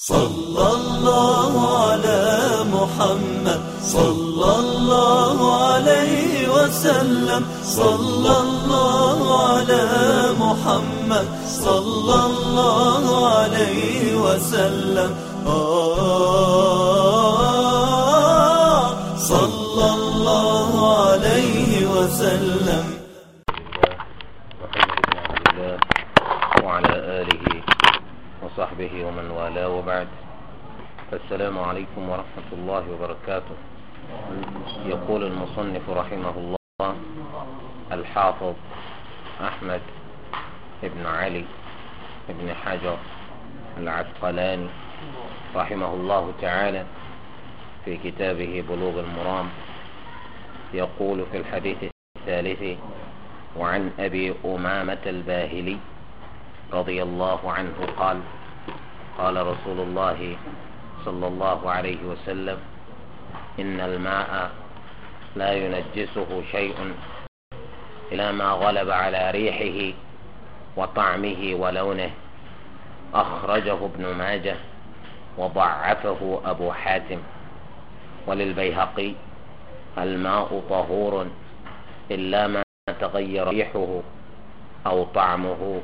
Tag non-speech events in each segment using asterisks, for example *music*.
صلى الله على محمد صلى الله عليه وسلم صلى الله على محمد صلى الله عليه وسلم آه وصحبه ومن والاه وبعد فالسلام عليكم ورحمة الله وبركاته يقول المصنف رحمه الله الحافظ أحمد بن علي بن حجر العسقلاني رحمه الله تعالى في كتابه بلوغ المرام يقول في الحديث الثالث وعن أبي أمامة الباهلي رضي الله عنه قال قال رسول الله صلى الله عليه وسلم إن الماء لا ينجسه شيء إلا ما غلب على ريحه وطعمه ولونه أخرجه ابن ماجه وضعفه أبو حاتم وللبيهقي الماء طهور إلا ما تغير ريحه أو طعمه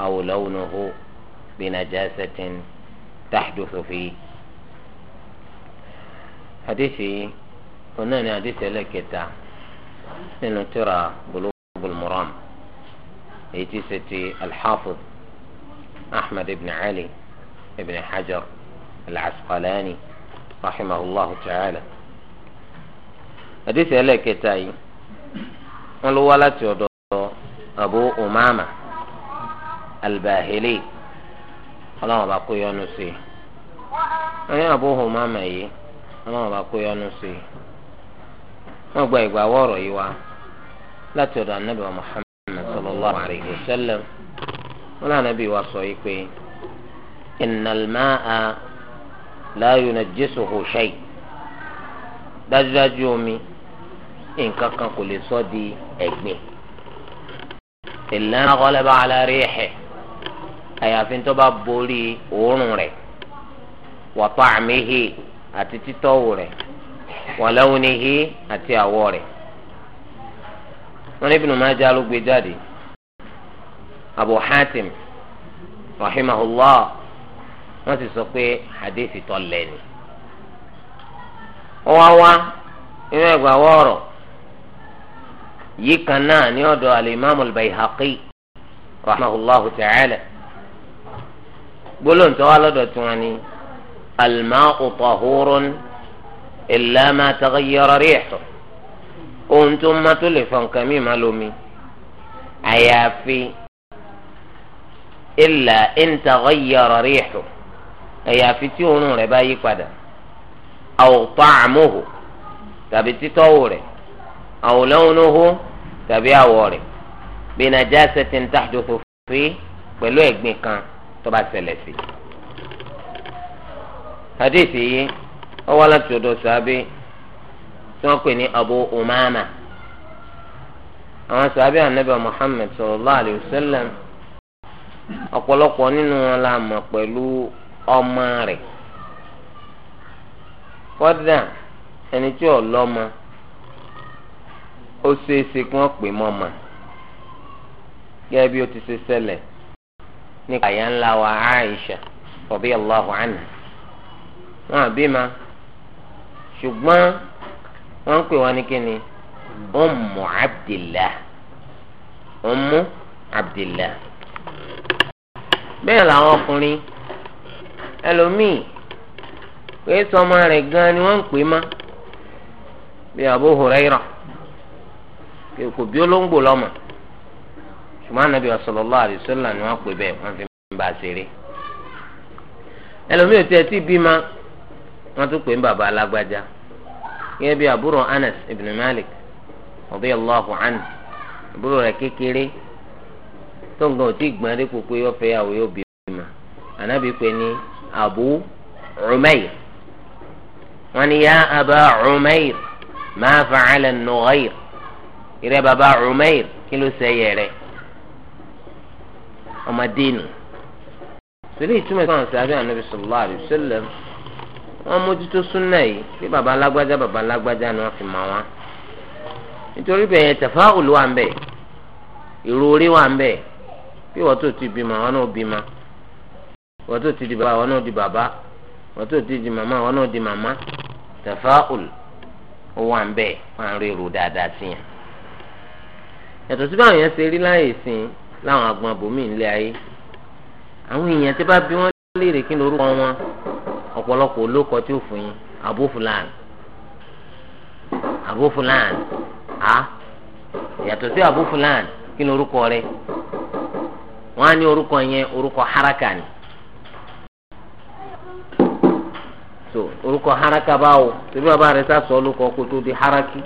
أو لونه بنجاسة تحدث فيه حديثي قلنا حديث لك لأنه ترى قلوب المرام يتيستي الحافظ أحمد بن علي بن حجر العسقلاني رحمه الله تعالى حديث لك تا ولو ولا أبو أمامة الباهلي ọlọ́run bá kó yọnu sí i ẹ̀yìn Abu Humama yìí ọlọ́run bá kó yọnu sí i wọ́n gba ìgbà wọ́ọ̀rọ̀ yìí wá láti ọ̀dọ̀ anábì wa Muhammad sallallahu alayhi wa sallam wọn náà anábì wa sọ yìí pé innal ma'a la yunajjisuhu shay dájúdájú omi nǹkan kan kò lè sọ di ẹ̀gbin illa ma ghalaba ala rihi àyàfi tó bá borí òórùn rẹ̀ wa ta'mihi àti títọ́wò rẹ̀ wa lawnihi àti àwọ̀ rẹ̀ wọn ní Ibn Majah ló gbé jáde Abu Hatim rahimahullah wọn sì sọ pé hadithi tó lẹ́ni ó wá wá inú ẹgbàá wọ̀ọ̀rọ̀ yìí kan náà ní ọ̀dọ̀ al-Imam al-Bayhaqi rahimahullahu gbólóhùn tó wá lọ́dọ̀ tí wọ́n ní al-ma'u tahurun illa ma taghayyara rihu ohun tó má tó lè fọ nǹkan mí má lómi àyàfi illa in taghayyara rihu àyàfi tí òórùn rẹ̀ bá yí padà aw ta'muhu tàbí títọ́wò rẹ̀ aw lawnuhu tàbí àwọ̀ rẹ̀ bi najasatin tahduthu fi pẹ̀lú ẹ̀gbin kan tó bá ṣẹlẹ̀ sí. hadith yìí ó wá láti ọ̀dọ̀ sàbí tí wọ́n pè ní abu umama àwọn sàbí anabi Mohammed sallallahu alayhi wa ọ̀pọ̀lọpọ̀ nínú wọn ọmọ rẹ̀ kọ́dà ẹni tí ò lọ́mọ ó kí wọ́n pè mọ́ nípa ìyá ńlá wa Aisha radiyallahu anha wọn àbí ma ṣùgbọ́n wọ́n ń pè wọ́n ní kíni Ummu Abdillah Ummu Abdillah bẹ́ẹ̀ làwọn ọkùnrin ẹlòmíì pé sọmọ rẹ̀ gan ni wọ́n ń pè má bí Abu kò bí olóńgbò lọ́mọ. ṣùgbọ́n anabi sallallahu alaihi wasallam ni wọ́n pè bẹ́ẹ̀ wọ́n fi ń bá ṣeré ẹlòmíì tí ẹ ti bímọ wọ́n tún pè ń bàbá alágbájá gẹ́gẹ́ bí àbúrò Anas ibn Malik radiyallahu anhu àbúrò rẹ̀ kékeré tó ń gan ò gbọ́n dípò pé yọ fẹ́ àwọn yóò ma. anabi pè ní Abu Umayr wọ́n ní Aba ma ìrẹ́ bàbá kí ló ọmọdé nù tòlẹ́ ìtumọ̀ sọ̀rọ̀ sàbẹ̀ ànábi sallallahu alaihi wasallam wọ́n mójútó súnà yìí bí baba alágbájá baba alágbájá ni wọ́n fi mọ̀ wọ́n nítorí bẹ́ẹ̀ yẹn tafa'ul wà ń bẹ èrò orí wà ń bẹ bí wọ́n tó ti bímọ àwọn náà bímọ wọ́n tó ti di bàbá àwọn náà di bàbá wọ́n tó ti di màmá àwọn náà di màmá tafa'ul wà ń bẹ wọ́n á rí dáadáa sí yẹn yàtọ̀ sí báwọn yẹn ṣe rí láyè sìn láwọn agbọn abòmí ńlẹ̀ ayé àwọn èèyàn tí bá bí wọ́n léèrè kí lórúkọ wọn ọ̀pọ̀lọpọ̀ olókọ tí ó fún yín Abu Fulan Abu Fulan a yàtọ̀ sí Abu Fulan kí lórúkọ rẹ̀ wọ́n á ní orúkọ yẹn orúkọ haraka ni so orúkọ haraka báwo tóbi bàbá rẹ̀ sá sọ olókọ kó tó di haraki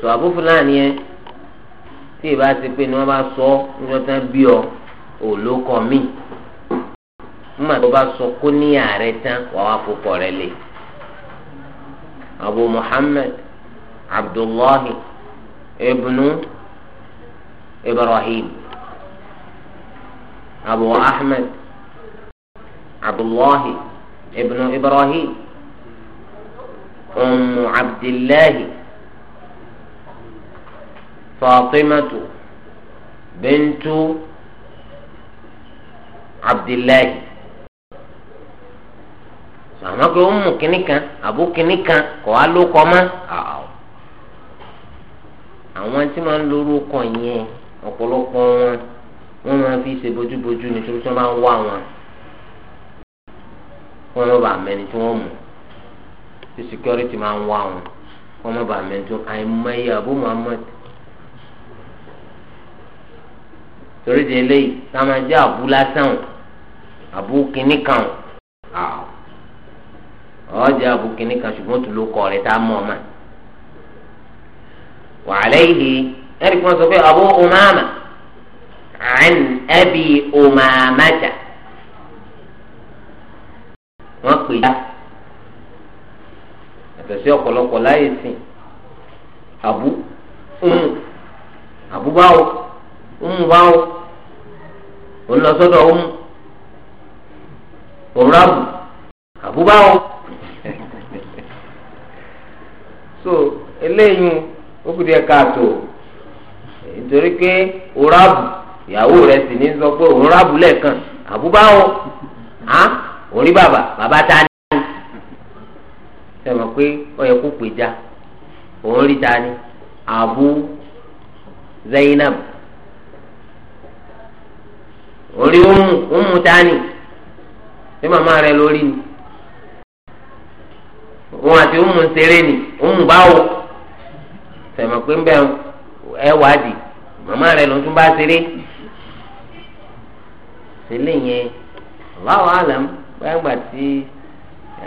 so Abu Fulan yẹn. tí ìbá ti pé ni wọ́n bá sọ níjọ́ tán bí ọ òlókọ mi nígbà tó bá sọ kó níyà rẹ tán wàá wá fọkọ rẹ lé abu muhammad abdullahi ibnu ibrahim abu ahmed abdullahi ibnu ibrahim umu abdullahi. فاطمة بنت عبد الله àmọ́ pé ó mú kínní kan àbó kínní kan kọ́ á ló kọ́ mọ́ àwọn tí máa ń lóró kọ yẹn ọ̀pọ̀lọpọ̀ wọn wọ́n máa fi ṣe bójúbójú nítorí tí wọ́n bá ń wá wọn wọ́n má bàa mẹ́ni tí wọ́n mú tí security máa ń wá wọn wọ́n má bàa mẹ́ni tí wọ́n àìmọye àbó Muhammad torí di eléyìí ká máa jẹ́ àbú lásán o àbú kínní kan o ọ̀ jẹ́ àbú kínní kan ṣùgbọ́n tó ló kọ́ rẹ̀ tá a mọ̀ ọ́mà wàhálà yìí ẹ̀rí kan sọ pé àbú umama àn ẹ̀bí umamata wọ́n pè é àtẹ̀sí ọ̀pọ̀lọpọ̀ láyé sí àbú àbú báwo umu báwo òun lọ sọ́dọ̀ umu òun rábù *laughs* so eléyìí ó kù díẹ̀ káàtó nítorí pé òun rábù ìyàwó rẹ̀ sì ní sọ pé òun rábù lẹ́ẹ̀kan àbú báwo hàn orí bàbà bàbá ta ni sẹ́mi pé ọ̀yẹ́ kó pèjà òun rí ta ni àbú Zainab orí òmù òmù tani ṣé màmá rẹ lórí ni òun àti òmù ṣeré ni òmù báwo tẹmọ pé ń bẹ ẹ wádìí màmá rẹ ló tún bá ṣeré ṣẹlẹ̀ yẹn báwo àlàm gbàgbà tí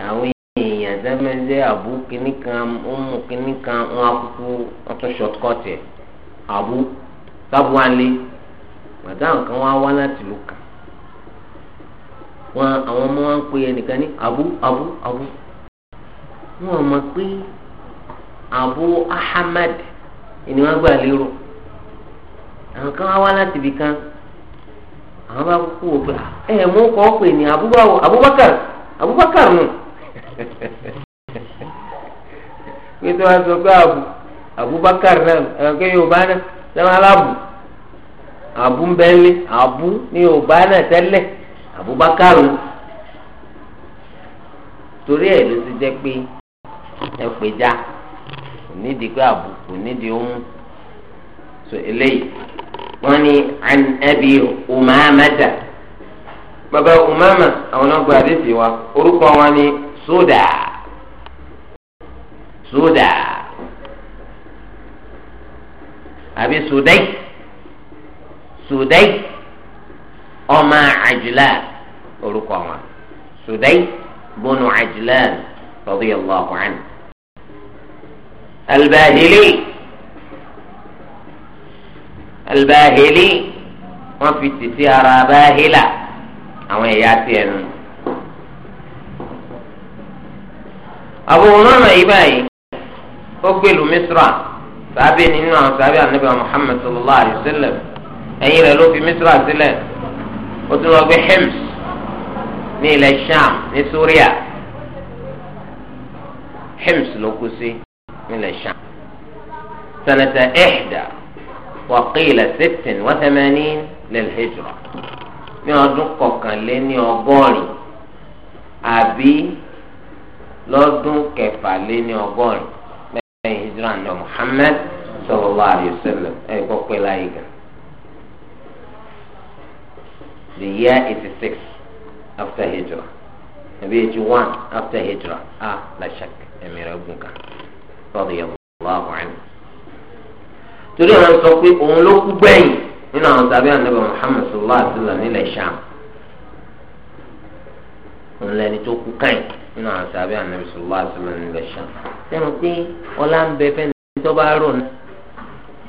àwọn èèyàn sẹmẹsẹ àbú kínní kan òmù kínní kan wọn akúkú wọn ṣọtkọtì àbú sábúwálé màtá nǹkan wá wá láti ìlú kan wọn àwọn ọmọ wa pe ẹnìkan ní abu abu abu wọn mọ̀ pé abu Ahmed, ni wọn gbà lérò àwọn kan wá wá láti ibì kan àwọn bá kú wò pé ah, ẹ mú kọ́ pè ní abubakar abubakar nù pé tí wọn sọ pé abubakar náà ẹ kẹ́ yorùbá náà lẹ́wọ̀n aláàbò àbú bẹ́ńlẹ̀ àbú ní yorùbá náà tẹ́lẹ̀ àbúbákàrò torí ẹ̀ ló ti jẹ́ pé ẹ pèjá kò nídìí pé àbú kò nídìí ohun so eléyìí wọ́n ní ẹbí umamata bàbá umama àwọn náà gba àdéhùn wa orúkọ wọn ní sódà sódà àbí sódà sùdẹ́ì ọmọ àjùlá orúkọ wọn sùdẹ́ì bọ́nù àjùlá radiyallahu anhu. albahili albahili wọn fi títí ara bahila àwọn ẹ̀yà tiẹ̀ nù. àbòwòrán yìí báyìí ó gbèlú misra sábẹ́ nínú àwọn sábẹ́ ànábì Muhammad sallallahu alayhi wa sallam. ẹ̀yìn rẹ̀ ló fi misra sílẹ̀ ó tún lọ gbé hems ní ilẹ̀ sham ní suria hems ló kú sí ní ilẹ̀ sham sanata ihda wa qila sitin wa thamanin lil hijra ní ọdún kọkànléní ọgọ́rin àbí lọ́dún kẹfàléní ọgọ́rin lẹ́yìn hijra ní Muhammad sallallahu alayhi wa sallam ẹ̀ kọ́ pé láyé gan. the year 86 after hijra maybe 81 after hijra ah la shak emir anhu tàbí sallallahu alaihi wa sallam nílẹ̀ òun lẹni tó kú káyìn tàbí sallallahu alaihi wa sallam nílẹ̀ pé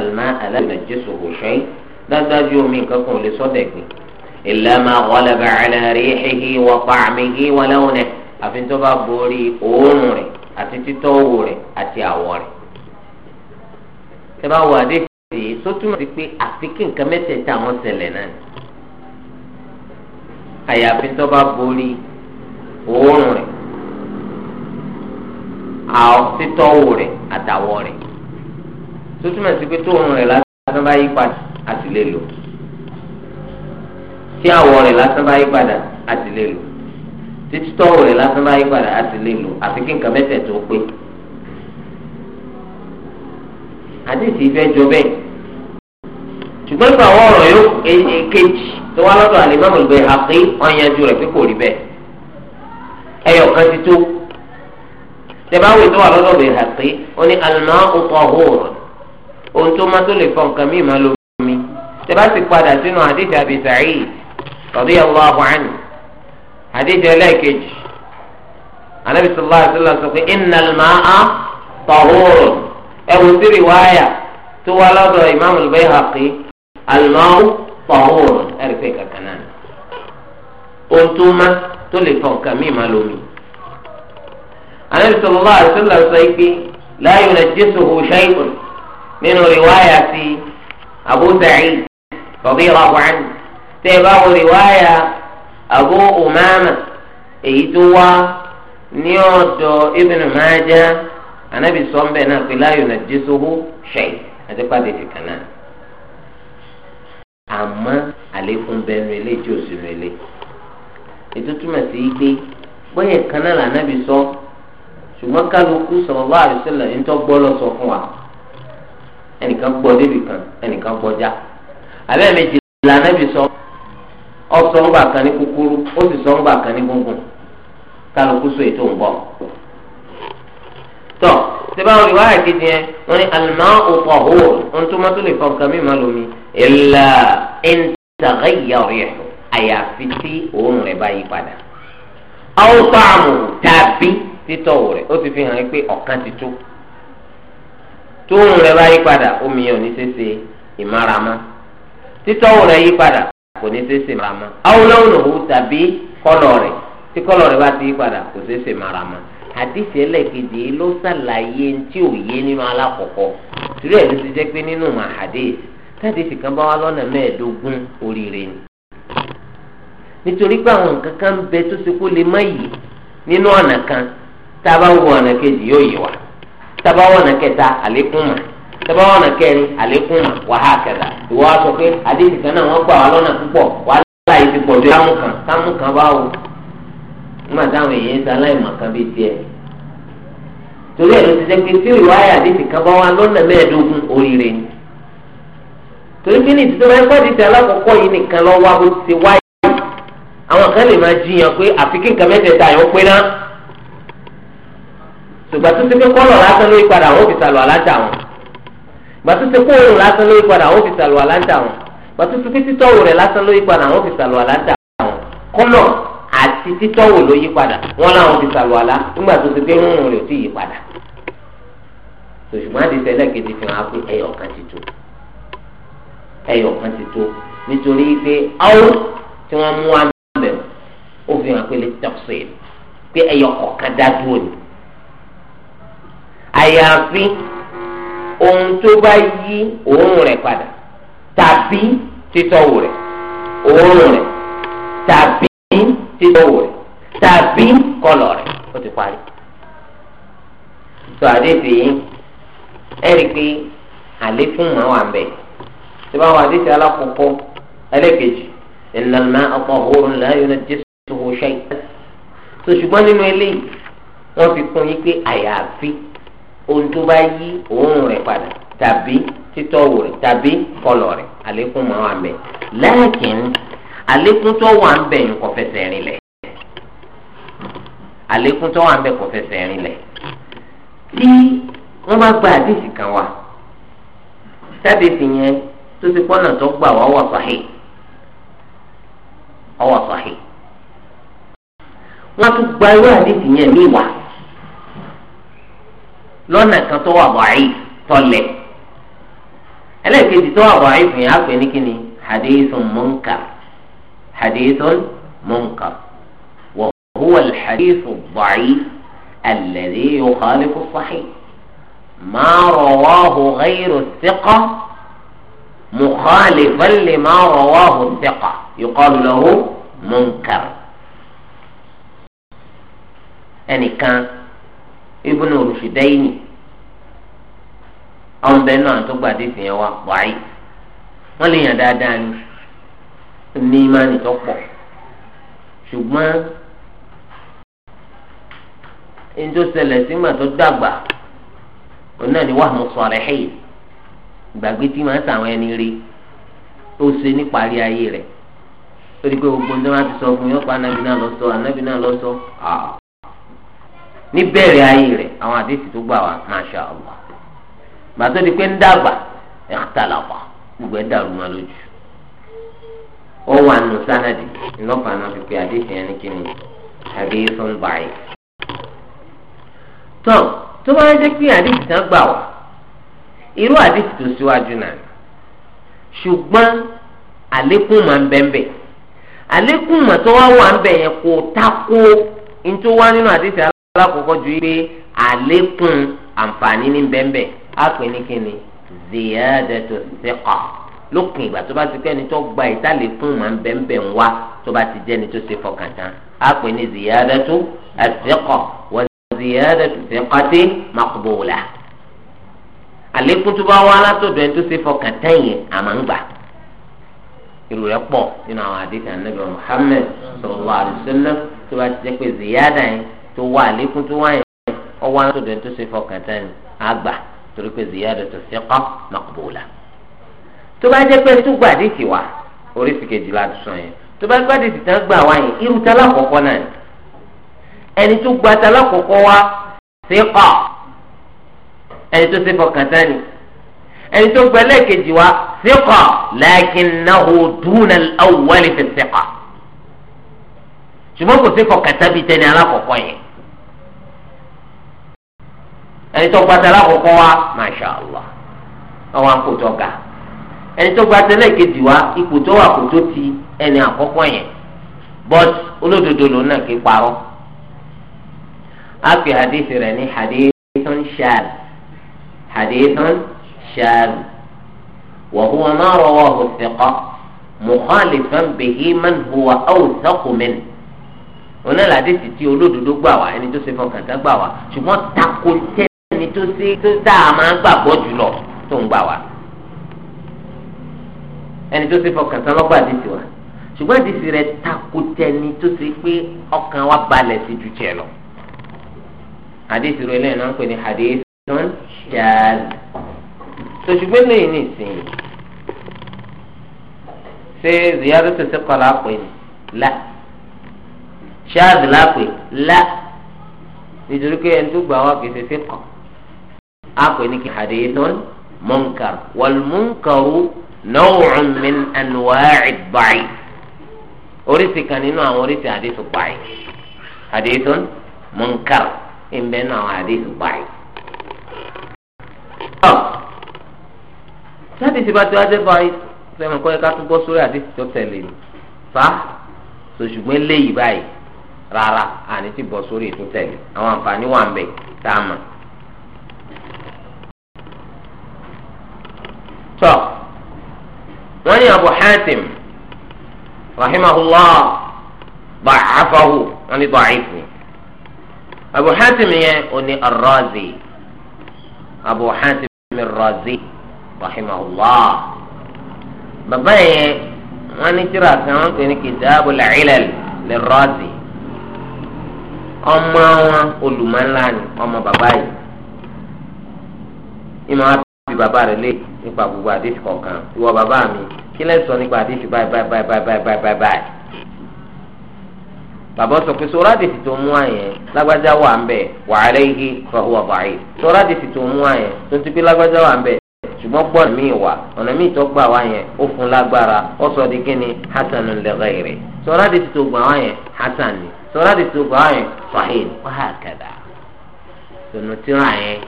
àlùmá aláìlá jésù kò ṣe dájúdájú omi nǹkan kan ò lè sọ́dẹ̀ gbìn. ìlànà ọ̀lẹ́bà àlàrí ẹ̀hìhì wọ pàmì yí wọn lẹ́wọ̀n rẹ̀ àfi tó bá borí òórùn rẹ̀ àti títọ́ owó rẹ̀ àti àwọ̀ rẹ̀. ẹ bá wọ adé sí i tó túmọ̀ sí pé àfi kí nǹkan mẹ́tẹ̀ẹ̀ta àwọn ṣẹlẹ̀ náà ni. àyàfi tó túmọ̀ sí pé tóun rẹ̀ lásán bá yí padà àti lè lò tí àwọ̀ rẹ̀ lásán bá yí padà àti lè lò títí tọ́wọ̀ rẹ̀ lásán bá yí padà àti lè lò àfi kí nǹkan mẹ́tẹ̀ tó pé àdéhìí fẹ́ jọ bẹ́ẹ̀ ṣùgbọ́n nípa àwọn ọ̀rọ̀ yóò kejì tó wá lọ́dọ̀ àlèmọ́mù ìgbẹ́ àpé ọ̀yanjú rẹ̀ pé kò rí bẹ́ẹ̀ ẹyọ kan ti tó tẹ tó wà lọ́dọ̀ ìgbẹ́ àpé ó ní alimọ́ ọ̀pọ̀ ọ̀hún ohun tó má tó lè fọ nǹkan míì má ló mi tẹ́lá ti padà sínú àdéjà Abi Sa'id radiyallahu anhu àdéjà ẹlẹ́ẹ̀kejì anabi sallallahu alaihi wasallam sọ pé innal ma'a tahurun ẹ̀wù sí rìwáyà tó wá lọ́dọ̀ Imam al-Bayhaqi al-ma'u tahurun ẹ̀rì pé kankan náà ohun tó má tó lè fọ nǹkan míì má ló mi anabi sallallahu alaihi wasallam sọ pé la yunajjisuhu shay'un nínú rìwáyà sí Abu Sa'id radiyallahu anhu tẹ́ ẹ bá wo rìwáyà Abu Umama èyí tó wá ní ọ̀dọ̀ Ibn Majah anabi sọ́nbẹ̀ náà pé láyò náà jésòwò ṣẹ̀yìn àti pàdé fìkan náà àmọ́ àlékún bẹnu ilé tí òsínú ilé ètò túmọ̀ sí pé bóyá kan lànà bí sọ ṣùgbọ́n kálukú sallallahu alaihi wasallam ń tọ́ gbọ́ lọ sọ fún wa ẹnìkan gbọ́ débi kan ẹnìkan gbọ́já abẹ́ méjì lànà bí sọ ọsọ ńgbà kan ní kúkúrú ó sì sọ ńgbà kan ní gúngùn kálukú so ètò ń bọ̀. tọ́ síbáwọn ìwáyà kejì yẹn wọ́n ní al-ma'u tahur ohun tó mọ́tò lè fọ nǹkan mí má lómi illa in taghayyar rihu àyàfi tí òórùn rẹ̀ bá yí padà. aw ta'amuhu tàbí títọ́wò rẹ̀ ó ti fi hàn pé ọ̀kan ti tó. tóun rẹ bá yí padà omi yẹn ò ní ṣeéṣe ìmáramá títọ́wò rẹ̀ yí padà kò ní ṣeéṣe ìmáramá awolowolo wo tàbí kọlọ rẹ tí kọ́lọ̀ rẹ̀ bá ti yí padà kò ṣeéṣe ìmáramá àdìsí ẹlẹ́ẹ̀kejì ló sàlàyé tí ò yé nínú alákọ̀ọ́kọ́ torí ti pé nínú oríire ni nítorí pé àwọn nǹkan kan bẹ tó kó lè má yìí nínú ọ̀nà kan tá a bá wo ọ̀nà kejì tabawọnà kẹta na wàhá kẹta ìwọ wa sọ pé àdéhùn kan wọn gbà wá lọ́nà púpọ̀ wàhálà yìí ti pọ̀ a kámú kan kámú kan bá wò nígbà táwọn èèyàn kan torí ẹ̀ ti jẹ́ pé tí ìwáyà àdéhùn kan bá wá lọ́nà mẹ́ẹ̀ẹ́dógún oríire ni torí yìí nìkan lọ́wọ́ wáyé àwọn kan lè máa jiyàn pé àfikín kan mẹ́tẹ̀ẹ̀ta ìgbà tó ti pé kọ́lọ̀ lásán lórí padà àwọn òfìsà lọ aláǹtà wọn ìgbà tó ti pé òórùn lásán lórí padà àwọn òfìsà lọ aláǹtà wọn ìgbà tó ti pé títọ́wò rẹ̀ lásán lórí padà àwọn òfìsà lọ aláǹtà wọn kọ́lọ̀ àti títọ́wò ló yí padà wọn làwọn òfìsà lọ alá nígbà tó ti pé òórùn rẹ̀ ò tí yí padà ṣùgbọ́n àdìsẹ́ lẹ́gẹ̀dẹ̀ fi hàn pé ẹyọ̀ kan ti tó ẹyọ̀ kan ti tó nítorí pé áwò tí wọ́n mú àmì bẹ̀rù ó fi hàn pé lè tọ́sí àyàfi ohun tó bá yí òórùn rẹ̀ padà tàbí títọ́wò rẹ̀ òórùn rẹ̀ tàbí títọ́wò rẹ̀ tàbí kọlọ̀ rẹ̀ ó ti parí. sọ àdéhìí ẹ̀rí pé àlékún mọ́ wà bẹ́ẹ̀ tí bá wà àdéhìí alákòókò ẹlẹ́kejì ìlànà ọkọ̀ òórùn láàyò náà jésù tó ṣe é. sọ ṣùgbọ́n nínú eléyìí wọ́n fi kún yín pé àyàfi. ohun tó bá yí òórùn rẹ padà tàbí títọ́wò rẹ̀ tàbí kọlọ̀ rẹ̀ àlékún máa wà mẹ́ lẹ́ẹ̀kìn àlékún tó wà ń bẹ̀ wọ́n bá gba àdìsí kan wá sáde yẹn tó ti pọ́nà tó gbà wá ọwà wọ́n gba irú àdìsí yẹn ní ìwà. lọ́nà kan tó wà wàáyé tọ́lẹ̀ ẹlẹ́ẹ̀kejì tó wà wàáyé fún yà pè ní kíni hadithun munkar hadithun munkar wa huwa alhadithu ad-da'if alladhi yukhalifu as-sahih ma rawahu ghayru thiqa مخالفا لما رواه الثقة يقال له منكر ẹnìkan ibùnú olùfìdẹ́yìnì àwọn bẹ́ẹ̀ náà tó gbàdé fi yẹn wá pààyè wọ́n lè yàn dáadáa ni ní imáni tó pọ̀ ṣùgbọ́n ẹni tó ṣẹlẹ̀ sígbà tó dàgbà òun náà ni wàhámù sọ̀rẹ́hìn ìgbàgbé tí màá sàwọn ẹni rí tó ṣe níparí ayé rẹ̀ torí pé gbogbo ní wọn ti sọ fún yọpọ anabi náà lọ sọ anabi náà lọ ah. níbẹ̀rẹ̀ ayé rẹ̀ àwọn àdéhùn tó gbà wá masha allah gbàtó di pé ń dàgbà ẹ̀kátàlàpà gbogbo ẹ̀ dàrú ma lójú ó wà nù sánàdì ńlọ́pàá fi pé àdéhùn yẹn ní kíni àdéhùn báyìí. tán tó bá jẹ́ pé àdéhùn gbà wá irú àdéhùn tó síwájú náà ṣùgbọ́n àlékún máa ń àlékún wà ń bẹ̀ yẹn alákòókò ju pé àlékún àǹfààní ní bẹ́ẹ̀nbẹ́ẹ̀ á pè ní kíni ziyadatu thiqa lópin ìgbà tó bá ti pẹ́ ni tó gba ìtàlékún máa ń bẹ́ẹ̀nbẹ́ẹ̀ ń wá tó bá ti jẹ́ ni tó ṣe fọkàn tán á pè ní ziyadatu thiqa wa ziyadatu thiqati maqbula àlékún tó bá wá látọ̀dọ̀ ẹni tó ṣe fọkàn tán yẹn àmọ́ ń gbà irú rẹ̀ pọ̀ nínú àwọn àdéhùn anábìyàn Muhammad sallallahu alaihi wasallam tó bá ti jẹ́ pé ziyada yẹn tó wà àlékún tó wáyé ọwọ́ alátòdò tó ṣe fọkàn tán àgbà torí pé ziyadatu thiqa maqbula. tó bá jẹ́ pé tó gbà àdéhìí wá oríṣi kejìlá tó sọ yẹn tó bá gbà àdéhìí tán gbà wáyé irú tálá kọ̀ọ̀kọ́ náà ni ẹni tó gba tálá kọ̀ọ̀kọ́ wá thiqa ẹni tó ṣe fọkàn tán ni ẹni tó gbẹlẹ́ kejì wá thiqa lakinnahu duna al-awwal fi thiqa ṣùgbọ́n kò sí kọ̀kẹ́tà bíi tẹni alákọ̀ọ́kọ́ yẹn ẹni tó gba tẹlẹ àkọ́kọ́ wa masha allah ọwọ akótó ga ẹni tó gba tẹlẹ kejì wa ipò tó wà kótó ti ẹni àkọ́kọ́ yẹn but olódodo lòun náà kí parọ́ àpè hadithi rẹ̀ ní hadithun shad hadithun shad wa huwa ma rawahu thiqa mukhalifan bihi man huwa awthaqu minhu onílà àdéhìí tí olódodo gbà wá ẹni tó ṣe fọkàntán gbà wá ṣùgbọ́n tako tẹ́ni tó ṣe tó dá a máa gbàgbọ́ jùlọ tó ń gbà wá ẹni tó ṣe fọkàntán lọ́gbà àdéhìí wa ṣùgbọ́n àdéhìí rẹ̀ tako tẹ́ni tó ṣe pé ọkàn wa balẹ̀ sí ju tiẹ̀ lọ àdéhìí rẹ̀ lẹ́yìn náà ń pè ní àdéhìí tó ń ṣáàlì ṣòṣùgbọ́n lẹ́yìn ní ìsìn ṣé ziyadó tó ṣe kọ́ la pè ní ṣáàzì lápè lá nítorí pé ẹni tó gbà wá kìí ṣe fíkọ àpè ní kí hadithun munkar wal munkaru naw'un min anwa'i báyìí oríṣi kan nínú àwọn oríṣi hadithu báyìí hadithun munkar ìbẹ́ nínú àwọn hadithu báyìí. sáàdì tí bá ti wá dé báyìí sẹ́wọ̀n kọ́ ẹ ká tún bọ́ sórí hadithu tó tẹ̀lé fa sòṣùgbọ́n léyìí báyìí rárá àní ti bọ̀ sórí ètò tẹ̀lé àwọn àǹfààní wà ń bẹ̀ tá a mọ̀. tọ́ wọ́n ní Abu Hatim rahimahullah bàcáfàhù wọ́n ní bàcáfù Abu Hatim yẹn ò ní ar-Razi Abu Hatim ar-Razi rahimahullah bàbá yẹn wọ́n ní tírà kan wọ́n pè ní Kitabul Ilal lir-Razi. ọmọ wọn olùmọ̀ńlá ni ọmọ bàbá yìí ìmọ̀ àbí bàbá rẹ̀ lé nípa gbogbo àdéhùn kọ̀ọ̀kan ìwọ bàbá mi kí lẹ́ sọ nípa àdéhùn báyìí báyìí báyìí báyìí báyìí báyìí báyìí bàbá sọ pé sọ́ra àdéhùn tó mú àyẹn lágbájá wà ń bẹ̀ fọwọ́ báyìí sọ́ra tó mú àyẹn tó ti pé lágbájá wà ń bẹ̀ ṣùgbọ́n ọ̀nà tó gbà ó fún lágbára ó sọ di sọ́ra sọlá ti tó gbàá yẹn sahih wàhákàdà tònú tíra yẹn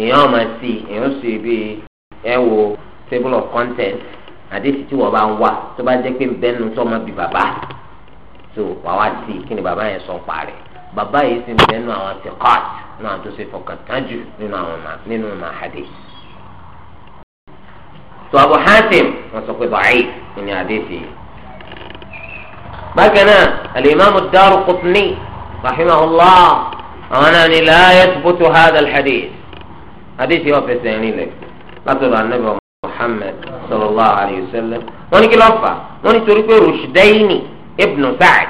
èèyàn ọmọ sí èèyàn sì bí ẹ wo table of content àdéhùn tí wọ́n bá ń wá tó bá jẹ́ pé bẹ́ẹ̀nu tó ọmọ bí bàbá tó wàá wá sí kí ni bàbá yẹn sọ ń bàbá yìí sì ń àwọn ti court náà tó ṣe fọkàn tán jù nínú àwọn nínú màhàdé. tó Abu Hatim wọ́n sọ pé bàáyì ni àdéhùn بكنا الإمام الدار قطني رحمه الله أنا لا يثبت هذا الحديث حديث يوفي الثاني لك لا عن النبي محمد صلى الله عليه وسلم وني الوفا فا وني تريك رشدين ابن سعد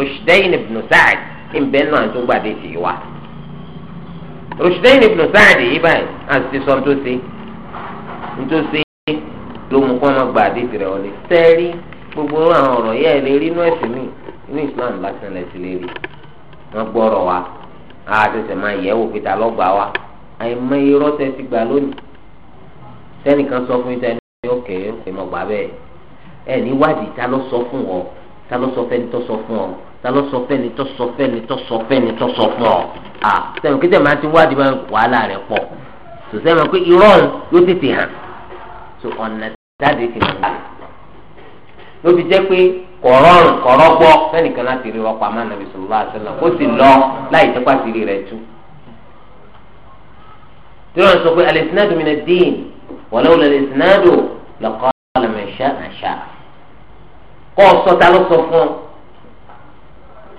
رشدين ابن سعد إن بيننا أن تبع ديتي واحد رشدين ابن سعد تو سي انتو سي لو مقوم بعد ديتي رولي سيري gbogbo àwọn ọ̀rọ̀ yẹ́ ẹ̀ lè rí inú ẹ̀sìn mi inú Islam lásán lẹ̀ sí lè rí wọ́n gbọ́rọ̀ wa a tẹ̀sẹ̀ máa yẹ̀ wò pété alọ́gbà wa àìmọ irọ́ tẹ ti gbà lónìí sẹ́nìkan sọ fún ìtẹ́ni ọkẹ́ ọkẹ́ mọ̀gbà bẹ́ẹ̀ ẹ̀ níwádìí ta ló sọ fún ọ ta ló sọ fẹ́ni tó sọ fún ọ ta ló sọ fẹ́ni tó sọ fẹ́ni tó sọ fẹ́ni tó sọ fún ọ à sẹ́mi kí sẹ́mi ti wádìí wàhálà rẹ̀ pọ̀ sọ sẹ́mi pé irọ́ yóò tètè hàn so ọ̀nà táde kìlọ̀ ló fi jẹ́ pé kọ̀rọ̀rùn kọ̀rọ̀gbọ́ fẹ́nìkan láti rí ọkọ̀ àmọ́ nàbí sọ̀rọ̀ àṣẹlẹ̀ kó sì lọ láì jẹ́ pàṣírí rẹ̀ tú. tí wọ́n sọ pé alẹ́sìnádùn mi ní dín wọ́n lọ́wọ́ alẹ́sìnádùn lọ́kọ́ àlàmẹ́ṣẹ́ àṣà kọ́ ọ sọ ta ló sọ fún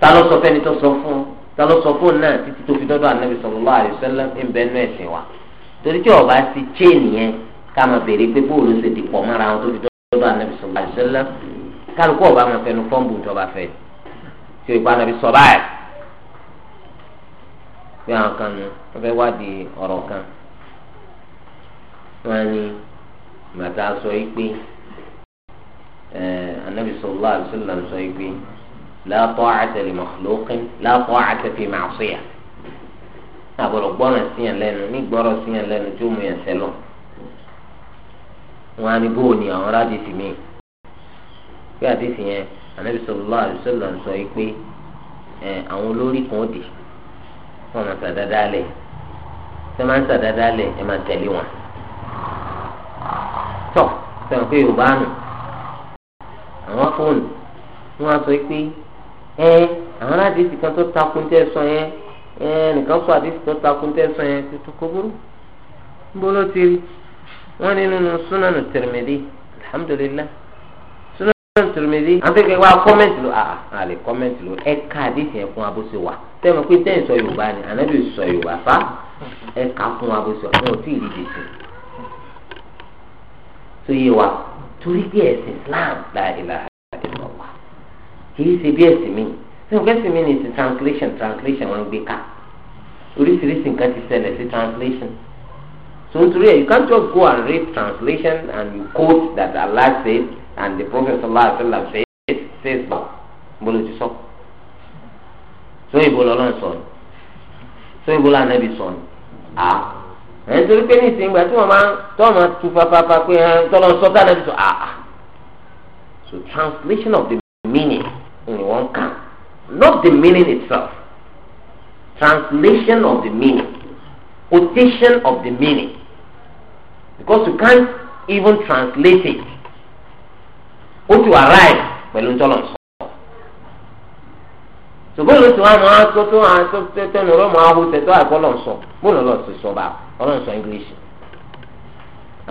ta ló sọ fẹ́ni tó sọ fún ta ló sọ fún náà títí tó fi dọ́dọ̀ ànábì sallallahu alaihi ń bẹ nú ẹ̀sìn wa torí tí ọba ti chain yẹn ká máa béèrè pé bóòlù ṣe dìpọ̀ mọ́ra wọn tó fi lọ́dọ̀ anabi sọ̀rọ̀ àdìsẹ́lẹ̀ kálukú ọba máa fẹnu fọ́ǹbù ìjọba fẹ́ tí o ìpa anabi sọ báyìí bí àwọn kan nu wọ́n fẹ́ wádìí ọ̀rọ̀ kan wọ́n á ní màtá sọ yìí pé anabi sọ̀rọ̀ àdìsẹ́lẹ̀ sọ yìí pé látọ̀ àtẹlẹ mọ̀lókín látọ̀ àtẹfẹ màṣẹ́yà àbọ̀rọ̀ gbọ́rọ̀ síyàn lẹ́nu ní gbọ́rọ̀ síyàn lẹ́nu tí ó mú yàn sẹ́lọ̀ wọn á ní bóò ní àwọn rádìsì mi pé àdìsì yẹn ànábì sallallahu alaihi wasallam sọ yìí pé àwọn olórí kan ó dì wọn máa sàdáadá lẹ ṣé máa ń sàdáadá lẹ ẹ máa tẹ̀lé wọn tọ sẹ́wọ̀n pé yorùbá nù àwọn fóònù wọn á sọ pé ẹ àwọn rádìsì kan tó takun tẹ́ sọ yẹn ẹ nìkan kó àdìsì tó takun tẹ́ sọ yẹn tuntun kó burú ń bọ́ ló ti wọ́n ní nínú súnánù tìrìmìdì alhamdulilah súnánù tìrìmìdì àwọn kékeré wa kọ́mẹ́ǹtì ló àà àlè kọ́mẹ́ǹtì ló ẹ ká àdìsí ẹ fún abóso wa tẹ́lẹ̀ mọ̀ pé tẹ́yìn sọ yorùbá ni ànábì sọ yorùbá fa ẹ ká fún abóso wa wọn ò tí ì rí dèsì tó yé wa torí bí ẹ̀sìn Islam la ilaha illallah kì í ṣe bí ẹ̀sìn mi sẹ́wọ̀n kẹ́sìn mi ni ti translation translation wọn gbé ká oríṣiríṣi nǹkan ti ṣẹlẹ̀ sí translation. So today you can't just go and read translation and quote that Allah said and the Prophet sallallahu alaihi wasallam says. it says no. Bolo ti sọ. So ibo lọ́lọ́ sọ ni. So ibo lọ́lọ́ anabi sọ ni. À ẹ̀ nítorí pé nísìnyí ìgbà tí wọ́n máa tọ́ ma tu fafafa pé ẹ̀ tọ́lọ́ sọ tá anabi sọ à à. So translation of the meaning in one kà not the meaning itself translation of the meaning quotation of the meaning because you can't even translate it ó ti wà ráì pẹ̀lú ntọ́lọ̀sọ. ṣùgbọ́n ló ti wá máa tó tó máa tó tó tó nìrọ̀ máa hó tẹ̀tọ́ àgbọ̀lọ̀sọ bóun lọ́ọ́ ti sọ bá ọlọ́sọ English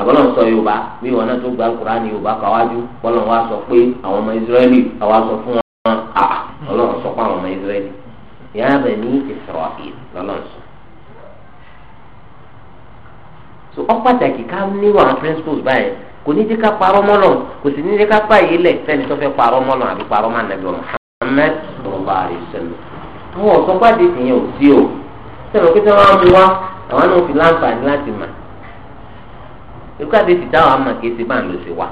àbọ̀lọ̀sọ Yorùbá bí ìwọ náà tó gba Kùránì Yorùbá káwájú bọ́lọ̀ wá sọ pé àwọn ọmọ Israẹli àwa sọ fún wọn ah, ah, ọlọ́run sọ fún àwọn ọmọ Israẹli yàrá bẹ̀ ní Israẹli lọ́lọ́sọ. so ọ pàtàkì ká nírò àwọn principles báyìí kò ní jẹ́ ká parọ́ mọ́lọ̀ kò sì ní jẹ́ ká fàyè lẹ̀ sẹ́ni tó fẹ́ parọ́ mọ́lọ̀ àbí parọ́ mọ́ ànábì Muhammad sallallahu alaihi wasallam àwọn ọ̀sán pàdé tìyẹn ò sí o sẹ́nu pé tí wọ́n á mú wá àwọn náà fi láǹfààní láti mà ikú àdéhìí táwọn àmà kìí ṣe bá ń lò sí wa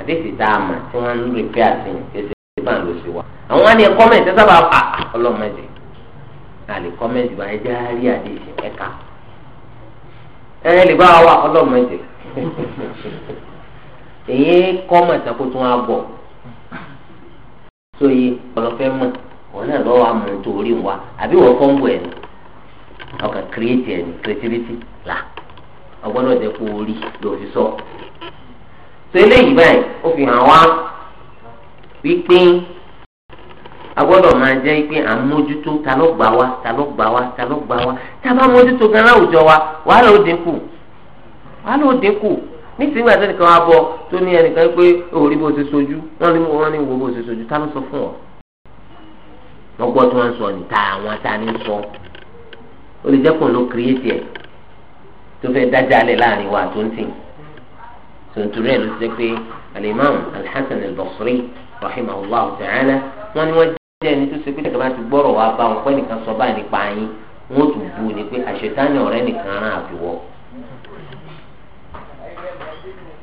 àdéhìí tá a mà tí wọ́n ń rè pé àtìyàn kìí ṣe bá ń lò sí wa àwọn á ní kọ́mẹ̀ntì sábà ah, ọlọ́mọdé àlè kọ́mẹ̀ntì bá ẹjẹ́ á àdéhìí ẹ̀ka ẹ̀rín lè bá wa wà ọlọ́mọdé èyí kọ́ mọ̀ ìtàkùn tó wá bọ̀ sóye ọlọ́fẹ́ mọ̀ wọn náà lọ́wọ́ àmọ̀ torí wa àbí wọ́n fọ́n bọ̀ ẹ̀nu ọkàn kírètì ẹ̀nu kírètìrìtì là ọgbọ́dọ̀ jẹ́ kó rí lòfi sọ. tó eléyìí báyìí ó fi hàn wá wípé agbọ́dọ̀ máa jẹ́ pé à ń mójútó ta ló gbà wá ta ló gbà wá ta ló gbà wá tá a bá mójútó gan láwùjọ wa wàhálà ó dínkù wàhálà ó dínkù nísìnyí àti ẹnìkan wa bọ tó ní ẹnìkan pé òòrí bó ṣe sojú wọn ní wọn ní wo bó ṣe sojú ta ló sọ fún ọ wọn gbọ́ tí wọ́n ń sọ ní ta àwọn ta ní sọ ó lè jẹ́ kó ló kírẹ́tì ẹ̀ tó fẹ́ dájà lẹ̀ láàrin wa tó ń tì tòǹtòrí ẹ̀ ló ti jẹ́ pé alimami alhassan albasri rahimahullah ta'ala wọn ni wọ́n ndị ẹni tó ṣe pé tẹ̀gbọ́n ti gbọ́rọ̀ wá bá wọn pé nìkan sọ báyìí nípa yín wọ́n tún bú ni pé àṣetánì ọ̀rẹ́ nìkan ara àbíwọ́.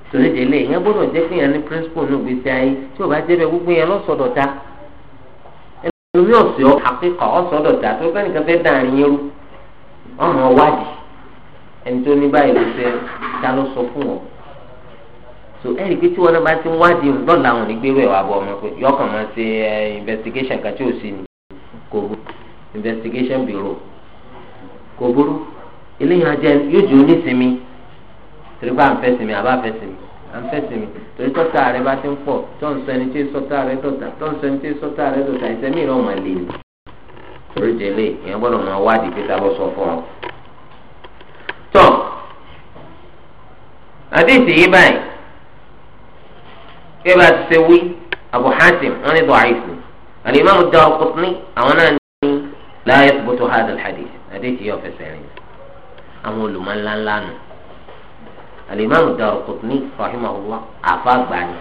torí délé ìyẹn gbọ́dọ̀ jẹ́ pé yẹn ní principle ní ògbésí ayé tí ò bá jẹ́ bẹ́ẹ̀ gbogbo yẹn lọ́sọ̀dọ̀ta ọ̀sẹ̀ ọ̀ àkíkà ọ̀sọ̀dọ̀ta tó fẹ́ nìkan fẹ́ dàrin ní báyìí ló so ẹnì pé tí wọn náà bá ti ń wádìí òun lọ́la àwọn onígbèrú ẹ̀ wà bọ̀ ọmọ pé yọkàn máa ṣe investigation kan tí ò sí ni kò burú investigation bureau kò burú eléyìí ajẹ́ yóò jù ú ní sinmi torí pé à ń fẹ́ sinmi àbá fẹ́ sinmi à ń fẹ́ sinmi torí tọ́ta rẹ bá ti ń pọ̀ tó ń sọ ẹni tí sọ́ta rẹ tọ̀tà tó ń sọ ẹni tí sọ́ta rẹ tọ̀tà ìsẹ́mi rẹ̀ ọ̀mà lè torí jẹ́lé ìyẹn gbọ́dọ̀ máa wádìí pé tábọ̀ sọ fún ọ. tọ́ àdéhìí yìí báyìí kẹ́bà ti ṣe wí Abu Hatim wọn ni da'if ni al-Imam ad-Daraqutni àwọn náà ní la yathbutu hadha al-hadith hadith yóò fẹsẹ̀ rìn àwọn olùmọ̀ ńláńlá nù al-Imam ad-Daraqutni rahimahullah àfa gbani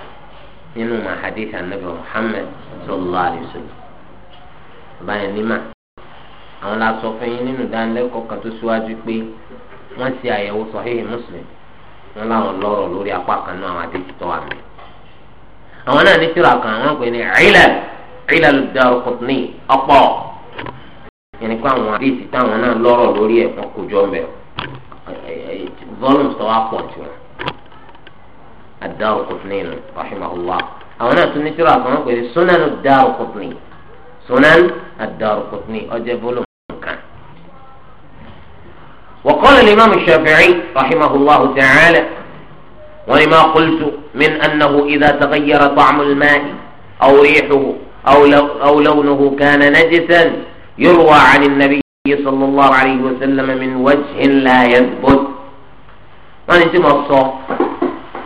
nínú ma hadith anabi Muhammad sallallahu alayhi wa sallam báyìí ní ma àwọn la sọ fún yín nínú dánilẹ́kọ̀ọ́ kan tó síwájú pé wọ́n ti wọn láwọn lórí apá kan náà àwọn àdéhùn tó wà àwọn náà ní tíra kan àwọn pè ní ilal ilal Daraqutni ọ̀pọ̀ yẹn ni pé àwọn àdéhìí táwọn náà lọ́rọ̀ lórí ẹ̀ wọ́n kò jọ mẹ́ volumes tó wá pọ̀ jù ad-Daraqutni nù rahimahullah àwọn náà tún ní kan wọ́n pè ní sunan ad-Daraqutni sunan ad-Daraqutni ọjọ́ volume kan. وقال الإمام الشافعي رحمه الله تعالى ولما قلت من أنه إذا تغير طعم الماء أو ريحه أو, لو أو لونه كان نجسا يروى عن النبي صلى الله عليه وسلم من وجه لا يثبت wọ́n ní tí mo sọ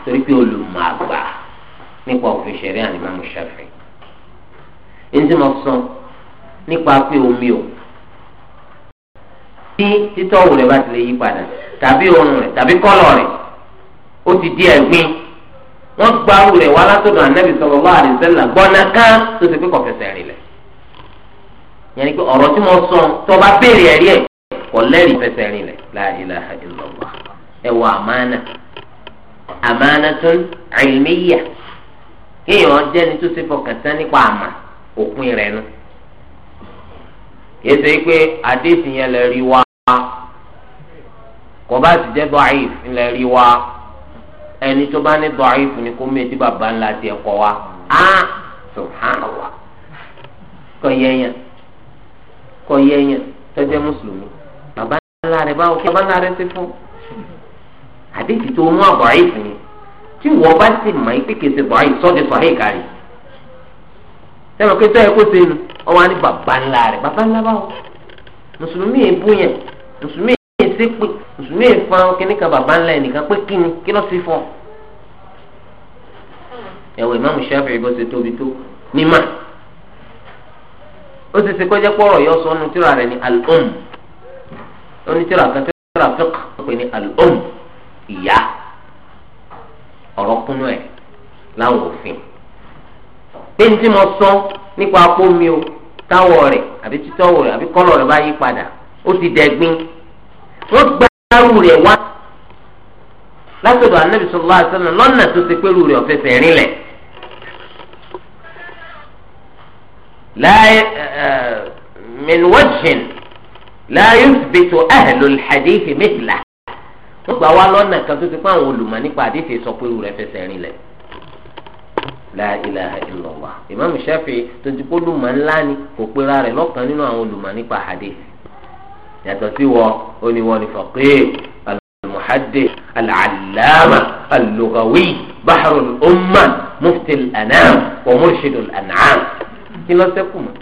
torí pé olùmọ̀ àgbà nípa òfin ṣẹ̀rí àlìmáàmù Ṣáfi'í ní tí mo sọ nípa pé omi o tí títọ́ òwúrẹ́ bá ti lè yí padà tàbí òórùn rẹ̀ tàbí kọ́lọ̀ rẹ̀ ó ti di ẹ̀gbin wọ́n gba awù rẹ̀ wá látọ̀dọ̀ ànábì sallallahu alaihi wasallam gbọ́nà kan tó ti pé kò fẹsẹ̀ rìn lẹ̀ yẹn ni pé ọ̀rọ̀ tí mo sọ tó bá béèrè ẹ̀rí ẹ̀ kò lẹ́rìí fẹsẹ̀ rìn lẹ̀ la ilaha illallah ẹ̀ wọ àmánà àmánatun ilmiyya kéèyàn ni tó ṣe fọkàn tán nípa àmà òpin rẹ̀ yẹ sẹ́yìn pé yẹn bá jẹ́ ẹni tó bá ní dọ̀ọ́yìfù ni kó mẹ́tí bàbá ńlá tiẹ̀ kọ́ wa á subhanallah kọ́ yẹ́yàn kọ́ yẹ́yàn tọ́jú mùsùlùmí bàbá ńlá rẹ̀ báwo kí bàbá ńlá rẹ̀ ti fún àdéhùn tó mú àdọ̀ọ́yìfù ni tí wọ́n bá sì mọ̀ ẹ́ pé kìí ṣe sọ́dẹ̀ sọ̀hẹ́ ìkàrí sẹ́wọ̀n kí sẹ́yẹ kó sẹ́nu ọwọ́ á ní bàbá ńlá rẹ̀ bàbá ńlá báwo mùsùlùmí èébú yẹn mùsùlùmí èsèpè mùsùlùmí ìfọn kíní kan bàbá ńlá ẹnìkan pé kíni kí ló sì fọ. ẹ̀wọ̀ ìmáàmù Ṣáfi'í bó ṣe tóbi tó mímà ó ti ṣe kọjá pọ̀rọ̀ yọ sọ nu tíra rẹ̀ ní al-Umm onítìrà kan tíra fiqh ó pè ní al-Umm ìyá ọ̀rọ̀ kúnú ẹ̀ láwọn òfin pé ní tí mo sọ nípa apó mi o táwọ̀ rẹ̀ àbí títọ́wọ̀ rẹ̀ àbí kọ́lọ̀ rẹ̀ bá yí padà ó ti dẹ̀gbin wọ́n gba dárú rẹ̀ wá lásìkò anabi sallallahu alaihi wasallam lọ́nà tó ti pẹ́rù rẹ̀ ọ̀fẹ́fẹ́ rinlẹ̀. láyé eh, eh, min wajhin la yuthbitu ahlul hadith mithla wọ́n gbà wá lọ́nà kan tó ti pẹ́ àwọn olùmọ̀ nípa àdéhìí sọ pé irú rẹ̀ fẹsẹ̀ rin lẹ̀ la ilaha illallah ìmáàmù Shafi'i tó ti kó olùmọ̀ ńlá kò pera rẹ̀ lọ́kàn nínú àwọn olùmọ̀ nípa àdéhìí yàtọ̀ sí wọn ó ní wọn ní faqih al-muhaddith al-allama al-lughawi bahru al-umma mufti al-anam wa murshidu al-an'am kí ló ṣẹ́kù mọ́.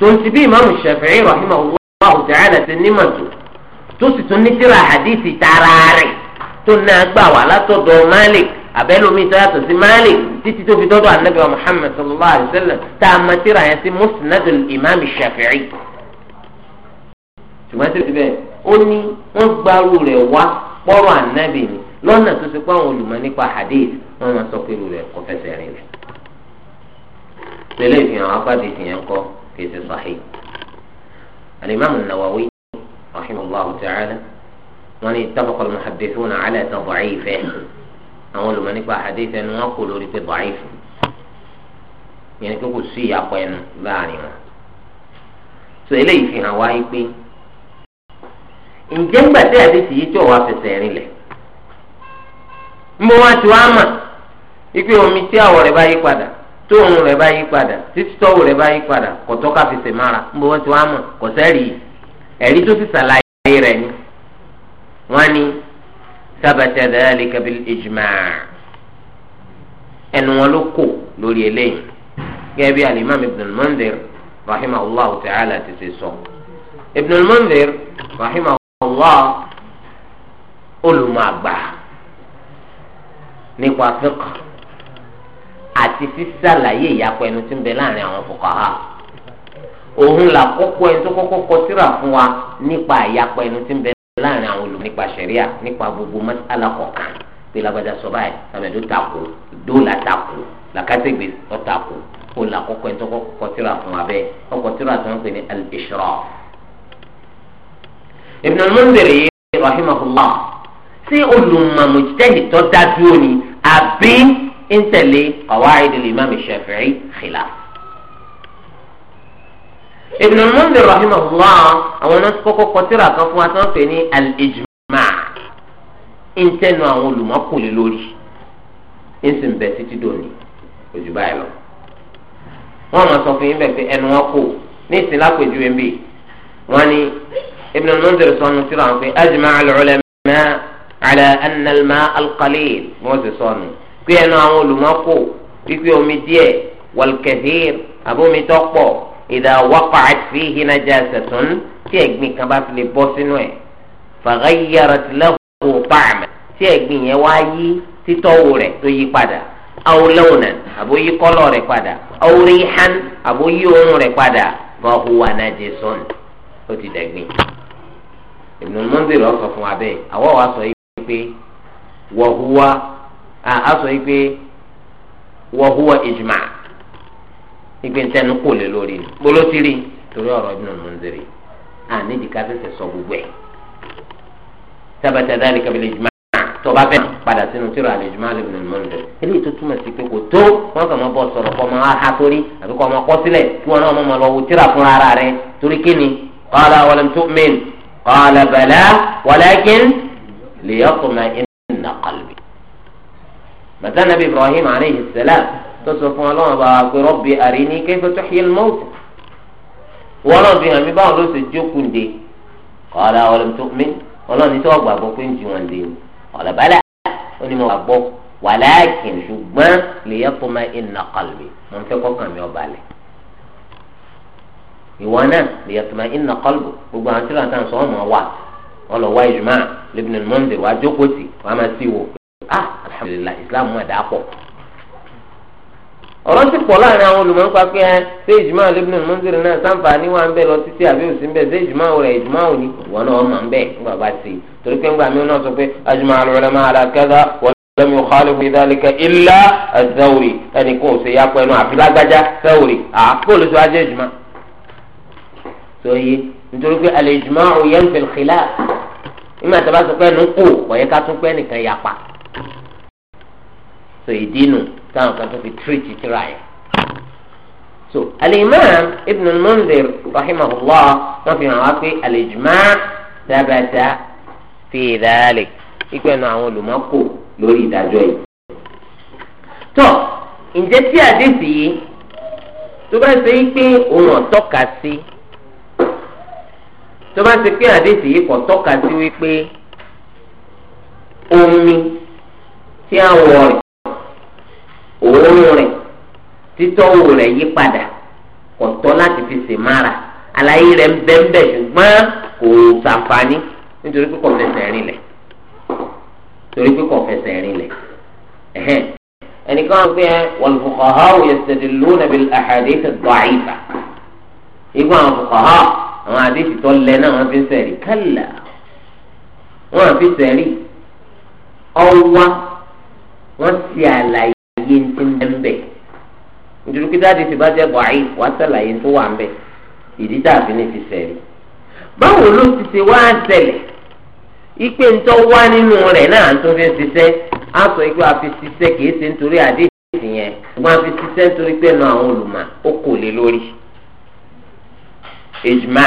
tonti bí imaamu shafi'i rahimahullahu ta'ala ti ní màtó tó sì tún ní tíra hadithi tààrà rẹ̀ tó náà gbà malik abẹ́lómi tó yàtọ̀ sí Malik títí tó fi dọ́dọ̀ anabi wa Muhammad sallallahu alayhi wa sallam tá a máa tírà yẹn sí musnadul imam shafi'i ṣùgbọ́n síbẹ̀ ó ní wọ́n gbárù rẹ̀ wá pọ́rọ̀ anabi ni lọ́nà tó ti pọ́n olùmọ̀ nípa hadith wọ́n máa sọ pé irú rẹ̀ kò fẹsẹ̀ rìn rẹ̀ tẹ́lẹ̀ ìfihàn apáde ìfihàn kọ́ kìí ṣe sahih alimami nawawi rahimahullah ta'ala wọ́n ní ittafaqa al-muhaddithuna ala tad'ifihi àwọn olùmọ̀ nípa hadith ẹnu wọn kò lórí pé da'if yẹn ni kò sí ìyàpọ̀ ẹnu láàrin wọn so eléyìí fi hàn wáyé pé ǹjẹ́ ńgbà tí àdéhùn yìí tí òwà fẹsẹ̀ rìn lẹ̀ wá mà ipe omi tí àwọ̀ rẹ̀ bá yí padà tóun rẹ̀ bá yí padà títí rẹ̀ bá yí padà kọ̀tọ́ ká fi wá ti mà tó tabata dhalika bil ijma' ẹnu wọn ló kò lórí eléyìí gẹ́gẹ́ bí alimami ibn al-Mundhir rahimahullah ta'ala ti ṣe sọ ibn al-Mundhir rahimahullah olùmọ̀gbà nípa fiqh àti sísàlàyé ìyapọ̀ ẹnu tí ń bẹ láàrin àwọn fuqaha òun là ẹni tó kọ́kọ́ kọ síra fún wa nípa ìyapọ̀ ẹnu ń bẹ láàrin àwọn olùkọ́ nípa sẹ̀ríà nípa gbogbo mọ́sálà kọ̀ọ̀kan pé lágbájá sọ báyìí tàbẹ̀dó takò dóòlà takò làkàtẹ́gbè ọ̀takò òòlà kọ́kọ́ ẹ̀ tọ́kọ́ kọtíra fún abẹ́ ọkọ̀ tíra tó ń pè ní al-Ishraf. Ibn al-Mundhiri rahimahullah sí olùmọ̀mùjẹ́lì tó dájú òní àbí ń tẹ̀lé qawaid al-Imam Shafi'i khilaf. Ibn al-Mundhir rahimahullah àwọn náà kọ́kọ́ kọ tírà kan fún wa tí wọ́n pè ní al-ijma' ń tẹnu àwọn olùmọ́kùnlé lórí ń sì ń bẹ títí dòní ojú báyìí lọ. wọ́n mọ̀ sọ fún yín bẹ́ẹ̀ pé ẹnu wọn kò ní ìsìn lápèjú ẹ̀ ń bì wọ́n ní Ibn al-Mundhir sọnù tírà àwọn pé ajma'a al-ulama ala anna al wọ́n sì sọnù pé ẹnu àwọn olùmọ́kù wípé omi díẹ̀ wal àbómi tọ́pọ̀ idha waqa'at fihi najasatun tí ẹ̀gbin kan bá fi lè bọ́ sínú ẹ̀ faghayyarat lahu ta'ama tí ẹ̀gbin yẹn wá yí títọ́wò rẹ̀ tó yí padà aw lawnan àbó yí kọ́lọ̀ rẹ̀ padà aw rihan àbó yí òórùn rẹ̀ padà fahuwa najisun ó ti dẹ̀gbin. Ibn al-Mundhir sọ fún wa àwọ̀ wa sọ yìí pé wa huwa sọ yìí pé wa huwa igbe ntẹnu kò lè lórí ni bolótìrì torí ọ̀rọ̀ Ibn Munziri à nídìí ká tẹsẹ sọ gbogbo ẹ sábàtà dáàlì kabilẹ jùmọ tọba fẹ padà sínú tírà àlejùmọ Ibn Munziri eléyìí tó túmọ̀ sí pé kò tó wọn kàn máa bọ sọ̀rọ̀ kọ́ máa ha sórí àbí kọ́ máa kọ́ sílẹ̀ kí wọn náà máa lọ wo tírà fún ara rẹ torí kíni qala walam tu'min qala bala walakin liyatma'inna qalbi bàtà tó sọ fún ọlọ́run bá wa pé rọ́bì àríní kayfa tuhyil mawta wọ́n náà fi hàn mí báwọn ló ṣe jókòó ǹde qala awalam tu'min ọlọ́run ní sọ́wọ́ gbàgbọ́ pé ń jí wọn ǹde ni qala bala ó ní mo gbàgbọ́ wàláàkìn ṣùgbọ́n liyatma'inna qalbi mo ń fẹ́ kọ́kàn mi ó balẹ̀ ìwọ náà liyatma'inna qalbu gbogbo àwọn tíra tá sọ ọmọ wa ọlọ́wà ìjùmọ̀ Ibn al-Mundhir wàá jókòó sí wàá máa sí wò ah alhamdulilayi islam mú ẹ̀dá pọ̀ ọ̀rọ̀ sì pọ̀ láàrin àwọn olùmọ̀ nípa pé ẹ ṣé ìjùmọ̀ àlébùnú mọ́tìrì náà sáǹfààní wà ń bẹ̀ lọ títí àbí òsì ń bẹ̀ ṣé ìjùmọ̀ rẹ̀ ìjùmọ̀ òní ìwọ náà ọmọ ń bẹ̀ nígbà bá ti torí pé ńgbà mìíràn sọ pé ajma al-ulama ala kaza wa lam yukhalifu fi dhalika illa az-zawri ẹnìkan ò ṣe ya pẹ́ nu àfi lágbájá zawri àkóòlù tó ajẹ́ ìjùmọ̀ tó yé nítorí pé al-ijma'u yanfi al-khilaf so ìdínú táwọn kan tó fi tírìtì tíra yẹn. so al ibn al-munzir rahimahullah wọn fi hàn wá pé al-ijma' thabata fi dhalik ikú ẹnu àwọn olùmọ́kò lórí ìdájọ́ yìí. tọ́ ǹjẹ́ tí àdéhùn yìí tó bá ṣe pé òun ọ̀tọ́ka sí tó bá ṣe pé àdéhùn yìí kò tọ́ka sí wípé omi tí a wọ̀ rẹ̀ òórùn rẹ̀ títọ́wò rẹ̀ yí padà kò tọ́ láti fi sè mára àlàyé rẹ̀ ń bẹ́ńbẹ́ ṣùgbọ́n kò ṣàǹfààní nítorí pé kò fẹsẹ̀ rìn lẹ̀ torí pé kò fẹsẹ̀ rìn lẹ̀ ẹ̀hẹ́n ẹnìkan á gbé wal fuqaha'u yastadilluna bil ahadith ad-da'ifa igun àwọn fuqaha àwọn àdéhùn tó lẹ náà wọ́n fi sẹ̀rí kálá wọ́n fi sẹ̀rí ọwọ́ wọ́n ti àlàyé àlàyé ń pín bẹ́ẹ̀ bẹ́ẹ̀ nítorí pé dáàdi ti bá jẹ́ bọ̀ọ̀yì wàá sàlàyé tó wà ń bẹ̀ ìdí dàbí ní ti sẹ́yìn. báwo ló ti ṣe wá ṣẹlẹ̀ ipe ń tọ́ wá nínú rẹ̀ náà tó fi ń ṣiṣẹ́ á sọ pé a fi ṣiṣẹ́ kìí ṣe nítorí àdéhìí yẹn wọ́n á fi ṣiṣẹ́ nítorí pé ẹnu àwọn olùmọ̀ ó kò lé lórí ejima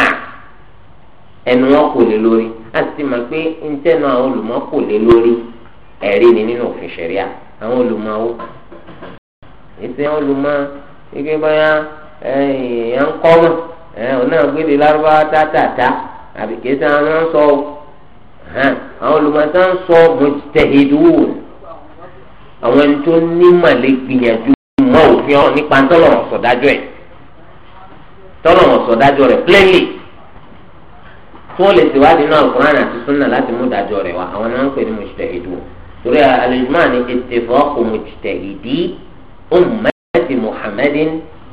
ẹnu wọn kò lé lórí a sì mọ̀ pé ń tẹ́nu àwọn olùmọ̀ kò lé lórí ẹ̀rí ni nínú òfin ṣẹ̀ríà àwọn olùmọ̀ ó èsì olùmọ ike báyà ẹyìn ń kọ́ mọ̀ ẹ ọ̀nà gbèdè lárúbáwá tátàtà àbí sọ àwọn olùmọ sọ àwọn ẹni tó gbìyànjú mọ òfin ọ nípa tọ́lọ̀wọ̀n sọ̀dájọ́ ẹ̀ tọ́lọ̀wọ̀n sọ̀dájọ́ rẹ̀ plainly tí wọ́n lè ṣèwádìí náà Al-Qur'an àti Sunnah láti mú dájọ́ rẹ̀ wá àwọn ni أمة محمد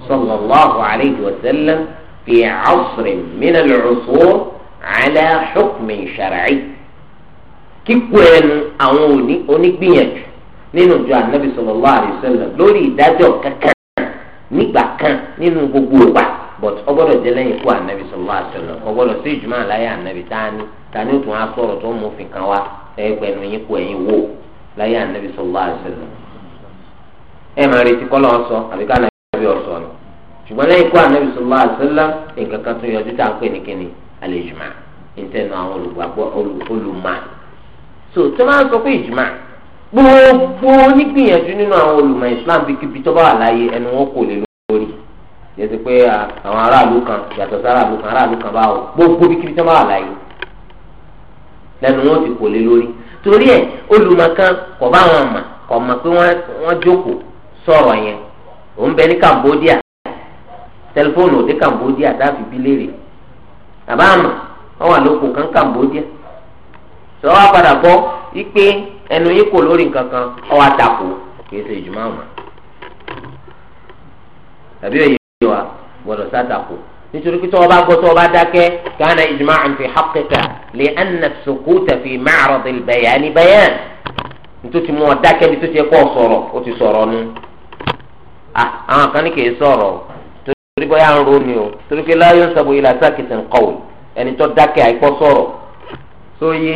صلى الله عليه وسلم في عصر من العصور على حكم شرعي kíkó ẹnu àwọn onígbìyànjú nínú ìjọ ànábì sallallahu alaihi wasallam lórí ìdájọ́ kankan nígbà kan nínú gbogbo ìgbà but ọgbọ́dọ̀ jẹ́ lẹ́yìn ikú ànábì sallallahu alaihi wasallam ọgbọ́dọ̀ sí ìjùmọ̀ àláyé ànábì tání tání ó tún á sọ̀rọ̀ tó mú òfin kan wá ẹgbẹ̀nu yín kó ẹ̀yin wò láyé ànábì sallallahu alaihi wasallam ẹ máa retí kọ́ lọ́wọ́ sọ àbí ká nàbí ọ̀sọ̀ ni ṣùgbọ́n lẹ́yìn kó ànábì sọlá àṣẹlá nǹkan kan tó yọjú tá à ń pè ní kíni alẹ́ ìjùmọ̀ nítẹ̀nu àwọn olùgbàgbọ́ olùmọ̀ so tó máa ń sọ pé ìjùmọ̀ gbogbo onígbìyànjú nínú àwọn olùmọ̀ Islam bíkíbi tó bá wà láàyè ẹnu wọn kò lè lórí yẹtù pé àwọn aráàlú kan yàtọ̀ sí aráàlú kan aráàlú kan báwo gbogbo bíkíbi tó bá wà láàyè lẹnu wọn ti kò lè lórí torí ẹ olùmọ̀ kan kò bá wọn mọ̀ kò mọ̀ pé wọ́n jókòó sọ̀rọ̀ yẹn òun bẹ ní Cambodia tẹlifóònù òde Cambodia bí léèrè bàbá àmà wọn wà lóko kan Cambodia sọ wá padà gbọ́ wípé ẹnu yìí kò lórí nǹkan kan ọwọ́ àtàkù kì í ṣe ìjùmọ̀ tàbí òye yìí wa gbọdọ̀ sátàkù nítorí pé tọ́wọ́ bá gbọ́ tọ́wọ́ bá dákẹ́ gánà ìjùmọ̀ àǹfì haqqika lè ẹnna sukuta fi ma'rad al-bayan bayan nítorí tí mo dákẹ́ bí tó ti yẹ sọ̀rọ̀ ó ti sọ̀rọ̀ nù. Ah, àwọn kan ní kì í sọ̀rọ̀ o torí bóyá ń ro ni o torí pé láyé ń sọ̀bù ilà sákìtì ń kọ̀wé ẹni tó dákẹ́ àìkọ́ sọ̀rọ̀ sóyè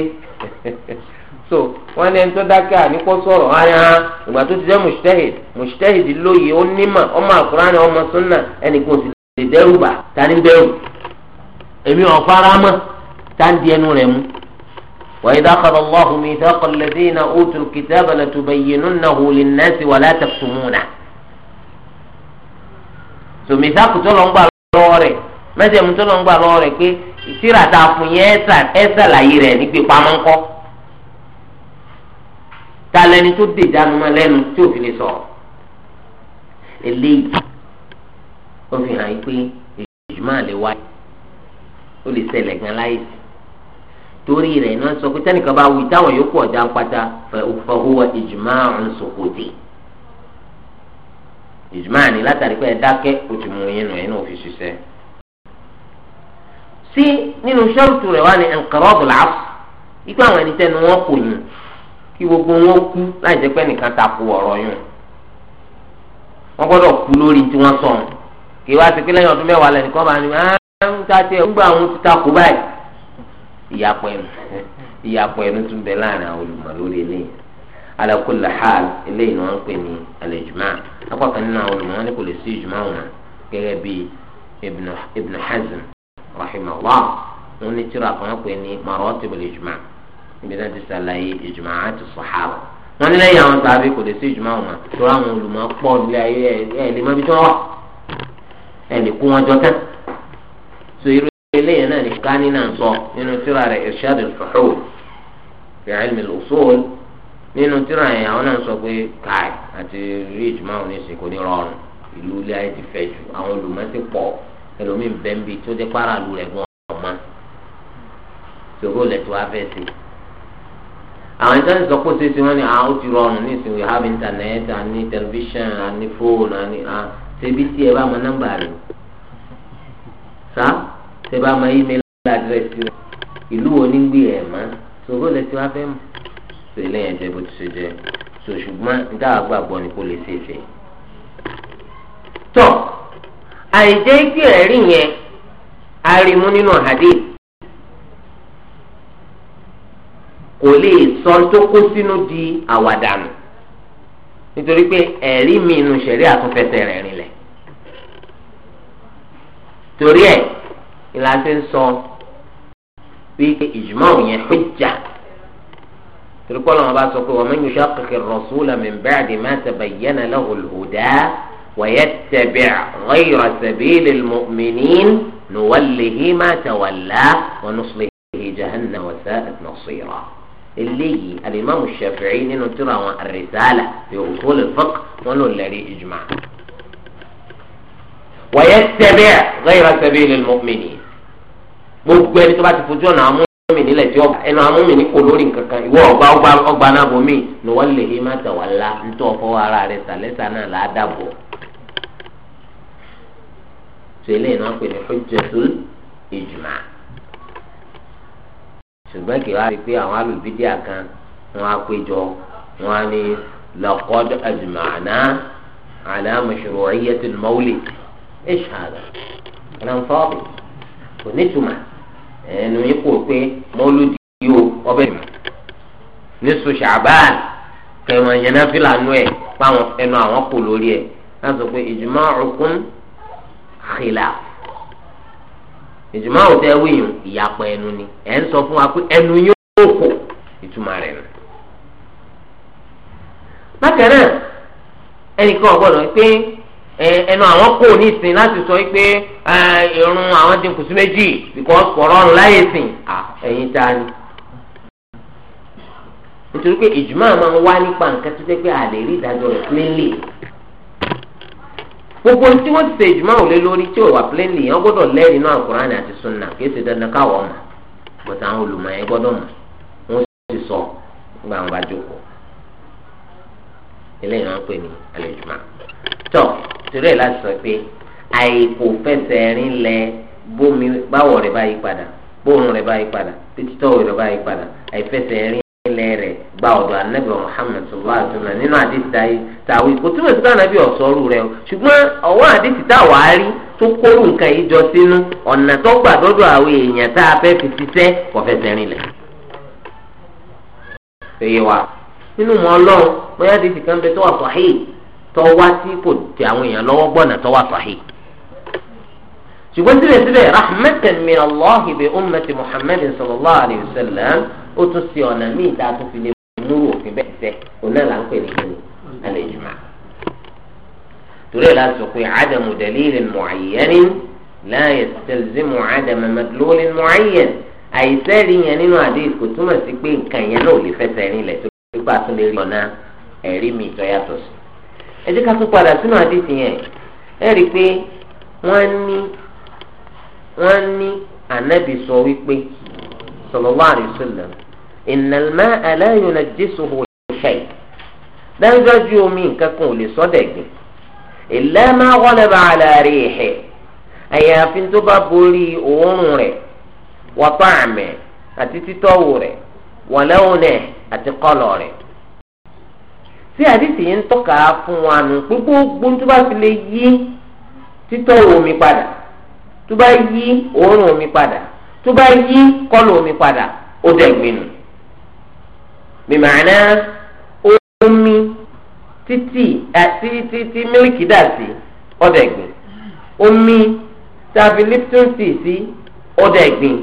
*laughs* so wọ́n ní ẹni tó dákẹ́ àìkọ́ sọ̀rọ̀ ara ah, ìgbà tó ti jẹ́ mùsítẹ́hìd mùsítẹ́hìd lóye ó nímà ọmọ àkùránì ọmọ súnà ẹnì kò sì lè dẹ́rù bà ta ní èmi ò fara mọ́ ẹnu rẹ̀ mú. وإذا أخذ الله ميثاق الذين أوتوا الكتاب لتبيننه للناس ولا تكتمونه tòmísàkù tó lọ ń gbà lọ́wọ́ rẹ̀ mẹ́tẹ̀ẹ̀mú tó lọ ń gbà lọ́wọ́ rẹ̀ pé ìtìrà tá a fún yẹn ẹ ṣàlàyé rẹ̀ ní pípa mọ́ ńkọ́ ta lẹni tó dè dánu mọ́ lẹ́nu tí òfin lè sọ̀rọ̀ eléyìí ó fi hàn yín pé ìjùmọ̀ àlè wáyé ó lè ṣẹlẹ̀ gan láyé sí torí rẹ̀ náà sọ pé tẹ́nìkan bá wí táwọn yòókù ọ̀dà ń pátá fa huwa ijma'un suquti ìjùmọ̀ ni látàrí pé ẹ dákẹ́ o ti mú yín nù yín náà fi ṣiṣẹ́. sí nínú ṣọ́ọ̀tù rẹ̀ wá ní ẹ̀ǹkọ́rọ́bù làásù ikú àwọn ẹni tẹnu wọn kò yín kí gbogbo wọn kú láì jẹ́ pé nìkan takò ọ̀rọ̀ yùn wọ́n gbọ́dọ̀ kú lórí tí wọ́n sọ kí wá sí pé lẹ́yìn ọdún mẹ́wàá lẹ́nìkan bá ní ah, ń ta tiẹ̀ ń gbà àwọn ti takò báyìí ìyàpọ̀ *laughs* ala kulli hal eléyìí ni wọ́n ń pè ní al-ijma' apákan nínú àwọn olùmọ̀ wọn ní kò lè sí wọn ibn hazm rahimahullah wọn ní tírà kan pè ní maratib al níbi náà ti sàlàyé ijma'at as-sahaba wọn ní lẹ́yìn àwọn sàbí kò lè sí ijma' wọn tó àwọn ayé tí wà lè so irú eléyìí náà ní nínú tíra yẹn àwọn náà sọ pé kai àti ridge máa ní ìsìnkú ní rọrùn ìlú ilé ayé ti fẹ̀ jù àwọn olùmọ̀ọ́sí pọ̀ ẹlòmíín bẹ́ńbì tó jẹ́ páràlú rẹ̀ gan ọ̀ma ṣòro lẹ́tọ́ afẹ́sẹ̀ àwọn ìtàn sọ pé ṣéṣe wọn ni àwọn ti rọrùn ní ìsìn we have internet and ní television and ní phone and ní ṣebí tí ẹ bá mọ nọ́mbà rẹ̀ sá ṣe bá mọ email address rẹ̀ ìlú wo ní gbé ẹ̀ mọ́ ṣòro lẹ́tọ́ afẹ́ mọ́ so eléyìí ẹjẹ bó ti ṣe jẹ so ṣùgbọ́n dáhà gbàgbọ́ ni kò lè ṣe é ṣe. tọ́ àìjẹ́ kí ẹ̀rí yẹn arimu nínú hadith kò lè sọ tó kó sínú di àwàdànù nítorí pé ẹ̀rí mi inú ṣẹ̀rí àtúnfẹsẹ̀ rẹ̀ rinlẹ̀ torí ẹ̀ ìlàsẹ̀ ń sọ wípé ìjùmọ̀ yẹn hujja. تقول ما بعد ومن يشقق الرسول من بعد ما تبين له الهدى ويتبع غير سبيل المؤمنين نوله ما تولى ونصله جهنم وساءت مصيرا اللي الامام الشافعي انه ترى الرساله في اصول الفقه وانه الذي اجمع ويتبع غير سبيل المؤمنين مو بقول تبعت فوجونا mi nílẹ̀ tí ẹnu amúmi ní kò lórí nǹkan kan ìwọ ọgbà ọgbà ọgbà náà bomi ni wọ́n lè yí má tẹ̀ wá la ntọ́ ọ̀fọ́ ara rẹ̀ sàlẹ́sà náà là á dàbò. sẹ́lẹ̀ náà pè ní ṣùgbọ́n kì í wá rí i pé àwọn á péjọ á ní ẹnu yín kò pé mọ́lúdì yóò ọbẹ̀ yìí ní sùn ṣàbáàn kẹwọn yẹn náà fi lànà ẹ̀ fáwọn ẹnu àwọn kò lórí ẹ̀ náà sọ pé ìjùmọ̀ ọ̀kún xìlà ìjùmọ̀ ọ̀tẹ̀ wíyùn ìyàpọ̀ ẹnu ni ẹ̀ ń sọ fún wa pé ẹnu yóò kò ìtumọ̀ rẹ̀ nù. bákan náà ẹnìkan ọ̀gbọ́dọ̀ pé. ẹnu àwọn kò ní ìsìn láti sọ pé irun àwọn ti kùsù méjì because kọ̀ọ̀rọ̀ ọ̀run láyé sìn ẹ̀yin ta ni. nítorí pé ìjùmọ̀ máa ń wa nípa nǹkan tó jẹ́ a rí ìdájọ́ rẹ̀ gbogbo tí wọ́n ti ṣe ìjùmọ̀ ò lé lórí tí ò wà plainly wọ́n gbọ́dọ̀ náà àti Sunna kì ṣe dandan káwọ́ ọmọ bọ̀tà àwọn olùmọ̀ yẹn gbọ́dọ̀ mọ̀ wọ́n si sọ gbàǹgbàjò tó torí láti sọ pé àìkò fẹsẹ̀ rin lẹ bómi báwọ̀ rẹ̀ bá yí padà rẹ̀ bá yí padà rẹ̀ bá yí padà àìfẹsẹ̀ rin lẹ rẹ̀ gba ọ̀dọ̀ anabi Muhammad sallallahu alaihi nínú àdìsí tàwí kò túmọ̀ sí rẹ̀ ṣùgbọ́n àdìsí tó kóró nǹkan yìí sínú ọ̀nà tọ́wá tí kò tẹ àwọn èèyàn lọ́wọ́ gbọ́nà tọ́wá sàhí. ṣùgbọ́n síbẹ̀síbẹ̀ rahmatan min allahi bi ummati muhammad sallallahu alayhi wa sallam ó tún sí ọ̀nà míì tá a tún fi lè múrò òfin bẹ́ẹ̀ fẹ́ òun náà là ń pè ní kíni al-ijma'. torí ẹ̀ láti sọ pé adamu dalilin mu'ayyanin la yastalzimu adama madlulin mu'ayyan àìsẹ́ẹ̀rí yẹn nínú àdéhùn kò túmọ̀ sí pé nǹkan yẹn náà ò lè fẹsẹ̀ rìn lẹ̀ tó gbà tún lè rí ọ̀nà ẹ̀rí mi ìtọ́yàtọ̀ sí ẹ jẹ́ ká tún padà sínú àdìsí yẹn ẹ rí i pé wọ́n ní wọ́n ní ànábì sọ wípé sallallahu alaihi wasallam innal ma'a la yunajjisuhu shay' dájúdájú omi nǹkan kan ò lè sọ́dẹ̀gbìn illa ma ghalaba ala rihi àyàfi tó bá borí òórùn rẹ̀ wa ta'mi àti títọ́wò rẹ̀ wa lawni àti kọ́lọ̀ rẹ̀. tí àdìsí yìí ń tọ́ka fún wa nù pé gbogbo tó bá fi lè yí títọ́ omi padà tó bá yí òórùn omi padà tó bá yí kọ́lù omi padà ó dẹ̀gbin nù. bìmọ̀nà omi títì àti títí mílíkì dà sí ó dẹ̀gbin omi tá a fi Lipton tea sí ó dẹ̀gbin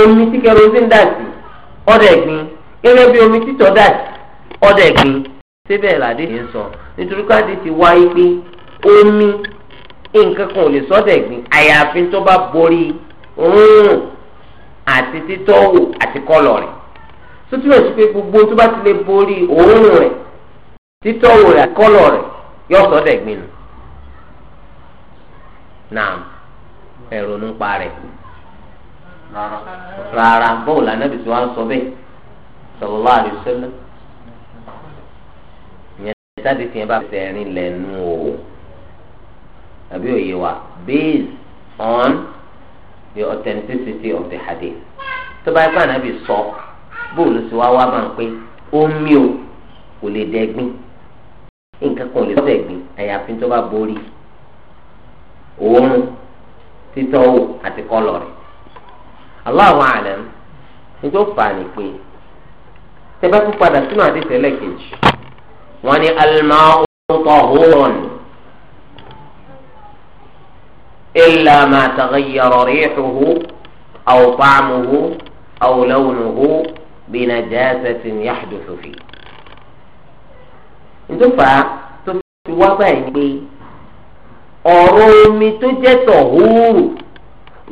omi tí kerosene dà sí ó dẹ̀gbin gẹ́gẹ́ bí omi títọ́ dà sí ó dẹ̀gbin. síbẹ̀ làdé yìí ń sọ nítorí káàdì ti wáyé pé omi nǹkan kan ò lè sọ́dẹ̀ gbìn àyàfi tó bá borí rúnrún àti títọ́wò àti kọ́lọ̀ rẹ̀ sótúmọ̀ sí pé gbogbo tó bá ti lè borí òórùn rẹ̀ títọ́wò rẹ̀ àti rẹ̀ yóò sọ́dẹ̀ gbìn nù. naam ẹ̀rọ ń pa rẹ̀ rárá bọ́ọ̀lù anábìsí wa ń sọ bẹ́ẹ̀ sallallahu alaihi wasallam táde tiẹ̀ bá fẹ́ rin lẹ́nu o àbí òye wa based on the authenticity of the hadith tó bá ipá nàbì sọ bóòlù sí wá wá bá ń pé ó mí o kò lè dẹ́gbin nǹkan kan ò lè lọ́bẹ̀ gbin àyàfi tó bá borí òórùn títọ́ wò àti kọ́lọ̀ rẹ̀ Allahu a'lam nítorí fàánì pé tẹ bá tún padà sínú àdìsẹ́lẹ̀ kejì wọ́n ní alimau tahurun illa ma taghayyara rihuhu aw ta'muhu aw lawnuhu bi najasatin yahduthu fi. ntòfà tó fi wá báyìí pé ọ̀rọ̀ omi tó jẹ́ tọ̀húrù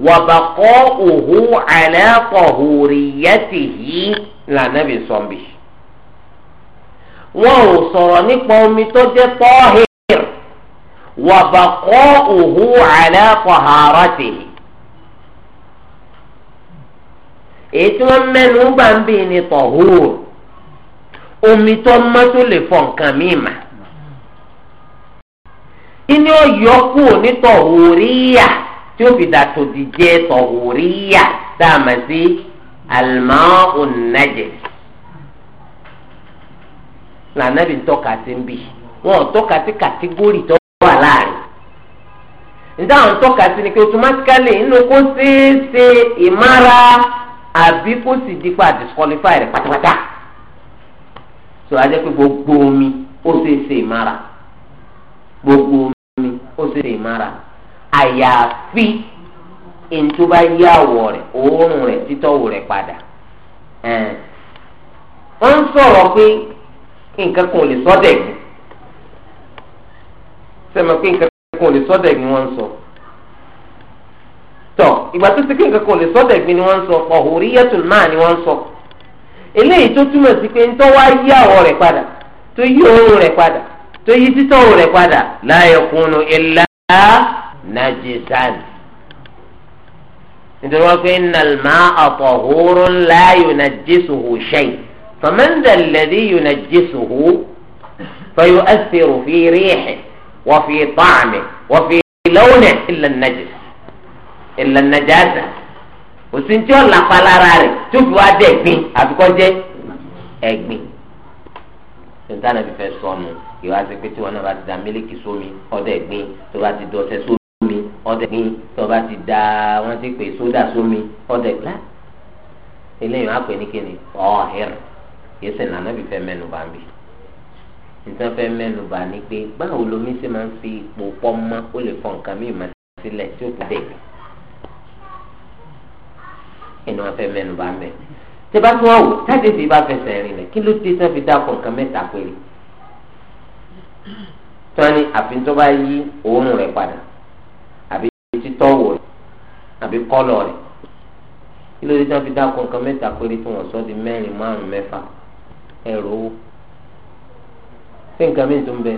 wàbàkọ́ òhù ala tahuriyatihi lànà bí sọ̀mbì. wọn ò sọ̀rọ̀ nípa omi tó jẹ́ tọ́hìr wàbàkọ́ òhu àlẹ́ kọ̀hárọ́tì. èyí tí wọ́n mẹ́nu gbà ń bì ní tọ̀húr omi tó mọ́ tó lè fọ nǹkan míì mà. kíni ó yọ ní tọ̀húríyà tí ó fi dàtò dìjẹ́ tọ̀húríyà dáàmà sí àlùmáà lànàbì ń tọ́ka sí ń bì wọn ò tọ́ka sí kàtígórì tó wà láàrin níta àwọn tọ́ka sí ni pé automatically inú kó ṣeé ìmára àbí kó sì dípa disqualify rẹ̀ pátápátá so ajẹ́ pé gbogbo omi ó ṣeé ṣe ìmára gbogbo omi ó ṣeé ṣe ìmára àyàfi ètò bá yí àwọ̀ rẹ̀ òórùn rẹ̀ títọ́wò rẹ̀ padà wọ́n ń sọ̀rọ̀ pé kí nǹkan kan ò lè sọ́dẹ̀ gbìn sẹ́mi kí nǹkan kan ò lè sọ́dẹ̀ gbìn wọ́n ń sọ tọ̀ ìgbà tó ti kí nǹkan kan ò lè sọ́dẹ̀ gbìn ni wọ́n ń sọ ọ̀hùríyẹ́tùn náà ni wọ́n ń sọ eléyìí tó túmọ̀ sí pé ntọ́ wá yí àwọ̀ rẹ̀ padà tó yí òórùn rẹ̀ padà tó yí títọ́ òórùn rẹ̀ padà la yakunu illa najisan nítorí wọn pé innal ma'a tahurun la yunajjisuhu shay' فمن ذا الذي ينجسه فيؤثر في ريحه وفي طعمه وفي لونه إلا النجس إلا النجاسة òsìntì ọ̀la palára rẹ̀ tó fi wá jẹ́ ẹ̀gbin àbíkọ́ jẹ́ ẹ̀gbin. sèǹtà náà fi fẹ́ sọnù ìwà sí pé tí wọn náà bá ti da mílíkì sómi ọdẹ ẹ̀gbin tó bá ti dọ̀sẹ̀ sómi ọdẹ ẹ̀gbin tó bá ti da wọn ti pè sódà sómi ọdẹ ẹ̀gbin. eléyìí wọn á pè ní kíni ọ̀hìn kìí sì nànà bí fẹ́ mẹ́nu bá ń bì nítorí fẹ́ mẹ́nu bá ní pé báwo lomi ṣe máa ń fi ipò pọ́ mọ́ ó lè fọ nǹkan mí ìmọ̀ sílẹ̀ tí ó ti dẹ̀ mí inú wọn fẹ́ mẹ́nu bá ń bẹ̀ tí bá tún wà wò táyé tí bá fẹsẹ̀ rìn lẹ̀ kí ló dé tán fi dákọ̀ nǹkan mẹ́ta péré tọ́ni àfi tó bá yí òórùn rẹ̀ padà àbí títọ́wò rẹ̀ àbí kọ́lọ̀ rẹ̀ kí ló dé tán fi dákọ̀ nǹkan mẹ́ta péré tí wọ́n sọ di mẹ́rin márùn mẹ́fà ẹ̀rọ owó sí nǹkan mi tó ń bẹ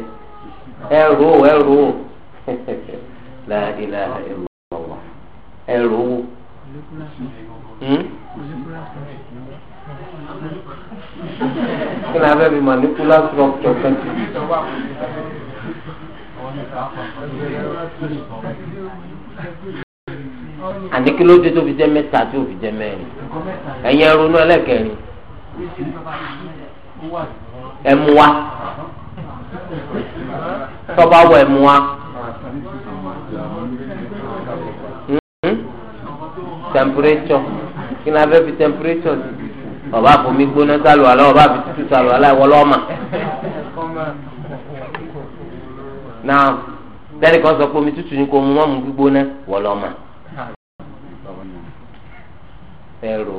ẹ̀rọ owó ẹ̀rọ owó láàdínlá ẹ̀rọ owó. kí ni abẹ́ mi manipular structure kan ti. àní kí ló dé tó fi jẹ́ mẹ́ta tó fi jẹ́ mẹ́rin ẹ̀yin ẹ̀rọ inú ẹlẹ́kẹ̀rin ẹmu wa tọba wọ ẹmu wa hmm? temperature kí ni abẹ́ fi temperature sí ọba àfomi gbóná sálù alá ọba àfi tútù sálù alá ìwọ lọ́ọ̀mà. náà tẹ́lẹ̀ kan sọ pé omi tútù ni kò mú mọ́mú gbígbóná wọ lọ́ọ̀mà. ẹ rò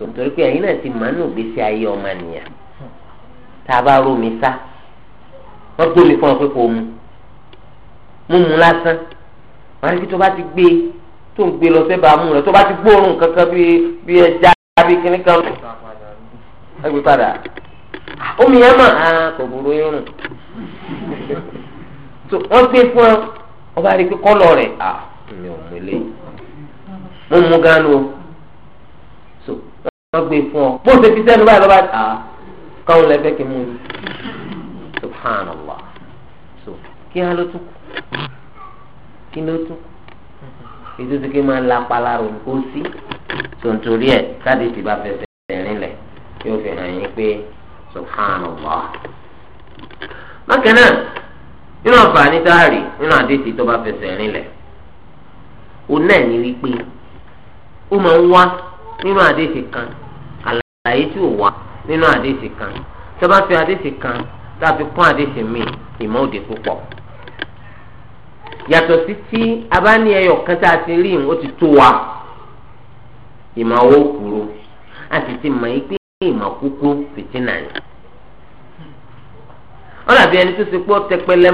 sọ̀tọ́rí pé ẹ̀yin náà ti màánù gbèsè ayé ọmọ nìyàn tá a bá rómi sá wọ́n gbómi fún ọ pé kò mu mú mu lásán wọ́n á ní kí tó bá ti gbé tó ń gbé lọ sẹ́bàá mú rẹ̀ tó bá ti gbóòórùn kankan bí bí ẹja bí kíní kan ẹ gbé padà omi yẹn mà á ah, kò burú irun *laughs* wọ́n gbé fún ọ ọba rí pé kọ́lọ̀ rẹ̀ à ah, mi ò mú eléyìí mú mu gan o lọ́gbìn fún ọ bó ṣe fi sẹ́nu báyìí lọ́ba à ah, káwọn lẹ́fẹ́ kí mú un subhanallah so kí á ló tún kù kí ló tún kù ètò tí kí máa la palarò kó sí tontori ẹ̀ káde ti bá fẹsẹ̀ rinlẹ̀ yóò fi hàn yín pé subhanallah bákan náà nínú àǹfààní táàrí nínú àdéhìí tó bá fẹsẹ̀ rinlẹ̀ òun náà ní wípé ó máa ń wá. nínú àdéhìí kan àlàyé tí ò wá nínú àdéhìí kan tó fi àdéhìí kan tàbí kún àdéhìí míì ìmọ̀ òde púpọ̀ yàtọ̀ sí tí a bá ní ẹyọ kan tá a ti rí ó ti tó wa ìmọ̀ owó kúrò a sì ti mọ̀ ìmọ̀ kúkú ẹni tó ti pọ́ tẹpẹlẹ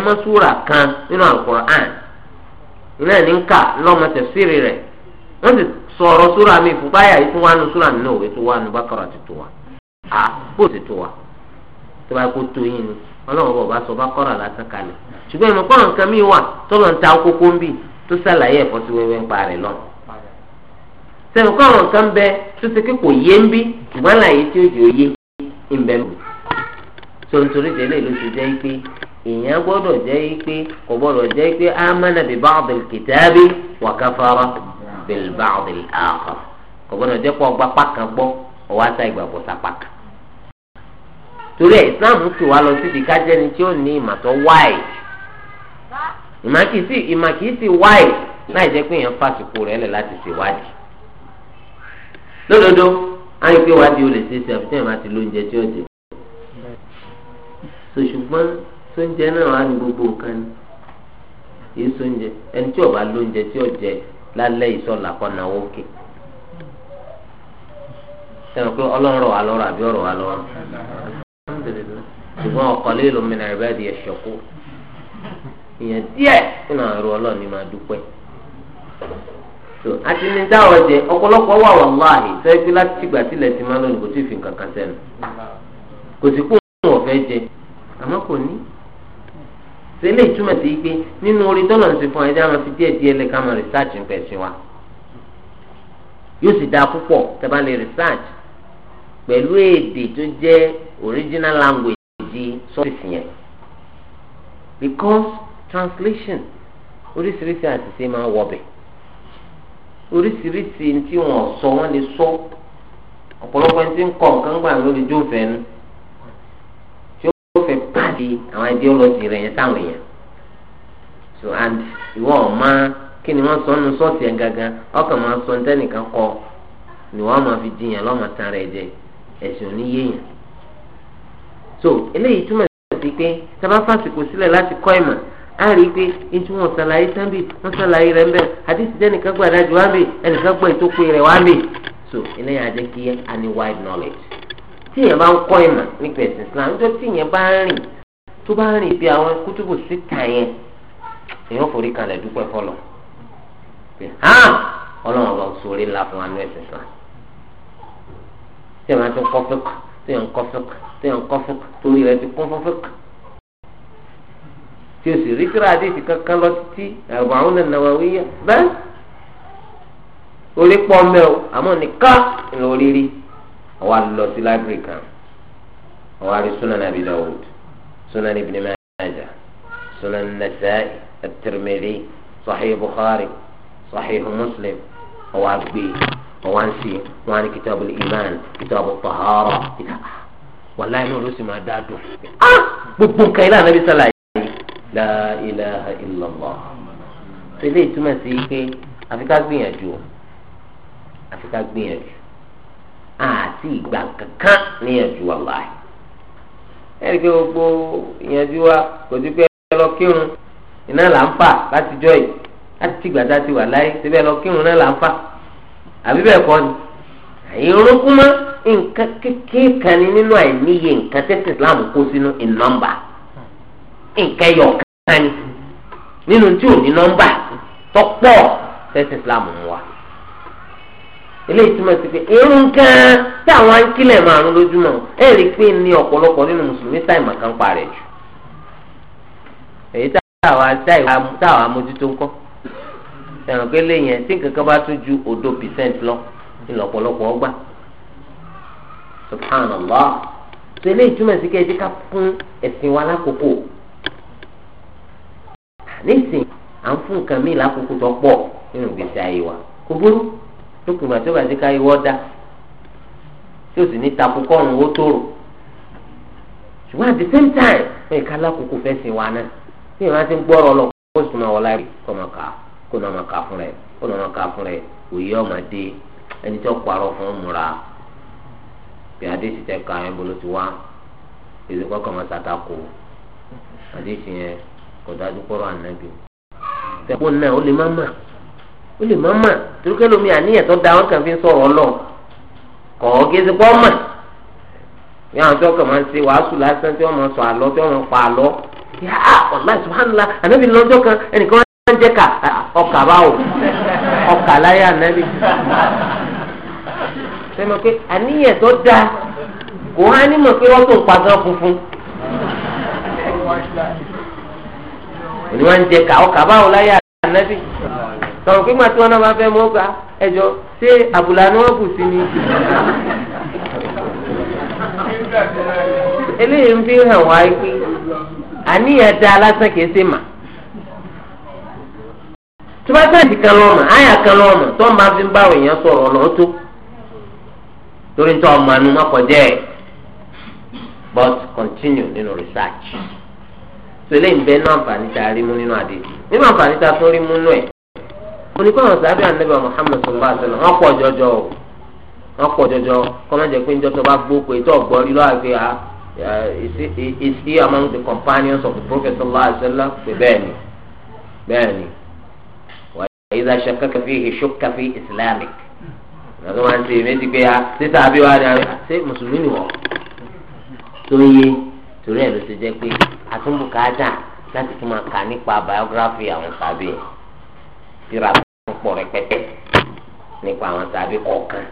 kan nínú Al-Qur'an iná ní ń kà lọ́mọ tẹ̀síìrì rẹ̀ sọ̀rọ̀ súra mi fún báyà yìí tún wá nu súra nínú òwe tó wá nu bákàrà ti tó wa à bó ti tó wa tó bá kó tó yín ni ọlọ́run bọ̀ bá sọ bákàrà lásán kalẹ̀ ṣùgbọ́n ìmọ̀ kọ́ra nǹkan mi wà tọ́lọ̀ ń ta kókó ń bì tó sàlàyé ẹ̀fọ́ sí wẹ́wẹ́ ń pa rẹ̀ lọ. sẹ́wọ̀n kọ́ra nǹkan bẹ tó ti kí kò yé ń bí ṣùgbọ́n àlàyé tí ó jẹ́ òye ń bẹ lò. sọ̀rọ̀sọ̀rọ̀ ìdẹ́lẹ̀ ló ti jẹ́ pé èèyàn gbọ́dọ̀ jẹ́ pé kò gbọ́dọ̀ jẹ́ pé amánàbí bá ọ̀bẹ̀ kìtàbí wà káfárá bilbaad al-akhar kò gbọ́dọ̀ jẹ́ kó ọgbà pàkan gbọ́ ọwọ́ ata ìgbàgbọ́ sapá kan. torí ẹ̀ islam ti wá lọ síbi kájẹ́ni tí ó ní ìmàtọ́ wáì ìmà kìí sí wáì láì jẹ́ pé èèyàn fàṣìkò rẹ̀ lẹ̀ láti ṣèwádìí. lódodo ayé pé wádìí ó lè ṣe é ṣe àfihàn àti lóúnjẹ tí ó jẹ. sọ ṣùgbọ́n sóúnjẹ náà wà ní gbogbo nǹkan ni èyí sóúnjẹ ẹni tí ó bá lóúnjẹ tí ó jẹ lálẹ́ ìsọ̀là kọ́nà òkè sẹ́wọ̀n pé ọlọ́run wà lọ́rọ̀ àbí ọ̀rọ̀ wà lọ́rọ̀ ṣùgbọ́n ọ̀kọ́lé ìlú ìbáàdì ẹ̀ṣọ́ ìyẹn díẹ̀ nínú àwọn ọlọ́run ni máa dúpẹ́ àti ní táwọn jẹ ọ̀pọ̀lọpọ̀ wà wà láàyè sẹ́yìn pé láti tìgbà tilẹ̀ ti máa lónìí kò tí ì fi nǹkan kan sẹ́nu kò òun sẹ́lẹ̀ ìtumọ̀ sí pé nínú orí tọ́lọ̀ ń ṣe fún ẹja máa fi díẹ̀ díẹ̀ lẹ́ka máa research ń pẹ̀sìn wa yóò sì dáa púpọ̀ tẹ́ bá lè research pẹ̀lú èdè tó jẹ́ original language di sọ́ọ̀sì yẹn because translation oríṣiríṣi àṣìṣe máa wọbẹ̀ oríṣiríṣi tí wọ́n sọ wọ́n lè sọ ọ̀pọ̀lọpọ̀ ẹni tí ń kọ̀ nǹkan gbà lórí jófẹ́nu fi àwọn ideology rẹ̀ yẹn táwọn èèyàn so and ìwọ ọ̀ma kí ni sọ nínú sọ́ọ̀tì yẹn gangan ọkàn máa sọ nítẹ́nìkan kọ ni wọ́n máa fi jiyàn lọ́mọ tán rẹ̀ jẹ ẹ̀sìn so eléyìí túmọ̀ sí pé sábà fásitì sílẹ̀ láti kọ́ ìmọ̀ á rí i pé ntí wọn ṣàlàyé sábì wọn ṣàlàyé rẹ̀ ńbẹ àdìsí tẹ́nìkan gbà dájú wá ẹnìkan so knowledge tí yẹn bá ń ìmọ̀ nípa ẹ̀sìn Islam tí tó bá rìn bí àwọn kútùbù síta yẹn èèyàn forí kalẹ̀ dúpẹ́ fọlọ́ pé hàn ọlọ́run ọba sórí ńlá fún anú ẹ̀sìn sàn tí èèyàn ti kọ́ fẹ́k tí èèyàn kọ́ fẹ́k tí èèyàn kọ́ fẹ́k torí rẹ̀ ti kún fún fẹ́k tí o sì rí kíra àdéhìí kankan lọ títí ẹ̀rọ àwọn ọ̀nà Nawawiyya bẹ́ẹ̀ orí pọ́ mẹ́wò àmọ́ nìkan ńlọ rírí àwa lọ sí láìbírì kan àwa rí Sunan Abi Dawud. سنن ابن ماجه سنن النسائي الترمذي صحيح بخاري صحيح مسلم هو عبي هو انسي وعن كتاب الايمان كتاب الطهاره والله نور لسه أداته اه بكم كيلا نبي صلى الله عليه وسلم لا اله الا الله eléyìí túmọ̀ sí pé àfi ká gbìyànjú àfi ká آه àti ìgbà kankan níyànjú ẹ̀rí pé gbogbo ìyànjú wa kò sí pé ẹ lọ kírun iná là ń fà láti jọ yìí láti tí gbàdá ti wà láyé síbẹ̀ lọ kírun náà là ń fà àbí bẹ́ẹ̀ kọ́ ni ìrúnkún mọ́ nǹkan kékeré kan ni nínú àìníye nǹkan tẹ́sí Islam kó sínú ìnọ́mbà nǹkan ẹyọ kan ni nínú tí ò ní nọ́mbà tọ́pọ̀ tẹ́sí Islam ń wà eléyìí túmọ̀ sí pé irun kan tí àwọn akílẹ̀ márùn lójúmọ́ ẹ rí i pé ní ọ̀pọ̀lọpọ̀ nínú mùsùlùmí táìmọ̀ kan parẹ̀ jù èyí táwa mójútó ńkọ́ ẹ̀ràn pé léyìn tí nǹkan kan bá tún ju òdo percent lọ ní lọ́pọ̀lọpọ̀ ọgbà subhanallah tẹ́lẹ̀ ìtumọ̀ sí kẹ́ẹ́ ká fún ẹ̀sìn wa lákòókò nísìnyí à ń fún nǹkan míì lákòókò tó pọ̀ nínú ìgbésí ayé wa kò burú. lókè ìgbà tí ó bá ti ká iwọ́ dá tí ó sì ní takò kọ́run ó tóró ṣùgbọ́n at the same time ó yẹ ká lákòókò fẹ́ wa náà tí ìwọ́n ti ń gbọ́rọ̀ lọ kó sì máa wọlé rè kó máa kà kó máa kà fún kó máa kà fún òye ẹni parọ́ fún un múra ó lè má mà torí pé lómi àníyàn tó da wọn kàn fi ń sọ̀rọ̀ ọlọ́run kọ̀ ọ́ kí ẹsẹ̀ pọ́ mà bí àwọn tó kàn máa ń ṣe wàásù lásán tí wọ́n máa sọ àlọ́ tí wọ́n máa pa àlọ́ yà á ọ̀la subhanallah ànábì lọ́jọ́ kan ẹnìkan wọ́n ń jẹ́ ká ah, ọkà báwò ọkà láyé ànábì sẹ́mi pé àníyàn tó da kò hàn ní mọ̀ pé wọ́n tó ń pa gan funfun òní wọ́n ń jẹ́ ká ọkà báwò láyé ànábì. sọ̀rọ̀ pé màtí wọn náà máa fẹ́ mọ́ ẹjọ́ ṣé àbùlà ni wọ́n sí ni. eléyìí ń fi hàn wá pé àníyàn dá kìí ṣe mà. tí wọ́n sẹ́ǹdì kan lọ́nà àyà fi ń bá sọ̀rọ̀ ọ̀nà tó torí ọmọ but continue nínú research. eléyìí ń bẹ náà a rí mú oníkọ́nà sábẹ́ ànábì Muhammad sọ̀rọ̀ àtẹ̀lẹ̀ wọ́n pọ̀ jọjọ o wọ́n pọ̀ jọjọ kọ́nà jẹ́ pé njọ́tọ̀ bá gbó pé tó gbọ́ rí lọ́wọ́ àgbé ha ah, eh, is he among the companions of the Prophet sallallahu alayhi wa sallam pé bẹ́ẹ̀ ni bẹ́ẹ̀ ni wà á yíra ṣaka kàfi ìṣókà fi islamic lọ́dọ̀ máa ń ṣe méjì pé ha ah, títà àbí wa ni àbí ṣé mùsùlùmí ni wọ́n tó yé torí ẹ̀ ló ti jẹ́ pé àtúnbùkátà láti tún máa kà nípa biography àwọn sábẹ́ yẹn tíra pọ̀ rẹpẹtẹ nípa àwọn tàbí kọ̀ọ̀kan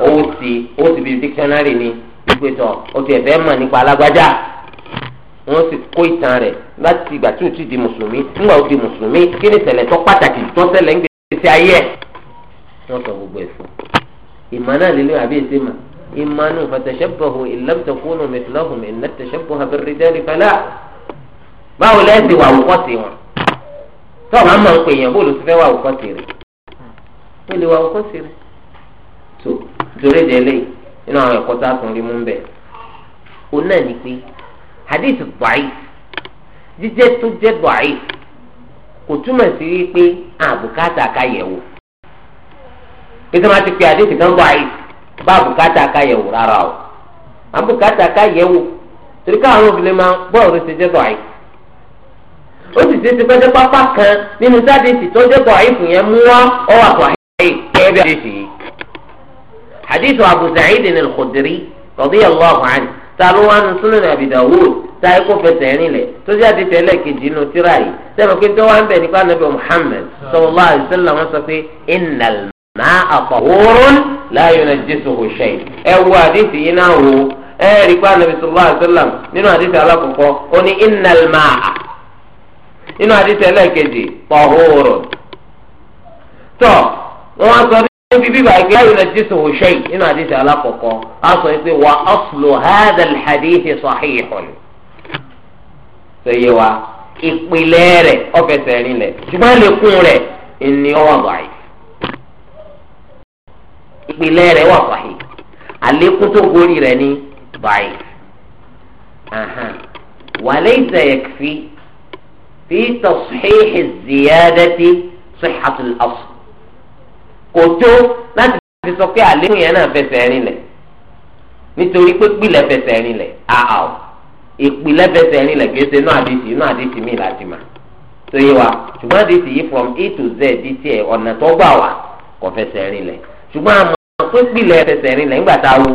ó sì ó sì bí dictionary ni wípé tán ó ti ẹ̀fẹ́ nípa alágbájá wọ́n sì kó ìtàn rẹ̀ láti ìgbà tí ó ti di mùsùlùmí nígbà ó di mùsùlùmí kí ni ìṣẹ̀lẹ̀ tó pàtàkì tó ṣẹlẹ̀ ń gbèsè ayé ẹ̀ wọ́n sọ gbogbo ẹ̀fọ́ ìmọ̀ náà lélẹ́ àbí èsì mà ìmọ̀ nù fatashabbahu in lam takunu mithlahum báwo lẹ́sìn wà wọ́pọ̀ sí wọn tó àwọn àmọ̀ ń pè yàn bóòlù ti fẹ́ wà òkọ́ tèrè ó lè wà òkọ́ tèrè tó torí délé nínú àwọn ẹ̀kọ́ tá a tún rí mú bẹ̀ òun náà ni pé hadith bàáyì jíjẹ́ tó jẹ́ bàáyì kò túmọ̀ sí wípé àbùkátà káyẹ̀wò pété máa ti pe hadith kan bàáyì bá àbùkátà káyẹ̀wò rárá o àbùkátà káyẹ̀wò torí káwọn obìnrin máa gbọ́ ọ̀rọ̀ ṣe jẹ́ bàáyì ó sì ṣe ti pẹ́ jẹ́ pápá kan nínú sádìsì tó jẹ́ pọ̀ àìfù yẹn mú wá ọ wà pọ̀ àìfù yẹn bí àdìsì yìí. hadithu abu sa'id al-khudri radiyallahu anhu tàló wà nù sunan abi dawud táyé kó fẹsẹ̀ rinlẹ̀ tó sì àti tẹ́lẹ̀ kejì nù tíra yìí sẹ́mi pé tó wà ń bẹ̀ nípa nàbẹ̀ muhammed sallallahu alayhi wa ẹ wo àdìsí yìí náà wo ẹ rí pa nàbẹ̀ sallallahu nínú àdìsí alákọ̀ọ́kọ́ ó ní innal inú àdìsí ẹlẹ́ẹ̀kejì pọ̀hóró tọ́ wọ́n sọ níbi bíbá igi láyò náà jísù òṣèyí inú àdìsí alákọ̀ọ́kọ́ á sọ pé wà aslu hadha alhadithi sahihun sẹ́yẹ wa ìpìlẹ̀ rẹ̀ ọ̀fẹsẹ̀ rìn lẹ̀ ṣùgbọ́n lẹ́kùn rẹ̀ ẹni ọwọ́ àgbáyé ìpìlẹ̀ rẹ̀ wà fàáyé àlékún tó gorí rẹ̀ ní báyìí wàlẹ́ ìsẹ̀yẹ̀ fi fi tasxiix ziyadati sixatul asl kò tó láti fi sọ pé àlékún yẹn náà fẹsẹ̀ rin lẹ̀ nítorí pé pìlẹ̀ fẹsẹ̀ rin lẹ̀ àà o ìpìlẹ̀ fẹsẹ̀ rin lẹ̀ kìí ṣe náà àdìsí náà àdìsí mi láti mà tó yé wa ṣùgbọ́n àdìsí yìí from a to z di tiẹ̀ ọ̀nà tó gbà wá kò fẹsẹ̀ rin lẹ̀ ṣùgbọ́n àmọ́ pé pìlẹ̀ fẹsẹ̀ rin lẹ̀ nígbà tá a wo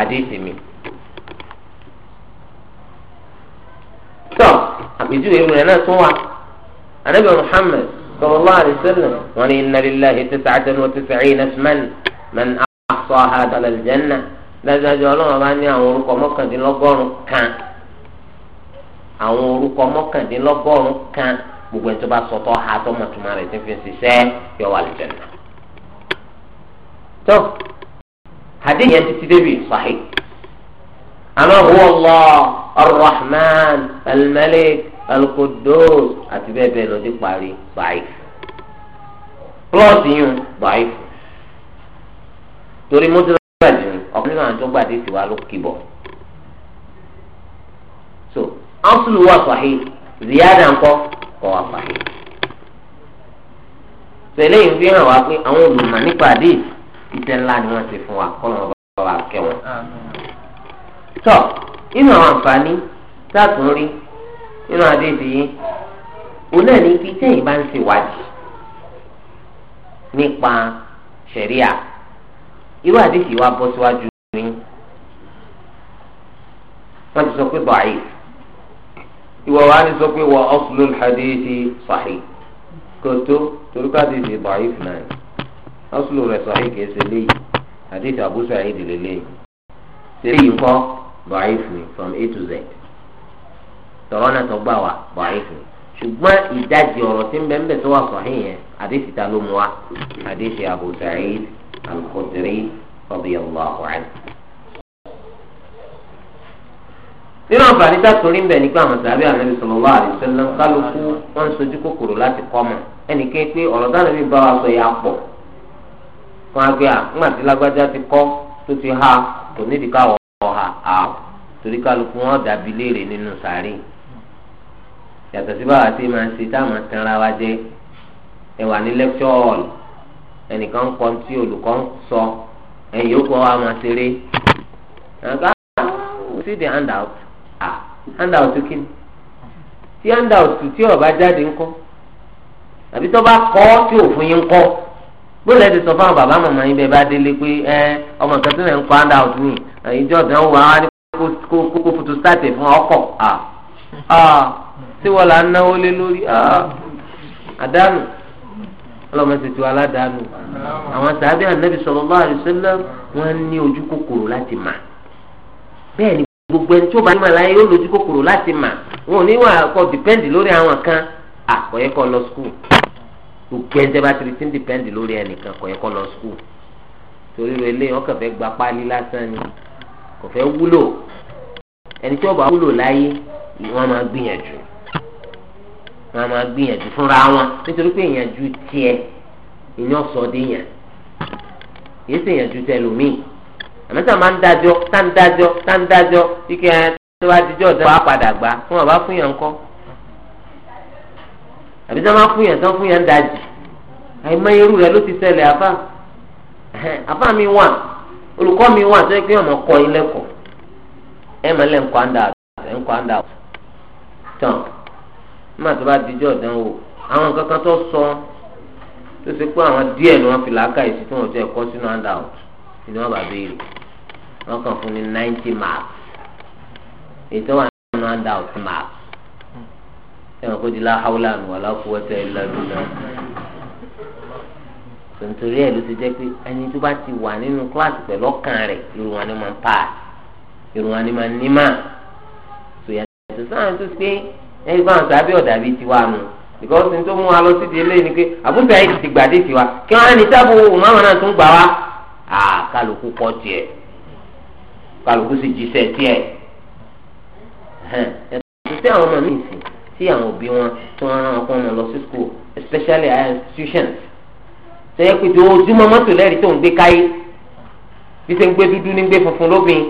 àdìsí mi. tọ́ àpèjúwe irun rẹ̀ náà tún wà anabi muhammed sallallahu alayhi wa sallam wọn ni inna lillahi tis'atan wa tis'ina isman man ahsaha dakhala al-janna dájúdájú ọlọ́run bá ní àwọn orúkọ mọ́kàndínlọ́gọ́rùn kan àwọn orúkọ mọ́kàndínlọ́gọ́rùn kan gbogbo ẹni tó bá sọtọ́ ha tó mọ̀ tó máa rẹ̀ tí ń fi ṣiṣẹ́ yọ wà al tó hadith yẹn títí débi sahih. àmọ́ Allah ar-Rahman alukodos àti bẹ́ẹ̀ bẹ́ẹ̀ lọ sí parí báyìí plus yun báyìí torí mọ́tòlá jù ọ̀pọ̀lọpọ̀ àwọn tó gbàdé tiwa ló kìbọ̀ so aslu wà fàáhì ziyada ńkọ́ kọ́ wà fàáhì tẹ̀lé yìí fi hàn wá pé àwọn olùmọ̀ nípa àdé iṣẹ́ ńlá ni wọ́n ti fún wa kọ́ lọ́wọ́ bá wa kẹ́ wọn. tọ́ inú àwọn àǹfààní tá a tún rí nínú àdéhùn yìí òun náà ní ibi tẹ́yìn bá ń ṣe wádìí nípa ṣẹ̀ríà irú àdéhùn wa bọ́ síwájú ní wọ́n ti sọ pé báyìí ìwọ wa ni sọ pé wọ aslul hadithi sahih kòtó torí ká ti ṣe báyìí fún náà aslu rẹ̀ sahih kìí ṣe léyìí àdéhùn Abu Sa'id lélẹ́yìn ṣe léyìí kọ́ báyìí fún mi from A to Z. tọrọ náà tó gbà wá ṣùgbọ́n ìdajì ọ̀rọ̀ tí ń bẹ ń bẹ tó wà sọ̀hìn yẹn ta ló mu wa àdéhìí Abu Sa'id Al-Khudri radiyallahu nínú àǹfààní a ń bẹ nípa àwọn sàbí kòkòrò láti kọ mọ̀ ẹnì pé ọ̀rọ̀ táwọn ẹbí bá wa sọ yà fún à ti kọ́ tó ha kò nídìí yàtọ̀ sí báwa ti máa ń ṣe táwọn tanra wa jẹ ẹ wà ní lẹ́kṣọ̀ hall ẹnìkan kọ tí olùkọ́ sọ ẹ̀yìn yòókù wa máa ṣeré ẹ̀ka see the handout ah handout kí ni tí handout tí ọba jáde ń kọ́ àbí tó bá kọ́ tí òfin yín kọ́ gbọ́dọ̀ ti sọ fún àwọn bàbá màmá yín bẹ́ẹ̀ bá délé pé ẹ ọmọ kan tí lè ń kọ́ handout ni ìjọ ìdánwò àwọn kó fotostáàtì fún ọkọ̀ ah ah tí wọ́n là ń náwó lé lórí ah, àdánù ọlọ́mọ ti tu aládàánù àwọn sàbẹ̀ ànábì sallallahu alaihi wasallam wọ́n ní ojú kòkòrò láti mà bẹ́ẹ̀ ni gbogbo ẹni tí ó bá ní màláyé yóò lójú kòkòrò láti mà wọn ò ní wà kọ́ dìpẹ́ǹdì lórí àwọn kan àkọ́yẹ́ kọ́ lọ skul gbogbo ẹni tí a bá ti rí ń dìpẹ́ǹdì lórí ẹnìkan àkọ́yẹ́ kọ́ lọ skul torí rẹ lé ọkàn fẹ́ gba páálí lásán ni kò fẹ́ wúlò ẹni tí ó bá wúlò láyé wọ́n máa gbìyànjú wọn máa gbìyànjú fúnra wọn nítorí pé ìyànjú tiẹ ìyàn sọdé yàn kìí ṣe ìyànjú tẹlómìn àmọ́ tá a máa ń dájọ́ tá ń dájọ́ tá ń dájọ́ kíkẹ́ tó bá dijọ́ ọ̀dọ́ wa padà gbá fún ọba fún yàn kọ́ àbí tá máa fún yàn tán fún yàn dájì àìmọ rẹ ló ti ṣẹlẹ̀ àbá àbá mi wà olùkọ́ mi wà tó yẹ ọmọ kọ́ ilé kọ́ ẹ̀ ẹ̀ tán. nígbà tó bá dijọ́ ìdánwò àwọn nǹkan kan tó sọ tó ṣe pé àwọn díẹ̀ ni wọ́n fi làákà ìsì tí wọ́n ti ẹ̀kọ́ sínú handout ni wọ́n bá béèrè wọ́n kàn fún ní ninety marks ètò wà nínú handout marks ẹ̀wọ̀n kò di láhàúlà nù wà láfọwọ́tẹ́ ìlànà tòǹtòrí ẹ̀ ló ti jẹ́ pé ẹni tó bá ti wà nínú kíláàsì pẹ̀lú ọkàn rẹ̀ irun wọn ni máa ń pa irun wọn ni máa ń ní máa tòyàtọ̀ sáà tó pé ẹ̀yìn fún àwọn sábẹ ọdàbí tiwa nù because nítorí mú wa lọ sídìí eléyìí ni pé àbúfẹ́ ayé ti gbàdé tiwa kí wọ́n á ní sábò màmá náà tún gbà wá à kálukú kọ́ tiẹ̀ kálukú sì jíṣẹ́ tiẹ̀ ẹ̀sìn àwọn ọmọ mi sì tí àwọn òbí wọn tún ara wọn kọ́ wọn lọ sí school especially higher institutions tó o pé ojoojúmọ́ mọ́tò lẹ́rìí tó ń gbé káyé bí ṣe ń gbé dúdú ní gbé funfun lóbìn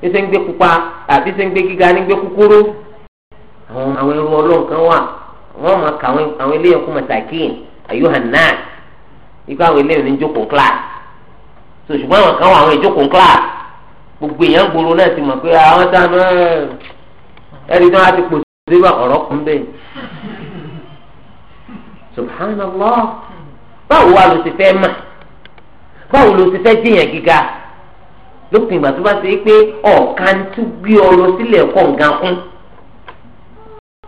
bí ṣe ń gbé pupa àbí ṣe ń gbé gíga ní gbé kúkúrú àwọn àwọn irú ọlọ́run kan wà wọ́n máa kà àwọn eléyìí kú masakin ayuhanna ikú àwọn eléyìí ní jókòó class so ṣùgbọ́n àwọn kan wà àwọn ìjókòó class gbogbo èèyàn gbòòrò náà ti mọ̀ pé àwọn tá a máa ẹni tí wọ́n á ti pò sí ọ̀rọ̀ kún bẹ́ẹ̀ subhanallah báwo wà ló ti fẹ́ mà báwo ló ti fẹ́ jẹ̀yàn gíga lópin ìgbà tó bá ṣe é pé ọ̀kan tún gbé ọ lọ sílẹ̀ kọ̀ǹgà kún.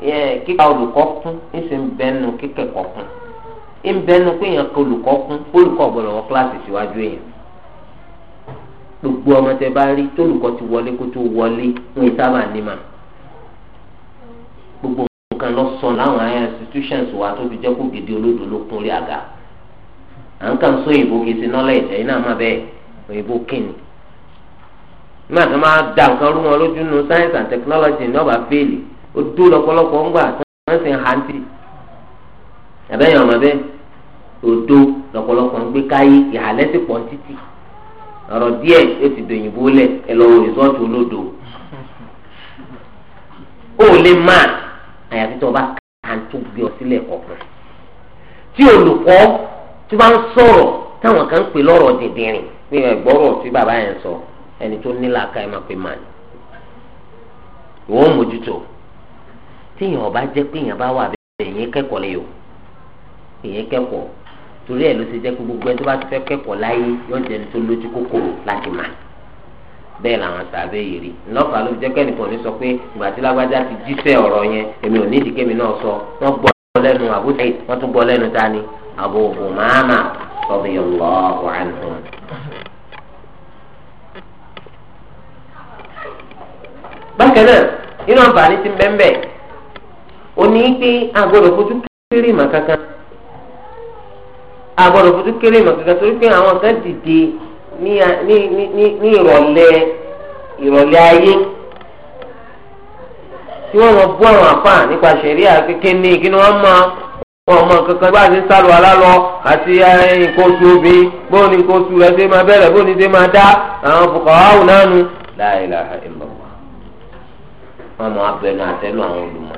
yẹ kíkà olùkọ́ kún ẹsẹ̀ ń bẹnu kíkẹ́kọ̀ọ́ kún ń bẹnu pé èèyàn kọ olùkọ́ kún wọ kíláàsì gbogbo ọmọ tẹ bá rí tólùkọ́ ti wọlé kó tó wọlé sábà gbogbo nǹkan lọ sọ láwọn institutions wa tó fi kó gidi olódò ló kún rí àga à ń kàn sọ òyìnbó da nǹkan rú wọn lójú nu science and technology ní ọba o lọ́pọ̀lọpọ̀ ń gbà wọ́n sì ń ha ntì àbẹ́yẹn ọmọ bẹ́ẹ̀ odó lọ́pọ̀lọpọ̀ ń gbé káyé ìhàlẹ́ sì pọ̀ títì ọ̀rọ̀ díẹ̀ yóò ti dòyìnbó lẹ̀ ẹ lọ wo rìsọ́ọ̀tù olódo ó lè má àyàfi tó o bá kà ń tó gbé ọ sílẹ̀ ọ̀kan tí olùkọ́ tó bá ń sọ̀rọ̀ táwọn kan ń pè lọ́rọ̀ dìndìnrín pé ẹ̀gbọ́rọ̀ tí bàbá yẹn sọ ẹni tó nílà ká ẹ máa pè má ni ìwọ́n mójútó tíyàn ọba jẹ́ pé èèyàn bá wà bẹ́ẹ̀ èèyàn kẹ́kọ̀ọ́ lè yọ èèyàn kẹ́kọ̀ọ́ torí ẹ̀ ló ṣe jẹ́ pé gbogbo ẹni tó bá ti fẹ́ kẹ́kọ̀ọ́ láyé yóò jẹ́ ní tó lójú kòkòrò láti mà bẹ́ẹ̀ làwọn sàbẹ̀ yìí rí ńlọ́kàá ló jẹ́ kẹ́nìkan ní sọ pé ìgbà tí lágbájá ti jíṣẹ́ ọ̀rọ̀ yẹn èmi ò ní ìdíkẹ́mi náà sọ wọ́n gbọ́ lẹ́nu àbúté wọ́n tún gbọ́ lẹ́nu tani Abu Umama radiyallahu anhu. bákan náà inú àǹfààní ti ń bẹ́ẹ̀ bẹ́ẹ̀ òní pé agbọ́dọ̀ fojú kéré ìmọ̀ kankan agbọ́dọ̀ fojú kéré ìmọ̀ kankan torí pé àwọn kan dìde ní ìrọ̀lẹ́ ìrọ̀lẹ́ ayé tí wọ́n mọ̀ bú àwọn àpá nípa ṣẹ̀ríà kékeré kí ni wọ́n máa wọn mọ kankan bá ti ń sálọ alálọ àti nǹkan oṣù obìnrin bóun ni nǹkan oṣù rẹ ṣe máa bẹ̀rẹ̀ bóun ni ṣe máa dá àwọn fòkàwáwò náà nu. la ilaha illallah wọn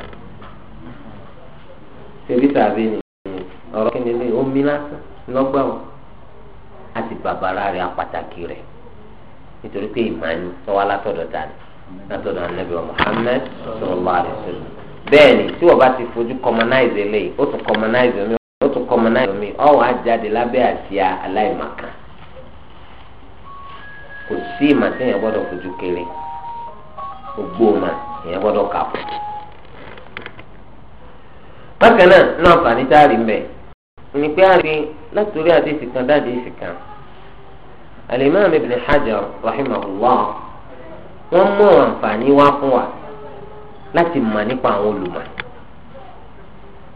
ṣebí tàbí ni ọ̀rọ̀ kí ni omi lásán wọn àti apàtàkì nítorí pé látọ̀dọ̀ ta ni látọ̀dọ̀ anabi wa tí wọ́n bá ti fojú commonize eléyìí ó tún commonize omi ó tún commonize omi ọ̀hún á lábẹ́ àsíá aláìmọ̀kan kò sí ìmọ̀ gbọ́dọ̀ bákan náà náà àǹfààní tá a rí mbẹ ní pé a rí látòrí àdéhìí kan dáadéhìí kan Al-Imam Ibn Hajar rahimahullah wọ́n mú àǹfààní wá fún wa láti mọ̀ nípa àwọn olùmọ̀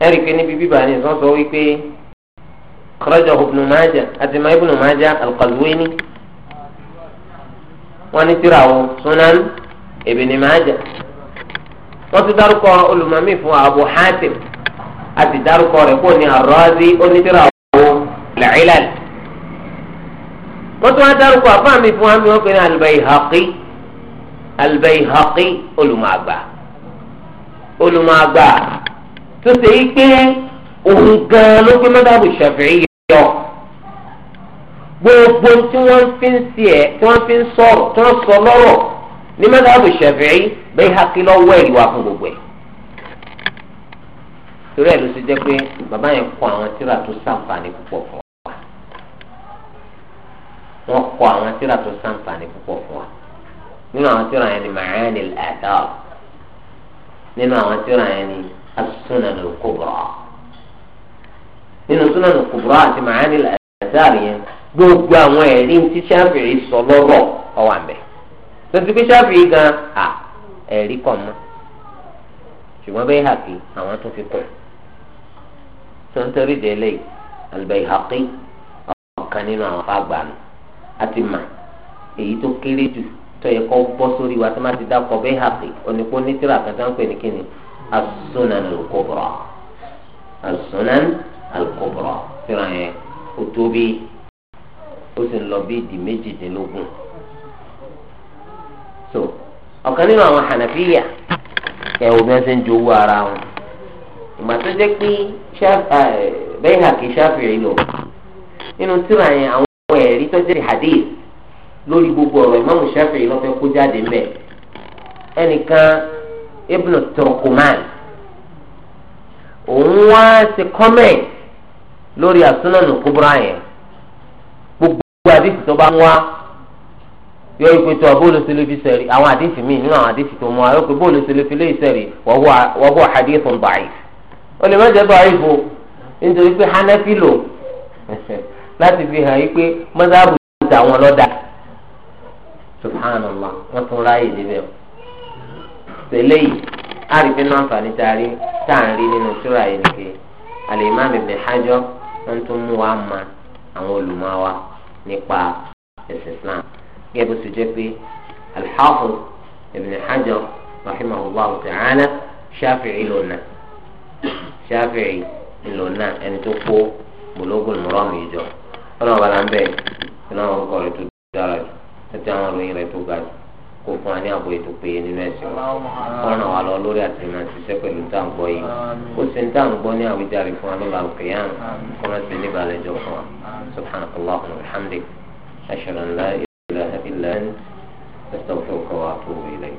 ẹ̀rí pé níbi bíbá ni sọ́n sọ wípé akhrajahu Ibn Majah àti ma Ibn Majah al-Qazwini wọ́n ní tírà wọn Sunan Ibn Majah wọ́n tún dárúkọ olùmọ̀ mi fún Abu Hatim a sì dárúkọ rẹ̀ kó ní Ar-Razi onítìrà owó làílàlì. wọ́n tún wá dárúkọ àfáà mi fún wa mi wọ́n pe ní Al-Bayhaqi Al-Bayhaqi olùmọ̀àgbà olùmọ̀àgbà tó ṣe é pé òun gan ló gbé mọ́tàbù Shafi'i yọ gbogbo tí wọ́n fi ń sí ẹ̀ tí wọ́n fi ń sọ̀rọ̀ tí wọ́n sọ lọ́rọ̀ ní mọ́tàbù Shafi'i Bayhaqi lọ́wọ́ ẹ̀rí wa fún gbogbo ẹ̀. torí ẹ̀ ló ti jẹ́ pé bàbá yẹn kọ àwọn tíra tó sàǹfààní púpọ̀ fún wa wọ́n kọ àwọn tíra tó sàǹfààní púpọ̀ fún wa nínú àwọn tíra yẹn ni màáyán ni nínú àwọn tíra yẹn ni as kubra nínú sunan kubra àti yẹn gbogbo àwọn ẹ̀rí ti sáfìrí sọ lọ́rọ̀ ọ̀wà sáfìrí gan ẹ̀rí kọ̀ mọ́ ṣùgbọ́n bẹ́ẹ̀ hà sọ̀ńtẹ́rì délé Al-Bayhaqi ọ̀kan nínú àwọn afáàgbàánu àti mà èyí tó kéré jù tó yẹ kó bọ́ sórí wa tó má ti dákọ̀ Bayhaqi onípo nítìrà kàtà ń pè ní kíni As-Sunan Al-Kubra As-Sunan yẹn ó tóbi ó sì ń lọ bí ìdí méjìdínlógún so ọ̀kan nínú àwọn Hanafiya ẹ̀ ò bí wọ́n ṣe ń jowó ara wọn ìgbà tó jẹ́ pé bẹ́ẹ̀ hà kì í ṣàfihàn lọ nínú tíra yẹn àwọn ẹ̀rí tó jẹ́ hadith lórí gbogbo ọ̀rọ̀ ìmáàmù ṣàfihàn lọ́fẹ́ kó jáde mbẹ́ ẹnìkan ibnu turkuman òun wá ti comment lórí àsúnánù kúbúrá yẹn gbogbo àdìsí tó bá ń wá yọ ìpè tó bóòlù sílẹ̀fì sẹ̀rí àwọn àdìsí míì nínú àwọn àdìsí tó mú wa yọ pé bóòlù sílẹ̀fì lè sẹ̀rí wọ́n bọ̀ àdìsí ń bàyìí o lè má jẹ́ bá ìbò nítorí pé hanafi lò *laughs* láti fi hàn yí pé mọ́sáàbù ti àwọn lọ́dà subhanallah wọ́n tún ráàyè débẹ̀ o tẹ̀lé yìí àrífín náà fà ní taari tá à ń rí nínú sura yìí nìke al-Imam Ibn Hajar wọ́n tún mú wa ma àwọn olùmọ̀ nípa ẹ̀sìn Islam gẹ́gẹ́ bó ti jẹ́ pé al-Hafiz Ibn Hajar rahimahullah ta'ala Shafi'i lónà. Shafi'i ńlò náà ẹni tó kó Bulugul Maram yìí jọ ọlọ́run bá láń bẹ́ẹ̀ ní àwọn orúkọ rẹ̀ tó dára jù àti àwọn ìròyìn rẹ̀ tó ga jù kó fún wa ní àbò ètò péye nínú ẹ̀sìn wa ọ̀ràn wa lọ lórí àti ìmọ̀ ṣiṣẹ́ pẹ̀lú táǹgbọ́ yìí ó sì ń táǹgbọ́ ní àwíjàre fún wa lọ́la òkè yàn kó má sì níbàlẹ̀ jọ fún wa subhanakallahu wa bihamdik ashhadu an la ilaha illa anta astaghfiruka wa atubu ilayk.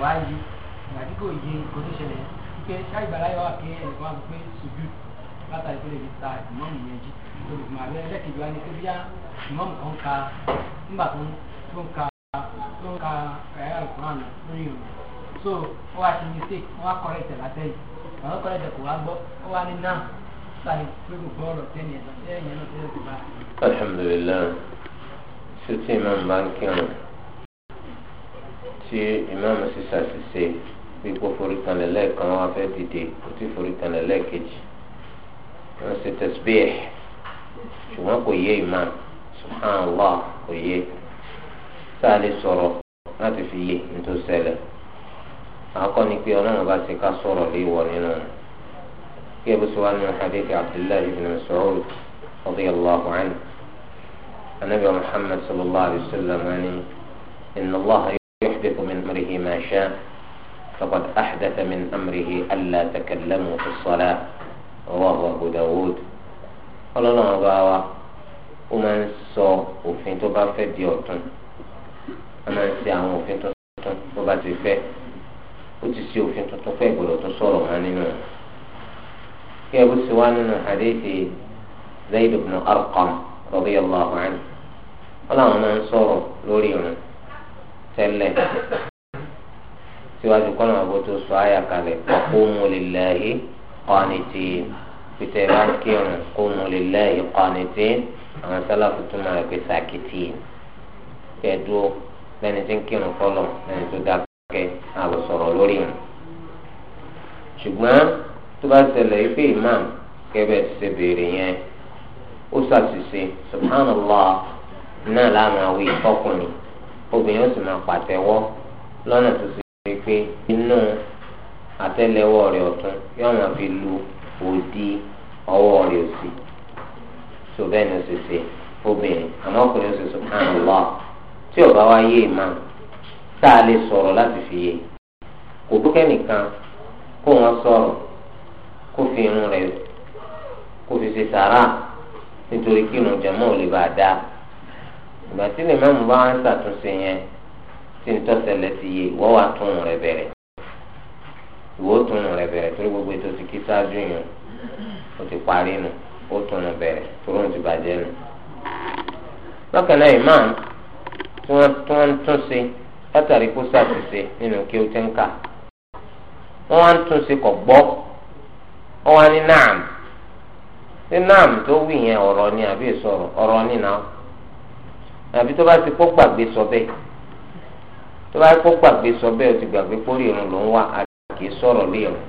wá yé ìgbà tí kò yé kò tó ṣẹlẹ̀ pé ṣáì bàláyọ̀ wà pé ẹnìkan wà pé sojú látàrí pé lè fi ta ìmọ̀mù yẹn jí olùgbọ̀n àbẹ́ ẹlẹ́kejì wa ni pé bíyà ìmọ̀mù kan ka nígbà tó ń ka tó ń ka ẹ̀yà ìkùránù lórí ìrìn so ó wá ṣe mistake wọ́n á correct ẹ̀ látẹ̀yìn àwọn kọ́lẹ̀ dẹ̀ kò wá gbọ́ ó wá ní náà sáré pé kò gbọ́ ọ̀rọ̀ tẹ́ni ẹ̀ tí ìmáàmù sì ṣàṣìṣe gbígbó forí kanlẹ̀ lẹ́ẹ̀kan wọn fẹ́ dìde kò tí forí kanlẹ̀ lẹ́ẹ̀kejì wọn ṣe tẹ̀síbíyẹ̀ ṣùgbọ́n kò yé ìmáàmù subhanallah kò yé sáà lè sọ̀rọ̀ láti fi yé nítorí ṣẹlẹ̀ àkọ́ ni pé ọlọ́run bá ti ká sọ̀rọ̀ lé wọ nínú kí ẹ bó ṣe wá nínú hadith abdullahi ibn Mas'ud radiyallahu anhu anabi muhammad sallallahu alayhi wa sallam ani inna allah يحدث من أمره ما شاء فقد أحدث من أمره ألا تكلموا في الصلاة رواه أبو داود قال الله أبو ومن سو وفين تبا في ديوتن أما سيام وفين تبا تبا تفي وتسي وفين تبا تفي قلو تصولو هانينو كي أبو سوان حديث زيد بن أرقم رضي الله عنه قال الله أبو سو لوريونه tẹ́lẹ̀ síwájú kọ́nà àbò tó sọ àyà kalẹ̀ ọ̀kúnmu lìlẹ́yìí kọ́nìtì pété bá ń kírun kúnmu lìlẹ́yìí kọ́nìtì àwọn sálàfù túmọ̀ rẹ̀ pé sàkìtì kẹ́ẹ̀dúró lẹ́ni tí ń kírun fọlọ̀ lẹ́ni tó dákẹ́ àlọ́ sọ̀rọ̀ lórí yìí ṣùgbọ́n tó bá ṣẹlẹ̀ yìí pé imam kẹ́bẹ̀ ṣe béèrè yẹn ó ṣàṣìṣe subhanallah náà láàmú àwí ìfọkùnrin obìnrin ó sì máa pàtẹ́wọ́ lọ́nà tó sì rí pé inú àtẹ́lẹwọ́ rẹ̀ ọ̀tún yóò máa fi lu òdi ọwọ́ rẹ̀ òsì tó bẹ́ẹ̀ ni ó sì ṣe obìnrin àmọ́ ọkùnrin ó sì sọ kàn lọ tí ọba wa yé ìmọ̀ tá a lè sọ̀rọ̀ láti fi yé kò tó kẹ́nìkan kó wọn sọ̀rọ̀ kó fi irun rẹ̀ kó fi ṣe sàrà nítorí kí irun jẹ̀mọ́ ò lè bá a dáa. ìgbà tí lè bá wọn ṣàtúnṣe yẹn tí ń tọ́sẹ̀lẹ̀ ti yé ìwọ́ wa tún un rẹ̀ bẹ̀rẹ̀ tún un rẹ̀ bẹ̀rẹ̀ torí gbogbo ètò ti kí sáájú yẹn o ti parí nu ó tún un bẹ̀rẹ̀ torí ti bàjẹ́ nu. lọ́kàn náà ìmáàmù tí wọ́n tún ṣe látàrí kó ṣàtúnṣe nínú kí ti ń kà wọ́n wá ń tún ṣe kọ̀ gbọ́ wọ́n wá ni àbí àbí tó bá ti kó gbàgbé sọ bẹ́ẹ̀ tó bá kó gbàgbé sọ bẹ́ẹ̀ o ti gbàgbé pórí irun ló ń wá àkè sọ̀rọ̀ léèrè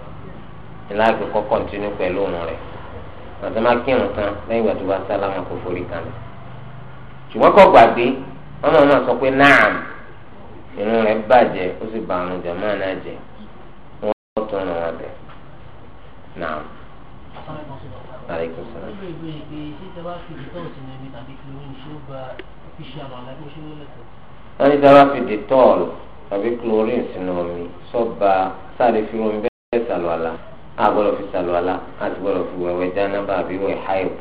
ìlànà kọ́ kọ́ntínú pẹ̀lú òun rẹ̀ má lẹ́yìn ìgbà tó bá kó forí ṣùgbọ́n naam irun rẹ̀ bàjẹ́ ó sì ba àrùn jàmáà náà jẹ́ wọ́n tún naam. ẹni tí a bá fi detol tàbí chlorine sínú omi sọ́ba sáré fi omi bẹ́ẹ̀ sàlùwàlà a gbọ́dọ̀ fi sàlùwàlà a ti gbọ́dọ̀ fi wẹ̀wẹ̀ jánábà àbí wẹ̀ haib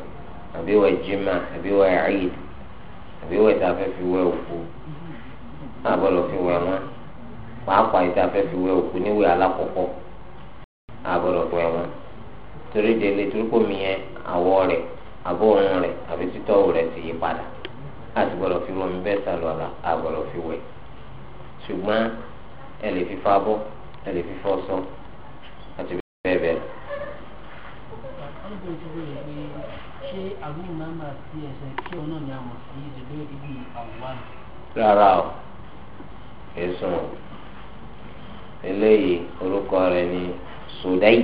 àbí wẹ̀ jimá àbí wẹ̀ eid àbí wẹ̀ tá a fẹ́ fi wẹ̀ òkú a gbọ́dọ̀ fi wẹ̀ wọn pàápàá yìí tá a fẹ́ fi wẹ̀ òkú níwẹ̀ alákọ̀ọ́kọ́ a wẹ̀ wọn torí délé torí kò mìíràn àwọ̀ rẹ̀ àbọ̀ rẹ̀ àbí títọ́ rẹ̀ ti yí padà àti gbọ́dọ̀ fi rọmi bẹ́ẹ̀ sàlùwàlà àgbọ́dọ̀ fi wẹ̀ ṣùgbọ́n ẹ lè fi fábọ́ ẹ lè fi fọṣọ àti bẹ́ẹ̀ bẹ́ẹ̀. rárá o èso eléyìí orúkọ rẹ̀ ni Sudayd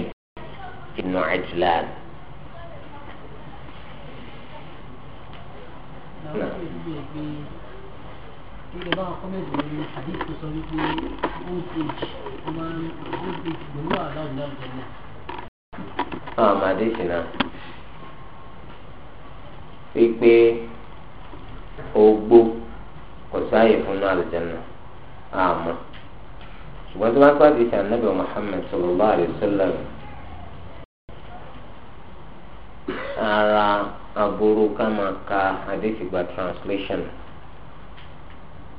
ibn Ajlan. àwọn àdéhùn ah, náà wípé ogbó kò sáàyè fún náà àlùjáná ah, àmọ́ ṣùgbọ́n tó bá pàdé sí anábì Muhammad sallallahu alaihi wasallam ara aburú ká máa ka àdéhùn gba translation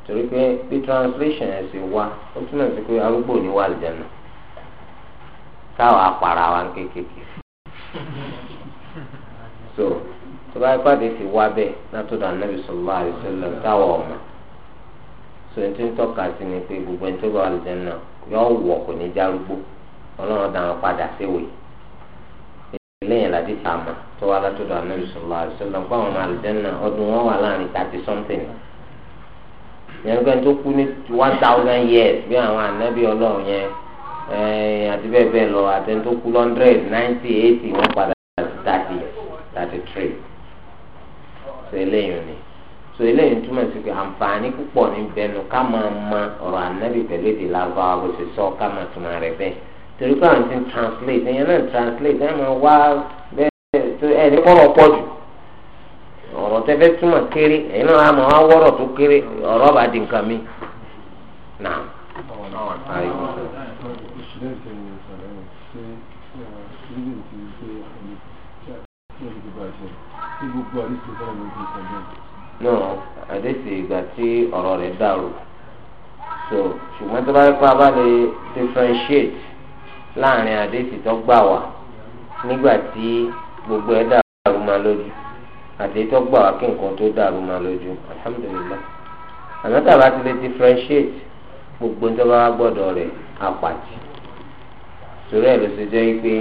torí pé bí translation ẹ̀ sì wá ó túmọ̀ sí pé arúgbó ní wà lẹ́nu táwọn apàrà wa ń kékeré *laughs* so tó bá pàdé ti wá bẹ́ẹ̀ látọ̀dọ̀ anábì sallallahu alaihi wasallam táwọn ọ̀mọ̀ so ní tí ń tọ́ka sí ni pé gbogbo ẹni tó bá wà lẹ́nu náà yọ wọ̀ kò ní járúgbó ọlọ́run dáhùn padà séwèé lẹ́yìn ladi sàmà tó wà látọ̀dọ̀ anabi sọlá àdìsọlá fún àwọn ọmọ àlùjẹ́nà ọdún wọn wà láàrin thirty something yẹn gbẹ́ tó kú ní one thousand years bí àwọn anabi ọlọ́run yẹn àti bẹ́ẹ̀ bẹ́ẹ̀ lọ àti tó kú hundred ninety eighty wọ́n padà thirty thirty three so eléyìí ni so eléyìí túmọ̀ sí pé àǹfààní púpọ̀ ní bẹnu ká máa ma ọ̀rọ̀ anabi pẹ̀lú èdè lágbára bó ṣe sọ ká máa túmọ̀ rẹ̀ bẹ́ẹ̀ torí pé àwọn translate ẹ̀yẹn náà ń translate ẹ̀ máa wá bẹ́ẹ̀ ẹ̀ ní kọ́rọ̀ pọ̀ jù ọ̀rọ̀ tẹ́fẹ́ túmọ̀ kéré ẹ̀yìn náà àmọ́ wá wọ́rọ̀ tó kéré ọ̀rọ̀ bá di nǹkan mi. náà náà àdéhùn ìgbà tí ọ̀rọ̀ rẹ̀ dàrú so ṣùgbọ́n tó bá rí pa abá lè differentiate. láàrin àdéhìí tó gbà wá gbogbo ẹ dàrú ma lójú àdéhìí tó gbà wá kí nǹkan tó dàrú ma lójú àmọ́ tàbá ti lè differentiate gbogbo tó bá gbọ́dọ̀ rẹ̀ apàtì sórí ẹ̀ ló ṣe jẹ́ pé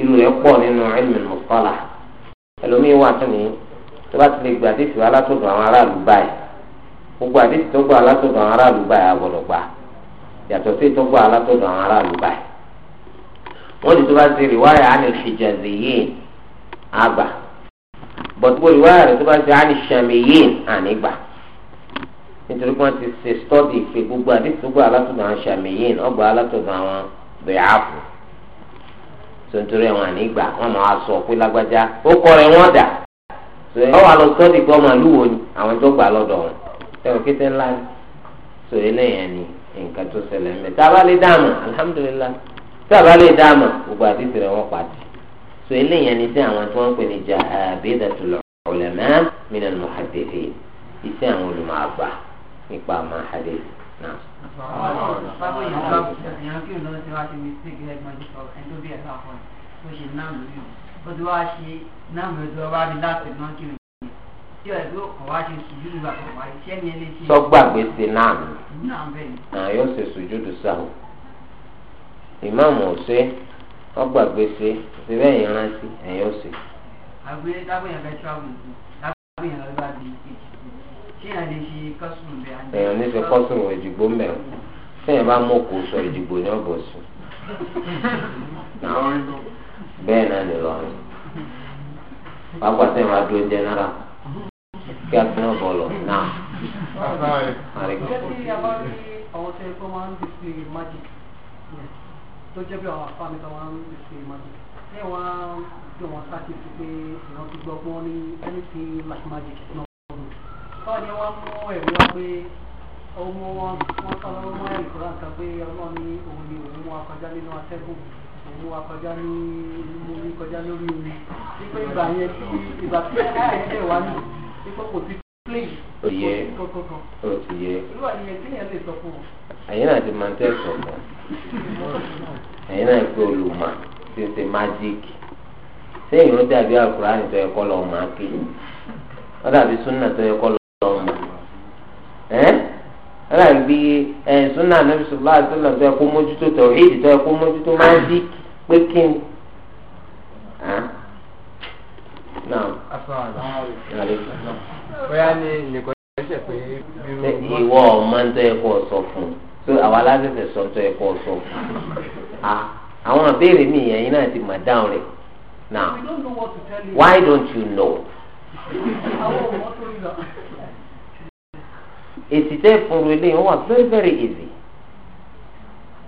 irú rẹ̀ pọ̀ nínú ilmi mustalah ẹlòmíín wà tún ní tó bá ti lè gbà gbogbo tó gbà àwọn aráàlú báyìí yàtọ̀ sí wọ́n ti tó bá ṣe rìwáyà á ní ìṣèjàzì yìí àgbà bọ̀tú rìwáyà rẹ̀ tó bá ṣe á ní ṣàmì yìí ànígbà nítorí pé wọ́n ti ṣe stọ́dì gbogbo àdìsí gbogbo alátọ̀dọ̀ àwọn ṣàmì yìí ọgbà alátọ̀dọ̀ àwọn bẹ̀yàfù sọ̀tún rẹ̀ ànígbà wọ́n lọ ni tí a bá lè dá àmà gbogbo àti tìrẹ wọn pàtì so eléyìí ni sí àwọn tí wọn ń pè ní jà Jahabizatul Ulama minal muhaddithin iṣẹ àwọn olùmọ̀ àgbà nípa àmà hadith náà. ó ti wá ṣe náà mi ò ti wá rí láti náà kí mi sọgbàgbèsè náà nà yóò ṣe sùjúdù sáà ìmáàmù ọ̀sẹ̀ ọgbàgbé ṣe ṣe bẹ́ẹ̀ yẹn rántí ẹ̀yìn ọ̀sẹ̀. àgbẹ̀ dábòyàn fẹ́ tíráwùn dábòyàn lọ bá di èjì ṣé èèyàn lè ṣe kọ́sùn bẹ́ẹ̀. èèyàn ní ṣe kọ́sùn ìdìgbò mẹ́rin sẹ́yìn bá mú kó sọ ìdìgbò ní ọ̀bọ̀ sùn. bẹ́ẹ̀ náà lè lọ rìn pápá sẹ́yìn bá dúró jẹ́ náírà kí a tún ọ̀bọ̀ lọ náà. ọ̀sẹ̀ tí a bá rí ọ̀sẹ̀ tó jẹ́ bí àwọn afáàmì kan ń ṣe magic ṣé wọ́n á gbé wọn sáàtì sí pé ìran ti gbọ́ ní anything like magic náà ọdún báwo ni wọ́n mú ẹ̀rí wá pé ọmọ wọn wọ́n sọ lọ́wọ́ mọ́ ẹ̀rí kúrò nǹkan pé ọlọ́run ní òun ni òun mú akọjá nínú atẹ́gùn òun wá kọjá ní mú mi kọjá lórí omi wípé ìgbà yẹn tí ìgbà tí ẹ̀ka ẹ̀ tẹ̀ wá nù wípé kò sí play kò sí kankan. ẹ̀yin náà ti máa ń tẹ̀sọ̀ fún ẹ̀yin náà pé olùmọ̀ ti ṣe májíìkì sẹ́yìn ó dàbí àkùránì tó yẹ kọ́ lọ́ọ́ máa ké ó dàbí súnà tó yẹ kọ́ lọ́ọ́ máa ẹ́ ọ̀là ń bí ẹ̀ súnà nàbí sọ̀lá àtúnlọ̀ tó yẹ kó mójútó tọ̀hídì tó yẹ kó mójútó májíìkì pé kí ni. Ìwọ ọ̀ma ń tẹ́ ẹ̀kọ́ sọ fún un. So àwa aláṣẹṣẹ sọ tó ẹ kọ sọ àwọn àbẹ̀rẹ̀ mi yẹn yín náà ti mà dáhùn rẹ̀ now why don't you know. èsì tẹ́ fúnru eléyìí wọ́n wà very very easy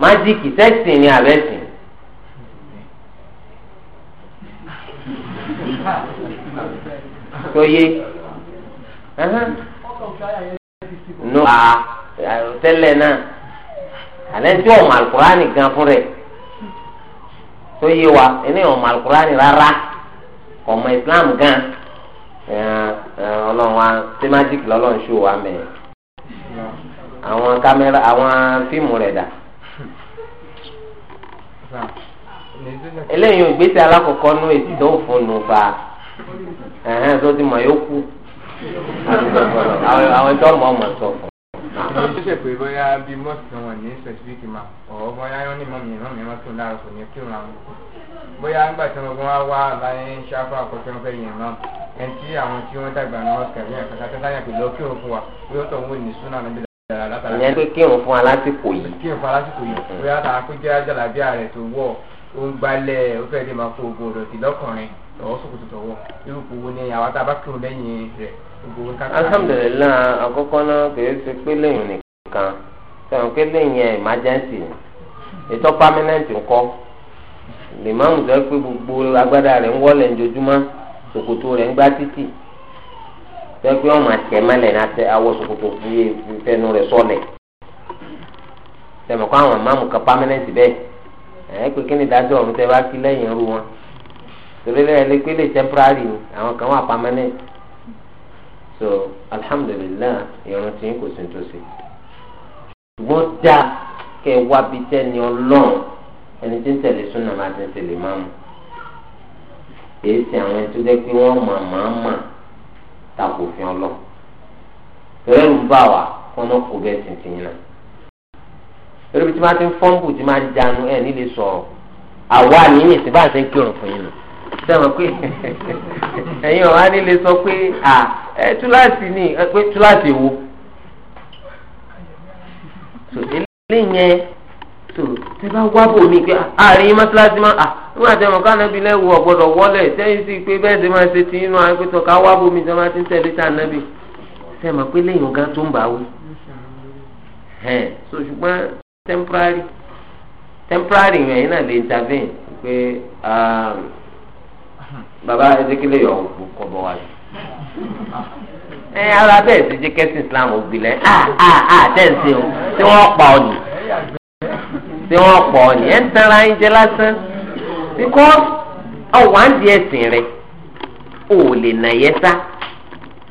májíkì sẹ́sìn ni àbẹ̀sìn. tó yé no ah, tẹ́lẹ̀ náà àlẹ́ tí ọmọ alukurani gan fún rẹ̀ tó yé wa ẹni ọmọ alukurani rárá ọmọ islam gan ọlọ́run wa ṣé májíkì lọ́lọ́run ṣó wa mẹ́ àwọn kámẹ́rà àwọn fíìmù rẹ̀ dà eléyìí ìgbésẹ̀ alákọ̀ọ́kọ́ nú èsì tó fún un nù fa ẹ̀hẹ́n tó ti mọ̀ yóò àwọn ìtọ́ mọ̀ ọmọ sọ ìwé ṣẹ̀ṣẹ̀ pé bóyá bí mọ́ọ̀sì wọn ní specific ma ọ̀ọ́ bóyá yọ ní mọ́mì mọ́mì mọ́tò lára kò ní kírun àwọn bóyá nígbà tí wọn wá wá láyé ń ṣáfà àkọsí wọn fẹ́ yẹn náà ẹn tí àwọn tí wọ́n dàgbà ní mọ́ọ̀sì kàbí ẹ̀ka sáté sáyà pé lọ kírun fún wa bóyá tó ń wò ní súnà níbi látara. ìyẹn pé kírun fún alásìkò yìí. kírun fún alásìkò yìí bóyá tàà kó jẹ́ ajálàbíà rẹ̀ tó wọ̀ ó ń gbálẹ̀ ó fẹ́ẹ́ lè máa fo ògbó òdòdì lọ́kùnrin lọ́wọ́ sókòtò tọ̀wọ́ irú kò wo ni àwọn tá a bá kírun lẹ́yìn rẹ̀ alhamdulilayi àkọ́kọ́ náà kìí ṣe pé lẹ́yìn nìkan sọ̀rọ̀ pé lẹ́yìn ẹ̀ emergency ètò permanent ńkọ́ lèmọ́ọ̀mù sọ pé gbogbo agbádá rẹ̀ ń wọ́lẹ̀ ńjojúmọ́ ṣòkòtò rẹ̀ ń gbá títì sọ pé ọmọ àti ẹ̀ mẹ́lẹ̀ náà tẹ awọ ṣòkòtò fúyẹ́ fẹnu rẹ̀ sọlẹ̀ sọ̀rọ̀ kọ́ àwọn ìmáàmù kan permanent bẹ́ẹ̀ ẹ̀ pé kí ni ìdájọ́ ọ̀run tẹ bá kí lẹ́yìn irú wọn torí lẹ́yìn lé pé lè temporary ni àwọn kan wà permanent so alhamdulillah ìrun tí kò sí nítòsí ṣùgbọ́n dá kẹ wá bí tẹ́ni ọlọ́run ẹni tí ń tẹ̀lé súnà máa ti ń tẹ̀lé máa mú èyí sì àwọn ẹni tó jẹ́ pé wọ́n mọ̀ máa mà takò fi ọ lọ tẹ̀lé ń bá wa kọ́ náà kó bẹ́ẹ̀ tìǹtìǹ náà torí bí tí wọ́n ti ń fọ́nbù tí wọ́n á jánu ẹ̀ nílé sọ̀rọ̀ àwa nìyẹn tí bá ń ṣe ń kírun fún yín nù sẹ́wọ̀n pé ẹ̀yin ọ̀hán nílé sọ pé à ẹ túláàsì ni ẹ pé túláàsì wo so eléyìí yẹn so tẹ bá wá bò mí pé àárín mọ́tíláṣí máa à nígbà tẹ mọ̀ kánábí lẹ́wù ọ̀gbọ́dọ̀ wọlé sẹ́yìn sí pé bẹ́ẹ̀ ṣe máa ṣe ti inú àgbẹ̀tọ̀ ká wá bò mí tí wọ́n ti ń tẹ̀lé tá ànábì tẹ mọ̀ pé lẹ́yìn ọ̀gá tó ń bá wí ẹ̀ so ṣùgbọ́n temporary temporary yẹn náà lè intervene pé. Um, bàbá ẹdẹkẹlẹ yọ òkú kọbọ wa yìí *laughs* ẹ ara bẹ́ẹ̀ ti jẹ kẹsì islam ògbilẹ a a a tẹǹsì o tí wọ́n pa ọ nì tí wọ́n pa ọ nì ẹ ń tara ẹ jẹ lásán because ọwọ à ń di ẹsìn rẹ o ò lè nà yẹ sá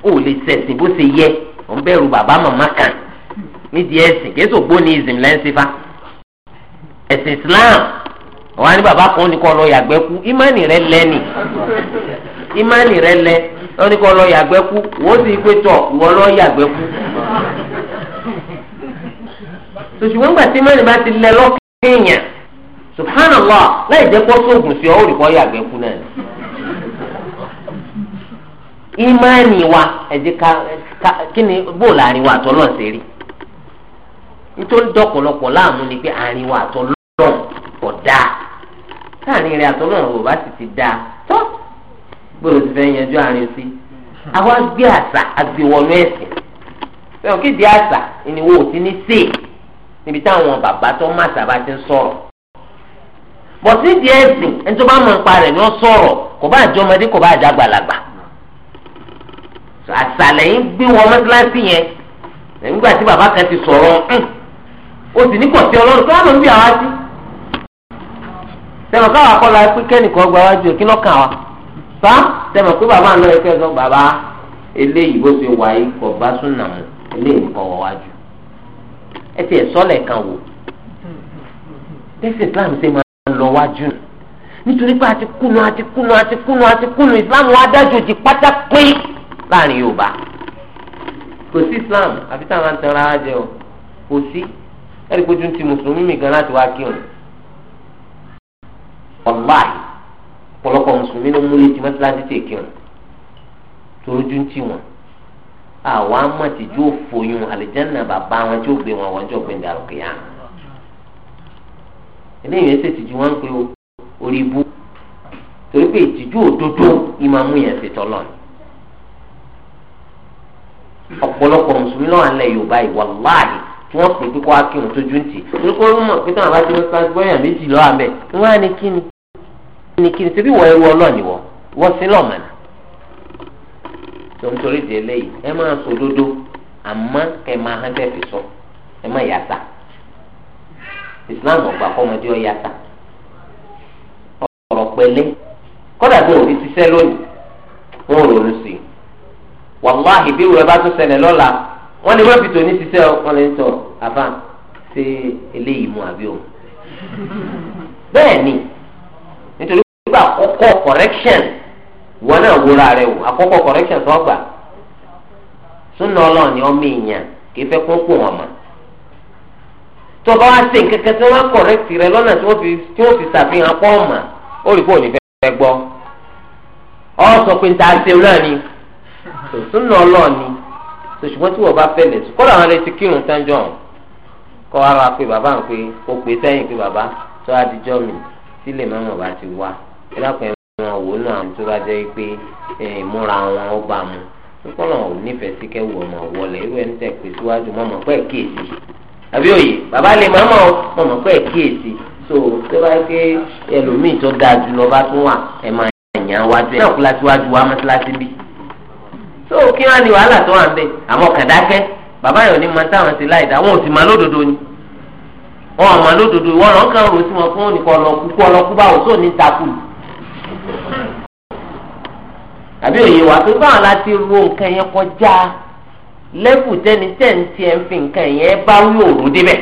o ò lè sẹsìn bó ṣe yẹ ò ń bẹ̀rù bàbá màmá kan nídìí ẹsìn kí ẹ sọ gbóni ìsìn lẹ́ńsífà ẹsìn islam. wọn ní bàbá kan ní kọ́ lọ yàgbẹ́ kú ìmánì rẹ lẹ ni ìmánì rẹ lẹ wọn ní kọ́ lọ yàgbẹ́ kú wọ́n sì pé tọ̀ wọ́n lọ yàgbẹ́ kú. sòṣùwọ́n gbà tí bá ti lẹ lọ́kẹ́yìn subhanallah láì jẹ́ kó sóògùn sí ọ ó rí kọ́ yàgbẹ́ kú náà ni. wa ẹ̀jẹ̀ ká kí ni bóòlù àárín wa àtọ́ náà ṣe rí nítorí láàmú ni pé àárín kò dáa láàrin ìrìn àtọ́ náà ò bá sì ti dáa tó gbọ́dọ̀ ti fẹ́ yanjú àárín sí àwa gbé àṣà àgbéwọnú ẹ̀sìn fẹ́ràn kéde àṣà ìníwó ò ti ní sè níbi táwọn bàbá tó má sábà ti ń sọ̀rọ̀ bọ̀tí ìdí ẹ̀sìn ẹni tó bá mọ̀ nípa rẹ̀ ni ó sọ̀rọ̀ kò bá àjọmọdé kò bá àjàgbàlagbà àṣà lẹ́yìn gbé wọn mọ́tíláṣí yẹn nígbà tí bàbá kan ti sọ̀rọ̀ ó sì ní kọ̀ọ̀tì ọlọ́run kí wọ́n lọ bí àwa sí tẹmọ káwa kọ́ la pé kẹ́nìkan gba wájú ẹ̀ kí lọ́ kàn wá fa tẹmọ pé bàbá àná ẹ̀kẹ́ sọ bàbá eléyìí bó ṣe wà yìí kò bá súnà mu eléyìí kọ́ wọ wájú ẹ ti ẹ̀ sọ́lẹ̀ kan wò tẹ́sí Islam ṣe máa ń lọ wájú nítorí pé àti kùnú àti kùnú àti kùnú àti kùnú Islam wa dájú ti pátá pé láàrin Yorùbá kò sí Islam àfi táwọn àti ọ̀rọ̀ ara jẹ o kò sí ẹ̀rí pé ojú ti mùsùlùmí mi gan láti wá kírun wàláì pọ̀lọpọ̀ mùsùlùmí ló múlé tí mọ́tíláṣí tè kírun torójú ń tì wọ́n àwa mọ̀ tí yóò foyún àlìjáná bàbá wọn tí ó gbé wọn wọ́n jọ gbé ní àrùkìyà eléyìí ẹsẹ̀ tìjú wọn ń pe orí ibú torí pé ìtìjú òdodo ìmàmú yẹn ti tọ́ lọ́nà ọ̀pọ̀lọpọ̀ mùsùlùmí náà ń lẹ yorùbá yìí wàláàdì tí wọ́n pè pé kó wá kírun tójú ń tì torí pé wọ́n mọ̀ pé táwọn bá ti wọ́n sáájú bọ́yà méjì lọ́wọ́ àmẹ́ wọ́n á ní kí ní kí ni ṣe bí wọ ẹrú ọlọ́ọ̀ni wọ wọ́ sí lọ́mọ̀nà tó ń torí di eléyìí ẹ máa sọ òdodo àmọ́ ẹ máa hàn tẹ́ fi sọ ẹ má yàtà ìsìláàmù ọgbà kọ́mọdé ọ yàtà ọ̀rọ̀ pẹ̀lẹ́ kódà bí òbí ṣiṣẹ́ lónìí wọ́n ronú sí i wàláhì bí ìwúrẹ́ bá tún ṣẹlẹ̀ lọ́la wọ́n lè wọ́n fi ní ṣiṣẹ́ wọn lè ń àbá ṣe eléyìí mú àbí òun *laughs* bẹ́ẹ̀ nítorí nígbà àkọ́kọ́ correction ìwọ náà wúra rẹ wò àkọ́kọ́ correction tó gbà súnà ọlọ́run ni ọmọ èèyàn kì í fẹ́ kó kó wọn mọ̀ tó bá wá sí nǹkankan tí wọ́n correct rẹ lọ́nà tí wọ́n fi tí wọ́n fi ṣàfihàn pọ́ ọ̀mà ó rí kó ní fẹ́ gbọ́ ọ sọ pé nta ṣe náà ni súnà ọlọ́run ni ṣùgbọ́n tí wọ́n bá fẹ́ lẹ̀ sùn kọ́lá àwọn ẹlẹ́sìn kírun tán jọ̀ kọ́ ara pé bàbá ń pé ó pè sẹ́yìn pé bàbá tó adijọ́ mi sílẹ̀ mọ́mọ́ bá ti wá ìlàkùn ẹ̀rọ wọn wò náà àwọn tó bá jẹ́ pé ìmúra wọn ó bá mu nípa náà ò nífẹ̀ẹ́ sí kẹ́wù ọmọ wọlé irú ẹni tẹ̀ pé síwájú mọ̀mọ́ pẹ́ kíyèsí àbí òye bàbá lè mọ́mọ́ mọ̀mọ́ pẹ́ kíyèsí so tó bá ké ẹlòmíì tó dáa jù lọ bá tún wà ẹ̀ máa yàn wájú ẹ̀ náà kúlá síwájú wa mọ́tíláṣí bí so kí wọn ní wàhálà tó wà ń bẹ àmọ́ kàdákẹ́ bàbá yòó ní ma táwọn ti láì dá wọn ò sì máa lódodo ni wọn ò máa lódodo wọn lọ àbí òye wà pé báwọn láti ro nǹkan yẹn kọjá lẹ́kù tẹ́ni tẹ́ǹtì ẹ̀ ń fi nǹkan yẹn bá wí òòrùn débẹ̀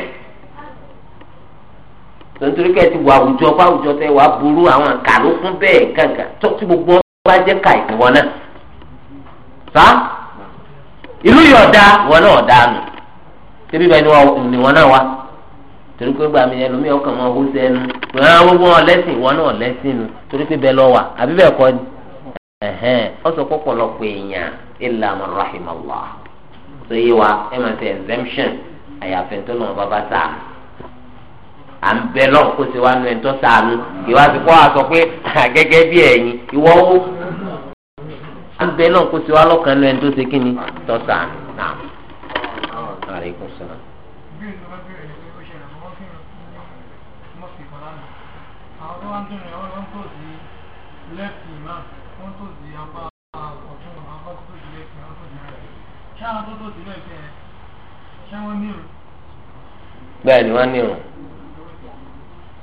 tontori kẹ́ ẹ ti wà àwùjọ bá àwùjọ tẹ wà burú àwọn àkàlùkùn bẹ́ẹ̀ gàgà tó tí gbogbo wọn bá jẹ́ ka ìwọ náà fa ìlú yìí ọ̀dà wọn náà ọ̀dà nù tẹ́bí bá ní wọn náà wá torí pé gbàmí ẹlòmíì ọkàn wọn hó sẹ́nu wọn gbogbo wọn lẹ́sìn wọn náà lẹ́sìn nù torí pé bẹ́ẹ̀ lọ wà àbí bẹ́ẹ̀ kọ́ ni. ẹhẹn ọsọ pọpọlọpọ èèyàn illa man rahimallah yé wa ẹ máa exemption àyàfẹ́ tó lọ́wọ́ bàbá sá à ń bẹ lọ́wọ́ kó ṣe wá nu ẹ̀ tó sànù ìwà ti kọ́ àsọ pé gẹ́gẹ́ bẹ́ẹ̀ ni wọ́n ní irun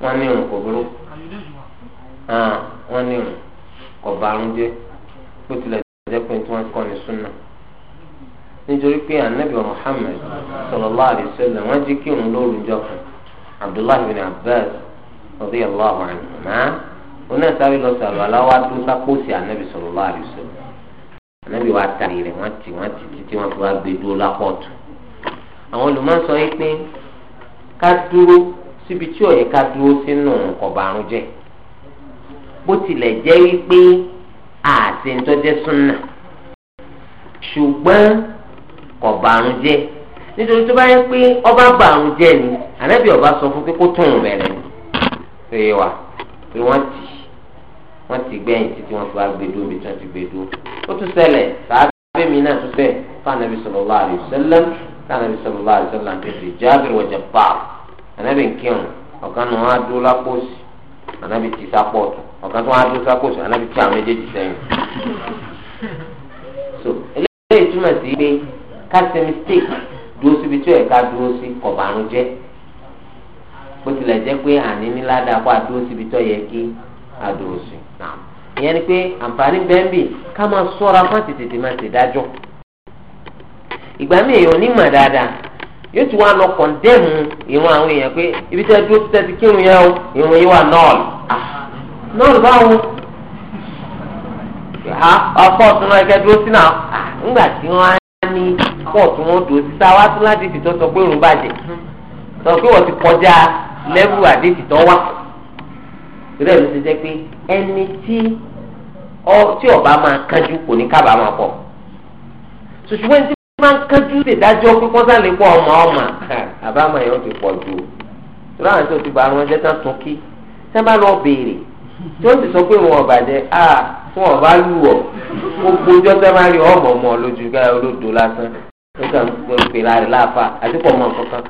wọ́n ní irun kò burú wọ́n ní irun kò bàrún jẹ́ bó tilẹ̀ jẹ́ pé tí wọ́n kọ́ ni súnà nítorí pé anabi muhammed sallallahu alayhi wa sallam wọ́n jí kírun lóru jọ kan abdullahi bin abbas radiyallahu anhu ọ̀nà ìsáré lọ sàlùwàlá wa dúró sápòsì anabi sallallahu alayhi wa sallam ànábì wa tari rẹ̀ wọ́n ti wọ́n ti títí wọ́n fi wá gbé dúró lápọ̀tù àwọn olùmọ̀sọ yìí pé ká dúró síbi tí ó yẹ ká dúró sínú ọ̀bà àrùn jẹ́ bó tilẹ̀ jẹ́ wípé àti ntọ́jẹ́ súnà ṣùgbọ́n kò bàrùn nítorí tó bá yẹ pé ọba bàrùn jẹ́ ni ànábì ọba sọ fún pé kó tún bẹ̀rẹ̀ ni ṣe wà pé wọ́n ti wọ́n ti gbẹ̀yìn títí wọ́n fi wá gbé dúró bí tí wọ́n ti gbé dúró ó tún ṣẹlẹ̀ sàábẹ mi náà tún bẹ́ẹ̀ fànàbí sallallahu alaihi wasallam fànàbí sallallahu alaihi wasallam tẹsí jábìrì wọjà báà ànábì nkírun ọ̀kan nù wọn adó lápòsì ànábì ti sápọ̀tù ọ̀kan tó wọn adó sápòsì ànábì ti àwọn méjèèjì sẹ́yìn. so eléyìí túmọ̀ sí pé kásẹ̀ mistake dúró síbi tí ẹ̀ka dúró sí kọ̀bàrún jẹ́ bó tilẹ̀ jẹ́ pé àní ní ládàá kó àdúró síbi tó yẹ kí àdúró sí. ìyẹn ni pé àǹfààní bẹ́ẹ̀nbì ká máa sọ́ra fún àtètè máa ṣe dájọ́ ìgbà míì èèyàn ní dáadáa yóò ti wá lọ kọ̀ndẹ́mù àwọn èèyàn pé ibi tẹ́ dúró ti kírun yẹn o ìrun yìí wà nọ́ọ̀lù ah, nọ́ọ̀lù báwo ọkọ̀ ọ̀tún náà dúró sí náà ńgbà ah, tí wọ́n á ní ọkọ̀ ọ̀tún wọn dúró sí sáwá láti sọ pé òun bàjẹ́ sọ pé irú ẹ̀ ló ti jẹ́ pé ẹni tí tí ọba máa kánjú kò ní kábàá máa pọ̀ ṣùṣùwọ́n tí máa ń kánjú lè dájọ́ pé kọ́sá lè pọ̀ ọmọ ọmọ *laughs* àbámọ̀ yẹn ó ti pọ̀ ju ìrọ̀ àwọn tí o ti bá wọn jẹ́ tán tún kí tẹ́ bá lọ béèrè tí ó sì sọ pé wọn ọ̀bà jẹ́ a fún ọ̀bá lù ọ́ gbogbo ọjọ́ tẹ́ máa rí ọmọ ọmọ lójú gáyà olódo lásán ó kàn ń pè láàrin láàfà àti pọ̀ nǹkan kan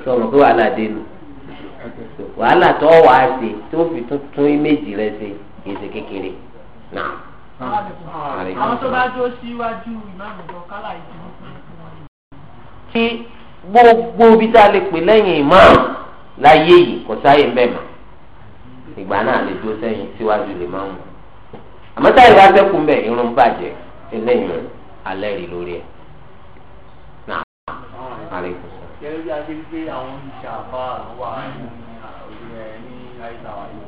tí ọmọ pé wàhálà dé nu wàhálà tó wà á ṣe tó fi tuntun méjì rẹ ṣe kì í ṣe kékeré náà. àwọn tó bá dúró síwájú ìmáàmù lọ kálá ìdúró fún wọn. tí gbogbo bí tá a lè pè lẹ́yìn ìmáàmù láyé yìí kò sáyé ń bẹ̀ mọ́ ìgbà náà lè dúró sẹ́yìn síwájú lè máa ń wọ̀ àmọ́ táyì bá fẹ́ bẹ́ẹ̀ irun bàjẹ́ eléyìí alẹ́ rí lórí ẹ̀ náà gẹ́gẹ́ bí adé wípé àwọn ìṣàfà wà ní àìsàwà yìí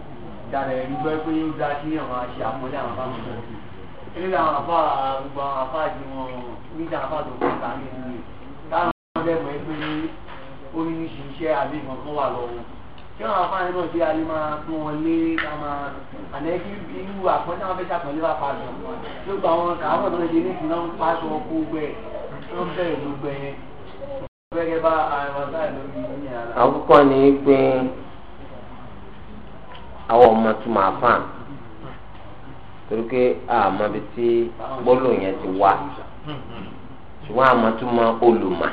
dára ẹni gbọ́ pé ń gba kí àwọn aṣe àpọ́lé àwọn afá mi lọ́wọ́ àwọn afá gbogbo àwọn afá di wọn níta afá tó kọ́ ní ìlú táwọn ọmọdé mọ̀ pé ó ní ṣe iṣẹ́ àbí ìmọ̀ kan wà lọ́wọ́ kí àwọn afá náà bí alẹ́ máa tún wọn lé ká máa àná kí irú àpọ́nlé àwọn fẹ́ẹ́ ṣàpọ́nlé wà padà tó gba àwọn kàwọn àkọ́kọ́ ni pé àwọn ọmọ tún máa fà torí pé àmọ́ bí ti wà ṣùgbọ́n àmọ́ tún mọ olùmọ̀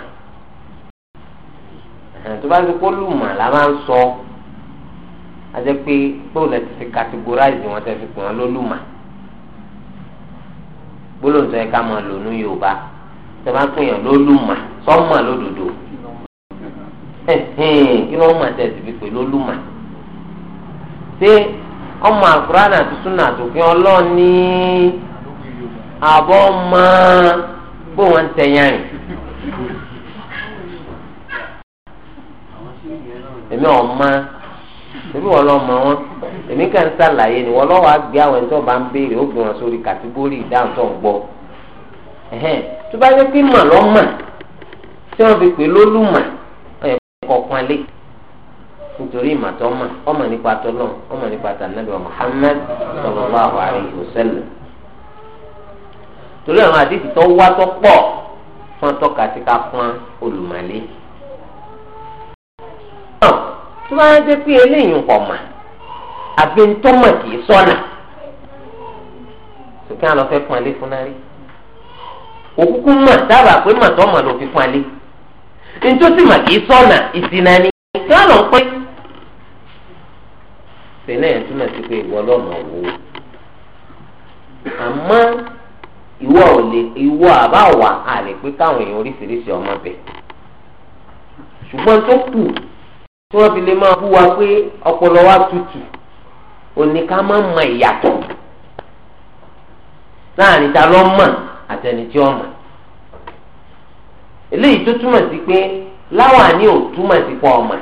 tó bá ti kó lùmọ̀ la máa ń sọ a jẹ́ pé gbólóò lẹ ti fi categorize wọn tẹ́ fi pè tẹ bá pè yàn lódodo kí ọma ń tẹ̀ sí fi pè ṣé ọmọ àkùrán àti súnà àtòkè ọlọ́ọ̀ni àbọ̀ máa pé wọ́n ń tẹ̀yàn èmi ọ̀ma ni wọ́n lọ́wọ́ ẹni tó bá ń béèrè ó tó bá yẹ pé mà lọ mà tí wọn fi pè lólùmà ẹ̀kọ́ kan lé nítorí ìmàtọ́ mà ọmọ nípa tọ́lọ́ ọmọ nípa tànàbí wa Muhammad sallallahu alaihi wasallam torí àwọn àdìsí tó wá tó pọ̀ fún tọ́ka tí ká pọ́n olùmọ̀lé. tó bá yẹ pé eléyìí pọ̀ mà àbí ntọ́mọ̀ kì í sọ́nà tó kí wọn lọ fẹ́ pọ́n lé fúnárí òkúkú mọ̀ dábàá pé mọ̀ tọ́mọ̀ ló fi fún alẹ́ nítòsí mà kì í sọ̀nà ìsìnà ni ká lọ pé. sẹ́lẹ̀ yẹn túmọ̀ sí pé ìwọ lọ́mọ wò ó àmọ́ ìwọ ò lè ìwọ àbá wà á lè pé káwọn èèyàn oríṣiríṣi ọmọ bẹ̀ ṣùgbọ́n tó kù tí wọ́n fi lè máa bú wa pé ọpọlọ wa tutù òní ká má mọ ìyàtọ̀ láàrin ta ló mọ̀ àtẹni tí ọmọ eléyìí tó túmọ̀ sí pé láwàní ò túmọ̀ sí pọ̀ ọmọ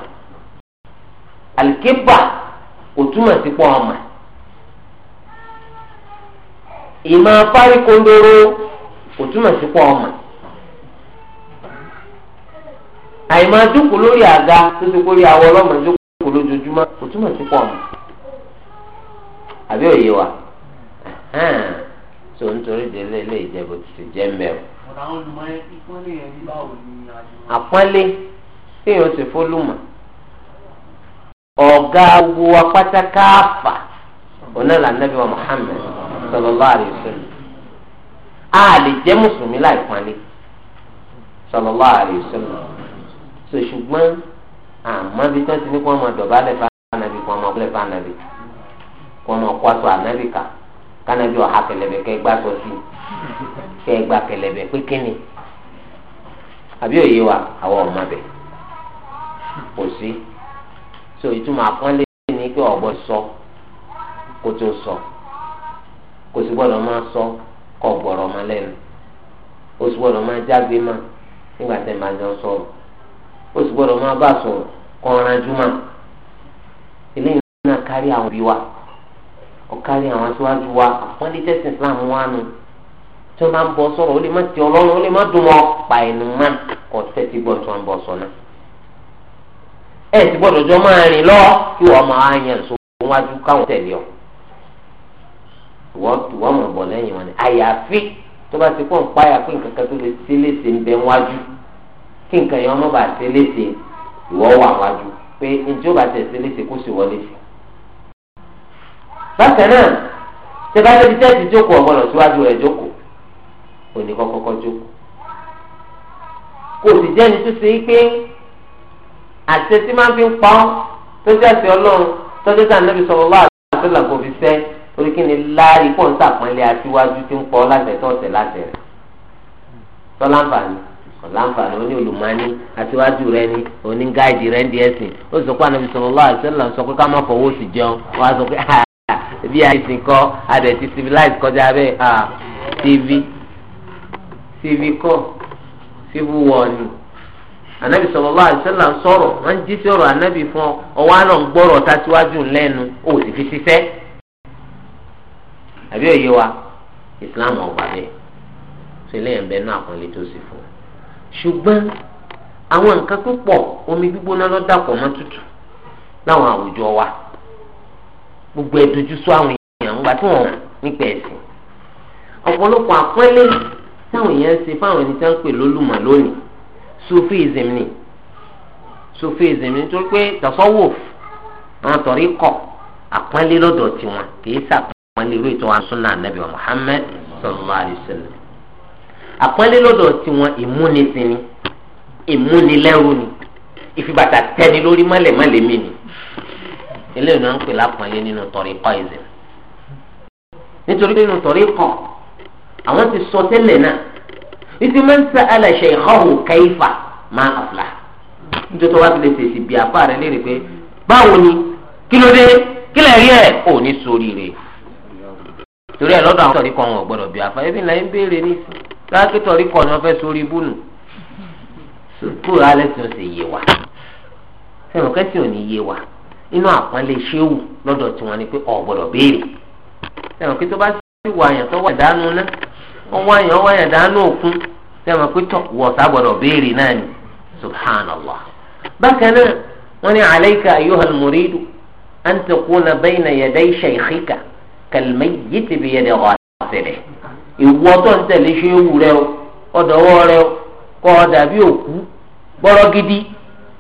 àlìkébà ò túmọ̀ sí pọ̀ ọmọ ìmọ̀ afárí kondoro kò túmọ̀ sí pọ̀ ọmọ àìmọ̀ jókòó lórí àga tó ti kórè àwọ̀ ọlọ́mọ jókòó lójoojúmọ́ kò túmọ̀ sí pọ̀ ọmọ àbí òye wa so nítorí délé ilé ìjẹ́bù ti jẹ́ mẹ́rin. àpọ́nlé téèyàn ti fólùmọ̀ ọ̀gá wo apáta káàfà onála nàbí wa Muhammad sallallahu alaihi wasallam a lè jẹ́ mùsùlùmí láì pọ́nlé sallallahu alaihi wasallam so ṣùgbọ́n àmọ́ bí tí wọ́n ti ní kí wọ́n máa dọ̀bálẹ̀ fún anabi kí wọ́n máa bọ́lẹ̀ fún anabi kí wọ́n máa kó aṣọ anabi kà. kánábí ọ̀há kẹlẹ̀bẹ̀ kẹ́ gbá sọ sí kẹ́ gbá kẹlẹ̀bẹ̀ pé kíni àbí òye wa àwọn ọmọ bẹ̀ kò sí so ìtumọ̀ àpọ́nlé ni pé sọ kó tó sọ kò sí gbọ́dọ̀ máa sọ kọ́ gbọ́rọ̀ máa lẹ́nu ó sì gbọ́dọ̀ máa jágbe máa nígbà tẹ́ máa jọ sọ̀rọ̀ ó sì gbọ́dọ̀ máa bá ọ̀kárí àwọn aṣáájú wa wọ́n lè tẹ̀sí islam wọn nù tí wọ́n bá ń bọ̀ sọ̀rọ̀ ó lè má ti ọlọ́run ó lè má dùn mọ́ pa ẹnu mọ́ kọ́ tẹ́tí gbọ́n tí wọ́n ń bọ̀ sọ náà. ẹ ti gbọ́dọ̀ jọ máa rìn lọ kí wọ́n máa yan èso wájú káwọn tẹ̀lé ọ. wọ́n wọ́n mọ̀ bọ̀ lẹ́yìn wọn ni àyàfi tó bá ti pọ̀ ń páyà pé nǹkan kan tó lè ṣe léṣe ń bẹ wájú kí nǹkan yẹn ọmọ bá ṣe léṣe ìwọ́ wà wájú pé njẹ́ ó bá tẹ̀ ṣe léṣe kó sì wọlé fún bákan náà tẹ́bátẹ́ ti tẹ́tí jókòó ọ̀gbọ́dọ̀ síwájú rẹ̀ jókòó òní kọ́kọ́kọ́ jókòó kò sì jẹ́ni tó ṣe pé àṣẹ tí máa fi ń pa ọ́ tó jẹ́ àṣẹ ọlọ́run tó jẹ́ sàn níbi sọ̀rọ̀ wá àṣẹ làgbo fi fẹ́ torí kí ni láàyè pọ̀ ń sàpọ́nlé aṣíwájú tí ń pọ̀ láṣẹ tó ọ̀tẹ̀ láṣẹ rẹ̀ tọ́láǹfààní ọ̀làǹfààní oní olùmọ́ni aṣíwájú rẹ ni oní gáàdì rẹ ń di ẹ̀sìn ó sọ pé ànábi sọ̀rọ̀ lọ́wọ́ àṣẹ là ń sọ pé ká má fọwọ́ sí jẹun wọ́n sọ pé bí àìsàn kọ adẹ ti civilize kọjá bẹ́ẹ̀ à tv tv kọ civil war ni anabi sallallahu alaihi wasallam sọ̀rọ̀ wọn jí sọ̀rọ̀ anabi fún ọwọ àná ń gbọrọ tasiwaju lẹ́nu ó sì fi ṣiṣẹ́ àbí òye wa islam ọgbà bẹ́ẹ̀ ṣe lẹ́yìn bẹ́ẹ̀ náà àpọnlé tó sì fún ṣùgbọ́n àwọn nǹkan púpọ̀ omi gbígbóná ló dàpọ̀ mọ́ tútù láwọn àwùjọ wa gbogbo ẹ̀dójú sọ àwọn èèyàn ńgbà tí wọ́n nípa ẹ̀sìn ọ̀pọ̀lọpọ̀ àpọ́nlé táwọn èèyàn ṣe fáwọn ẹni tí wọ́n ń pè lólùmọ̀ lónìí sufism ni sufism ni nítorí pé tasawuf àwọn tọ̀rí kọ̀ àpọ́nlé lọ́dọ̀ tiwọn kìí sàpọ́nlé irú ìtọ́ àsúnà ànábì wa Muhammad sallallahu alayhi wa sallam àpọ́nlé lọ́dọ̀ tiwọn ìmúnisìn ni ìmúnilẹ́rú ni ìfibàtà tẹni lórí mọ́lẹ̀mọ́lẹ̀ mi ni eléyìí náà ń pè lápọ̀nlé nínú tọ̀ríkọ́ ìzìn nítorí nínú tọ̀ríkọ́ àwọn ti sọ tẹ́lẹ̀ náà ìdí máa ń sa aláṣẹ ìhọ́hù kẹ́yìfà máa àfúlà nítorí wá tilẹ̀ fèsì bí apá rẹ̀ léèrè pé báwo ni kí ló dé kí lè rí ẹ̀ ò ní sórí rẹ̀ torí ẹ̀ lọ́dọ̀ àwọn tọ̀ríkọ́ wọn ò gbọ́dọ̀ bí afá ebi láyé ń béèrè ní sáàkì tọ̀ríkọ́ ni wọ́n fẹ́ sórí búnù sùkúrù alẹ́ tí ó sì yé wa sẹ́wọ̀n kẹ́sì ò ní yé wa inú àpọ́nlé ṣéwù lọ́dọ̀ tiwọn ni pé ọ̀ gbọ́dọ̀ béèrè sẹ́wọ̀n pé tó bá sì wà yàn tó wà dánú ná wọ́n wá yàn wá yàn dánú òkun sẹ́wọ̀n pé tọ̀ wọ̀ sá gbọ́dọ̀ béèrè náà ni subhanallah. bákan náà wọ́n ní alayka ayyuhal muridu an takuna bayna yaday shaykhika kalmayyit biyadi ghasilihi. ìwọ tó ń tẹ̀lé ṣéwù rẹ o ọ̀dọ̀wọ́ rẹ o kọ́ ọ dàbí òkú gbọ́rọ́ gidi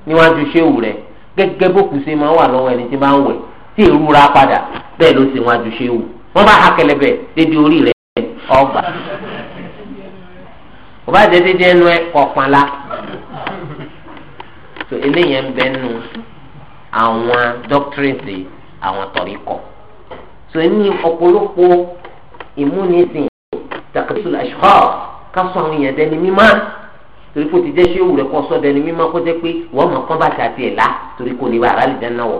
níwájú ṣéwù rẹ gẹ́gẹ́ bókun ṣe máa wà lọ́wọ́ ẹni tí máa ń wẹ̀ tí ìrúra padà bẹ́ẹ̀ ló ṣe wọn àjùṣe wù wọ́n bá ha kẹlẹ́bẹ̀ dédé orí rẹ̀ ọgbà kò bá jẹ́ dédé ẹnu ẹ kọ̀ọ̀kan la so eléyẹn ń bẹ́ nu àwọn doctorate àwọn tọ̀rí kọ̀ so ní ọ̀pọ̀lọpọ̀ ìmúnisìn takasula ṣọ́ọ̀ ká sọ àwọn èèyàn dẹni mímọ́. torí kò ti jẹ́ ṣé òwúrẹ́ kọ́ sọ́dọ̀ ẹni mímọ́ kó jẹ́ pé wọ́n mọ̀ kán bàtà tiẹ̀ lá torí kò ní bàrà lè dáná wọ̀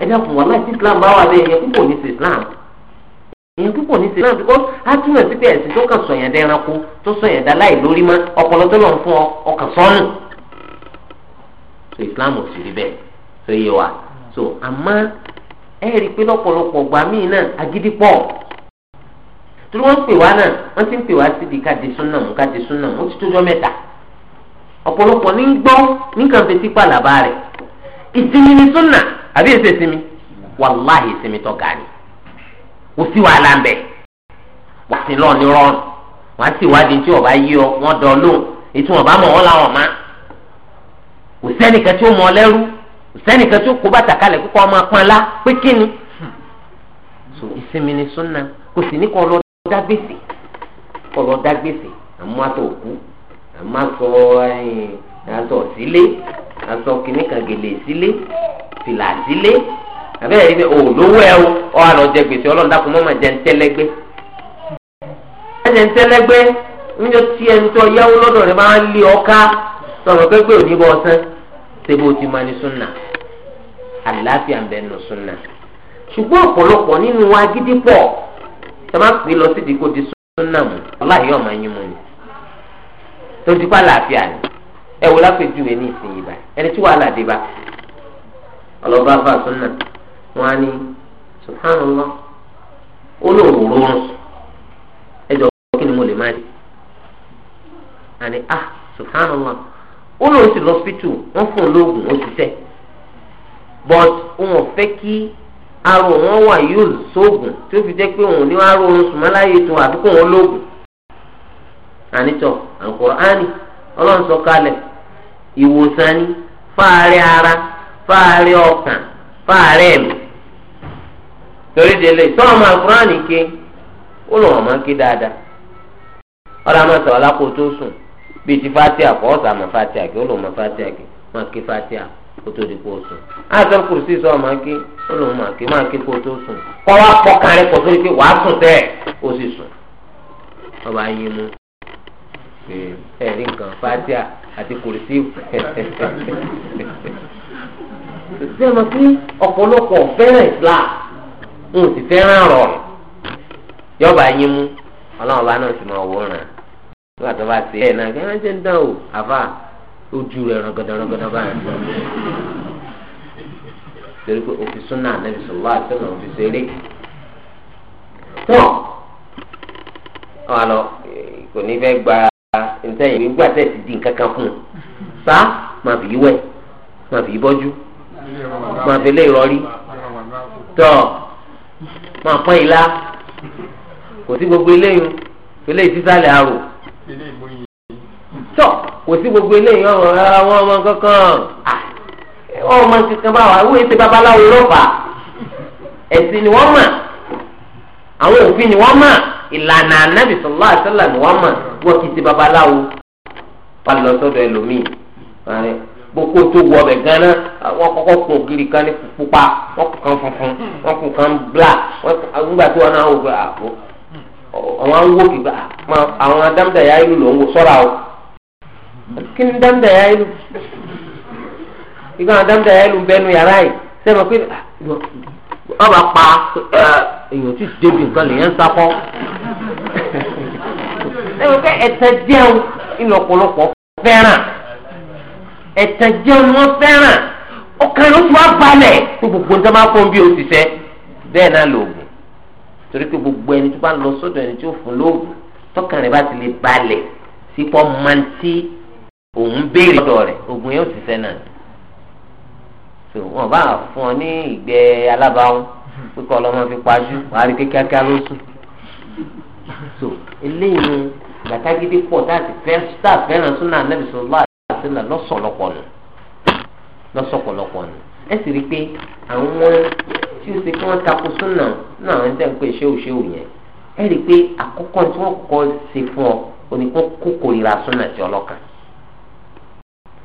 ni. islam bá wà bẹ́ẹ̀ yẹn púpọ̀ ní islam èèyàn púpọ̀ ní sí islam bíkọ́ á túmọ̀ sí pé ẹ̀sìn tó kàn sọ̀yàn dá ẹranko tó sọ̀yàn dá láì lórí mọ́ ọpọlọ tó islam ò sì rí bẹ́ẹ̀ wa so àmọ́ rí pé lọ́pọ̀lọpọ̀ gbà torí wọ́n ń pè wá náà wọ́n ti ń pè wá di káde súnà mú káde súnà mú ti tójọ́ mẹta ọ̀pọ̀lọpọ̀ ní gbọ́ nǹkan fetí pàlàbà ìsinmi ni súnà àbí èsì ìsinmi wàláhì ìsinmi tó ga ni sí wàhálà ń bẹ̀ wà sí lọ́ọ̀ ní rọrùn wà sí ìwádìí tí ọba yí ọ lóhùn ètò ọba làwọn má kò sẹ́nìkan tí ó mọ lẹ́rú kò sẹ́nìkan tí ó kó dá gbèsè kọlọ dá gbèsè àmọ́ aṣọ òkú àmọ́ aṣọ aṣọ sílé aṣọ kìnnìkan gèlè sílé fìlà sílé àbẹ́rẹ́ yìí ò lówó ẹ o ọ àlọ́ jẹ gbèsè ọlọ́run dákun mọ́ máa jẹ ń tẹ́lẹ́gbẹ́. ẹ̀jẹ̀ ń tẹ́lẹ́gbẹ́ níjọ tí ẹni tó yáwó lọ́dọ̀ rẹ̀ máa ń lé ọká sọ̀rọ̀ pẹ́pẹ́ òní bọ́ ọ̀sán ṣé bó ti máa ní súnà àlàáfíà ń bẹ́ẹ̀ nù súnà. ṣùgbọ́n ọ̀pọ̀lọpọ̀ nínú wa gidi pọ̀ tẹ bá pè é lọ sídìí kó di súnà mu aláàyè ọmọ ẹyin mu ni tó ti pa àlàáfíà ni ẹ wò lápèjúwe ní ìsinyìí báyìí ẹni tí wàhálà dé bá ọlọ́ba bá súnà wọn á ní subhanallah ó lò wò lóorùn ẹ jọ kí ni mo lè má di àní ah subhanallah ó lòun sì lọ hospital wọn fún un lóògùn ó ti tẹ but òun ò fẹ́ kí arụ wọn wà yóò sóògùn tí fi jẹ́ pé òun oorun sùnmọ́ láyé tó àfi wọn lóògùn. ànitọ́ ọlọ́run sọ kalẹ̀ ìwòsàn ni ara fáàrẹ́ ọkàn fáàrẹ́ ẹ̀mí. torí délé sọ́ọ̀mù àǹkọ̀rọ̀ánì ké ó lọ́wọ́ máa ń ké dáadáa. ọ̀rọ̀ àmọ́ sọ̀rọ̀ lápò fatia kọ́ ọ̀sà fatia ó lọ́wọ́ fatia ké fatia kó tó di kó sùn. kùrùsì ó lóun máa ké máa ké kó o tó sùn wá ọba yín mú pé ẹ̀rí nǹkan fátíà àti kùrìsì ṣe mọ̀ pé ọ̀pọ̀lọpọ̀ fẹ́ràn Islam n sì fẹ́ràn rọ̀ yọba yín mú ọlọ́run ọba náà sì máa nígbà tó bá ti ẹ̀ náà kí wọ́n ṣe ń dán o ojú rẹ̀ báyìí. torí pé òfin súnà ànábì sọlá àtẹnà òfin ṣeré tó wọn lọ kò ní fẹ́ gba ntẹyìn nígbà tẹ ti di nǹkan kan fún un sá máa fi wẹ̀ máa fi bọ́jú máa fi lé ìrọ̀rí tó máa pọ́n ìlà kò sí gbogbo eléyìí eléyìí sísàlẹ̀ àrò tó kò sí gbogbo eléyìí ọ̀rọ̀ àwọn ọmọ kankan ọmọ kankan bá wà wọ́n ètè babaláwo lọ́fà ẹ̀sìn ni wọ́n mọ̀ àwọn òfin ni wọ́n mọ̀ ìlànà anábì sọ̀lá àṣẹlà ni wọ́n mọ̀ wọ́n kì í ti babaláwo wà lọ sọ́dọ̀ ẹlòmíì gbogbo tó wọ ọbẹ̀ gánà wọ́n kọ́kọ́ kun ògiri kan ní pupa wọ́n kun kan funfun wọ́n kun kan black wọ́n nígbà tí wọ́n náà wò pé àpò ah, àwọn awó kìgbà ah, àwọn dámdà yá ìlú ló ń wò sọ́ra o kí ni dámdà yá ìlú ìgbà wọn dáńdá ẹ lù bẹnu yàrá yìí sẹ́mi pé ah, ọba pa èèyàn tí débi nǹkan lèyàn ń sakọ́ sẹ́mi pé ẹ̀tàn jẹun ìlọ̀pọ̀lọpọ̀ fẹ́ràn ẹ̀tàn jẹun wọn fẹ́ràn ọkàn ló ti wá balẹ̀ fún gbogbo nígbà máa fún bí o ti fẹ́ bẹ́ẹ̀ náà lòògùn torí pé gbogbo ẹni tó bá lọ sọ́dọ̀ ẹni tó fún lóògùn tọkàn rẹ̀ bá ti lè balẹ̀ sípò máa òun béèrè lọ́dọ̀ rẹ̀ oògùn yóò ti fẹ́ náà so wọn bá fún ọ ní ìgbẹ́ alábàáwọn pípọ̀ lọ́mọ fi pajú wà á rí pé kíákíá ló sùn so eléyìí ni gbàtàgídé pọ̀ láti fẹ́ sáà fẹ́ràn súnà anábì sọlá àti sílà lọ́sọ̀lọ́pọ̀ nù lọ́sọ̀pọ̀lọpọ̀ nù ẹ sì rí i pé àwọn tí ó ṣe kí wọ́n takò súnà náà wọ́n tẹ̀ ń pè ṣéwù ṣéwù yẹn ẹ rí i pé àkọ́kọ́ tí wọ́n kọ́ ṣe fún ọ òní kó kórìíra súnà tí ọlọ́kan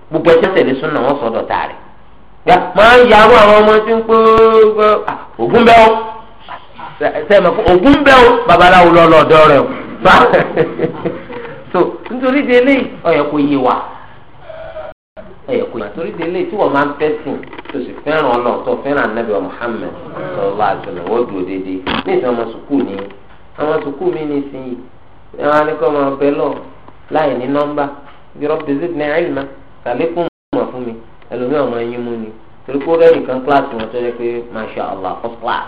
gbogbo ẹjọ́ tẹ̀lé súnà wọ́n sọ̀dọ̀ tààrẹ̀ máa ń yàrá àwọn ọmọ tí ń pé ah, ògún bẹ́ẹ̀ o sẹ́mi fún ògún bẹ́ẹ̀ o babaláwo lọ lọ́dọ̀ rẹ̀ o bá *laughs* so nítorí di eléyìí ọ̀yẹ̀ kò yé wa ọ̀yẹ̀ kò yé wa torí di eléyìí tí wọ́n máa ń fẹ́sìn tó sì fẹ́ràn ọlọ́ tó fẹ́ràn anábì wa Muhammad sọlá àtẹlẹ wọ́n dúró déédéé ní ìsìn ọmọ sùkúù ni ọmọ sùkúù mi ní ìsìn yìí ẹ wá ní kí ọmọ ọbẹ̀ lọ láì ní nọ́mbà bí rọ́bì zidni ilma sàlékún mọ̀ fún ẹlòmí ọmọ ẹyin mú ni torí kó rẹ́yìn kan kíláàsì wọn tó yẹ pé masha allah first class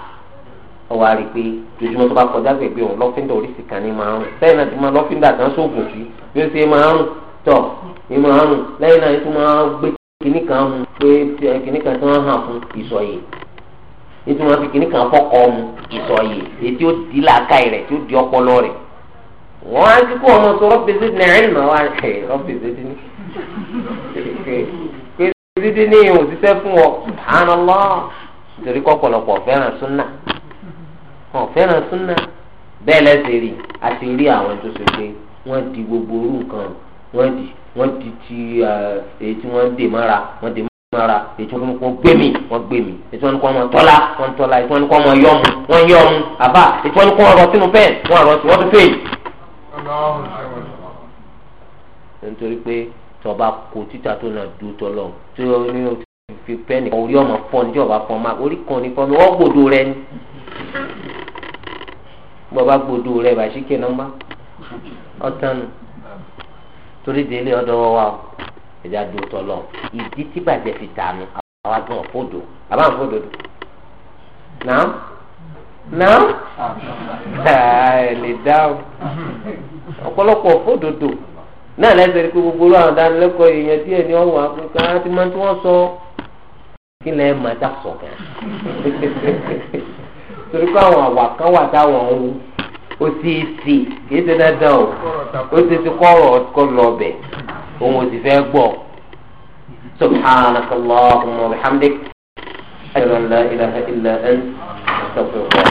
ọwọ́ àrí pé jòjúmọ́ tó bá kọjá gbẹ̀gbẹ̀ òun lọ́fíńdà oríṣi kan ní máa rùn sẹ́yìn náà ti máa lọ́fíńdà kan sóògùn sí bí ó ṣe máa rùn tọ̀ ní máa rùn lẹ́yìn náà tó máa gbé kìnnì mu pé hàn fún nítorí wọn fi mu *laughs* títí tí ní ìhùn ṣiṣẹ́ fún ọ subhanallah nítorí kọ́pọ̀lọpọ̀ fẹ́ràn súnà wọn fẹ́ràn súnà bẹ́ẹ̀ lẹ́sẹ̀ rí àti rí àwọn tó ṣe pé wọ́n di gbogbo orú nǹkan wọ́n di wọ́n di ti èyí tí wọ́n dè mára wọ́n dè mára èyí tí wọ́n kọ́ gbé mi wọ́n gbé mi èyí tí wọ́n kọ́ wọn tọ́lá wọ́n tọ́lá èyí tí wọ́n kọ́ wọn yọ̀mù wọ́n yọ̀mù àbá èyí tí wọ́n kọ́ ọ̀rọ̀ sínú pẹ́ẹ́n wọ́n ọ̀rọ̀ sí wọ́n tó fèèyì. nítorí pé tọba kò títà tó náà du tọlọ tí ó ní o fi pẹ́ nìkan orí ọmọ fọ́ ní ọba fọ́ máa orí kan nìkan ni wọ́n gbòdo rẹ ni bọ́ba gbòdo rẹ bàṣíkè nọ́mbà ọ̀tánu torí délé ọ̀dọ́ wa o ẹ̀dá du tọlọ ìdí tí bàjẹ́ fi tànù àwa gan ọ̀fọ́dọ̀ àbá ọ̀fọ́dọ̀ dùn náà náà ẹ̀ lè dá o ọ̀pọ̀lọpọ̀ ọ̀fọ́dọ̀ náà lẹ́sẹ̀ rí pé gbogbo àwọn ìdánilẹ́kọ̀ọ́ èèyàn díẹ̀ ní ọ̀wọ́ Áfíríkà á ti máa tí wọ́n sọ kí lẹ́ẹ̀ máa dà sọ̀ gan. torí pé àwọn àwà kan wà táwọn ń wú ó ti ti kì ṣe dandan o ó ti ti kọ́rọ̀ ọkọ lọ bẹ̀ òun ò sì fẹ́ gbọ́. subhanakallahumma wa bihamdik. ashhadu an la ilaha illa anta astaghfiruka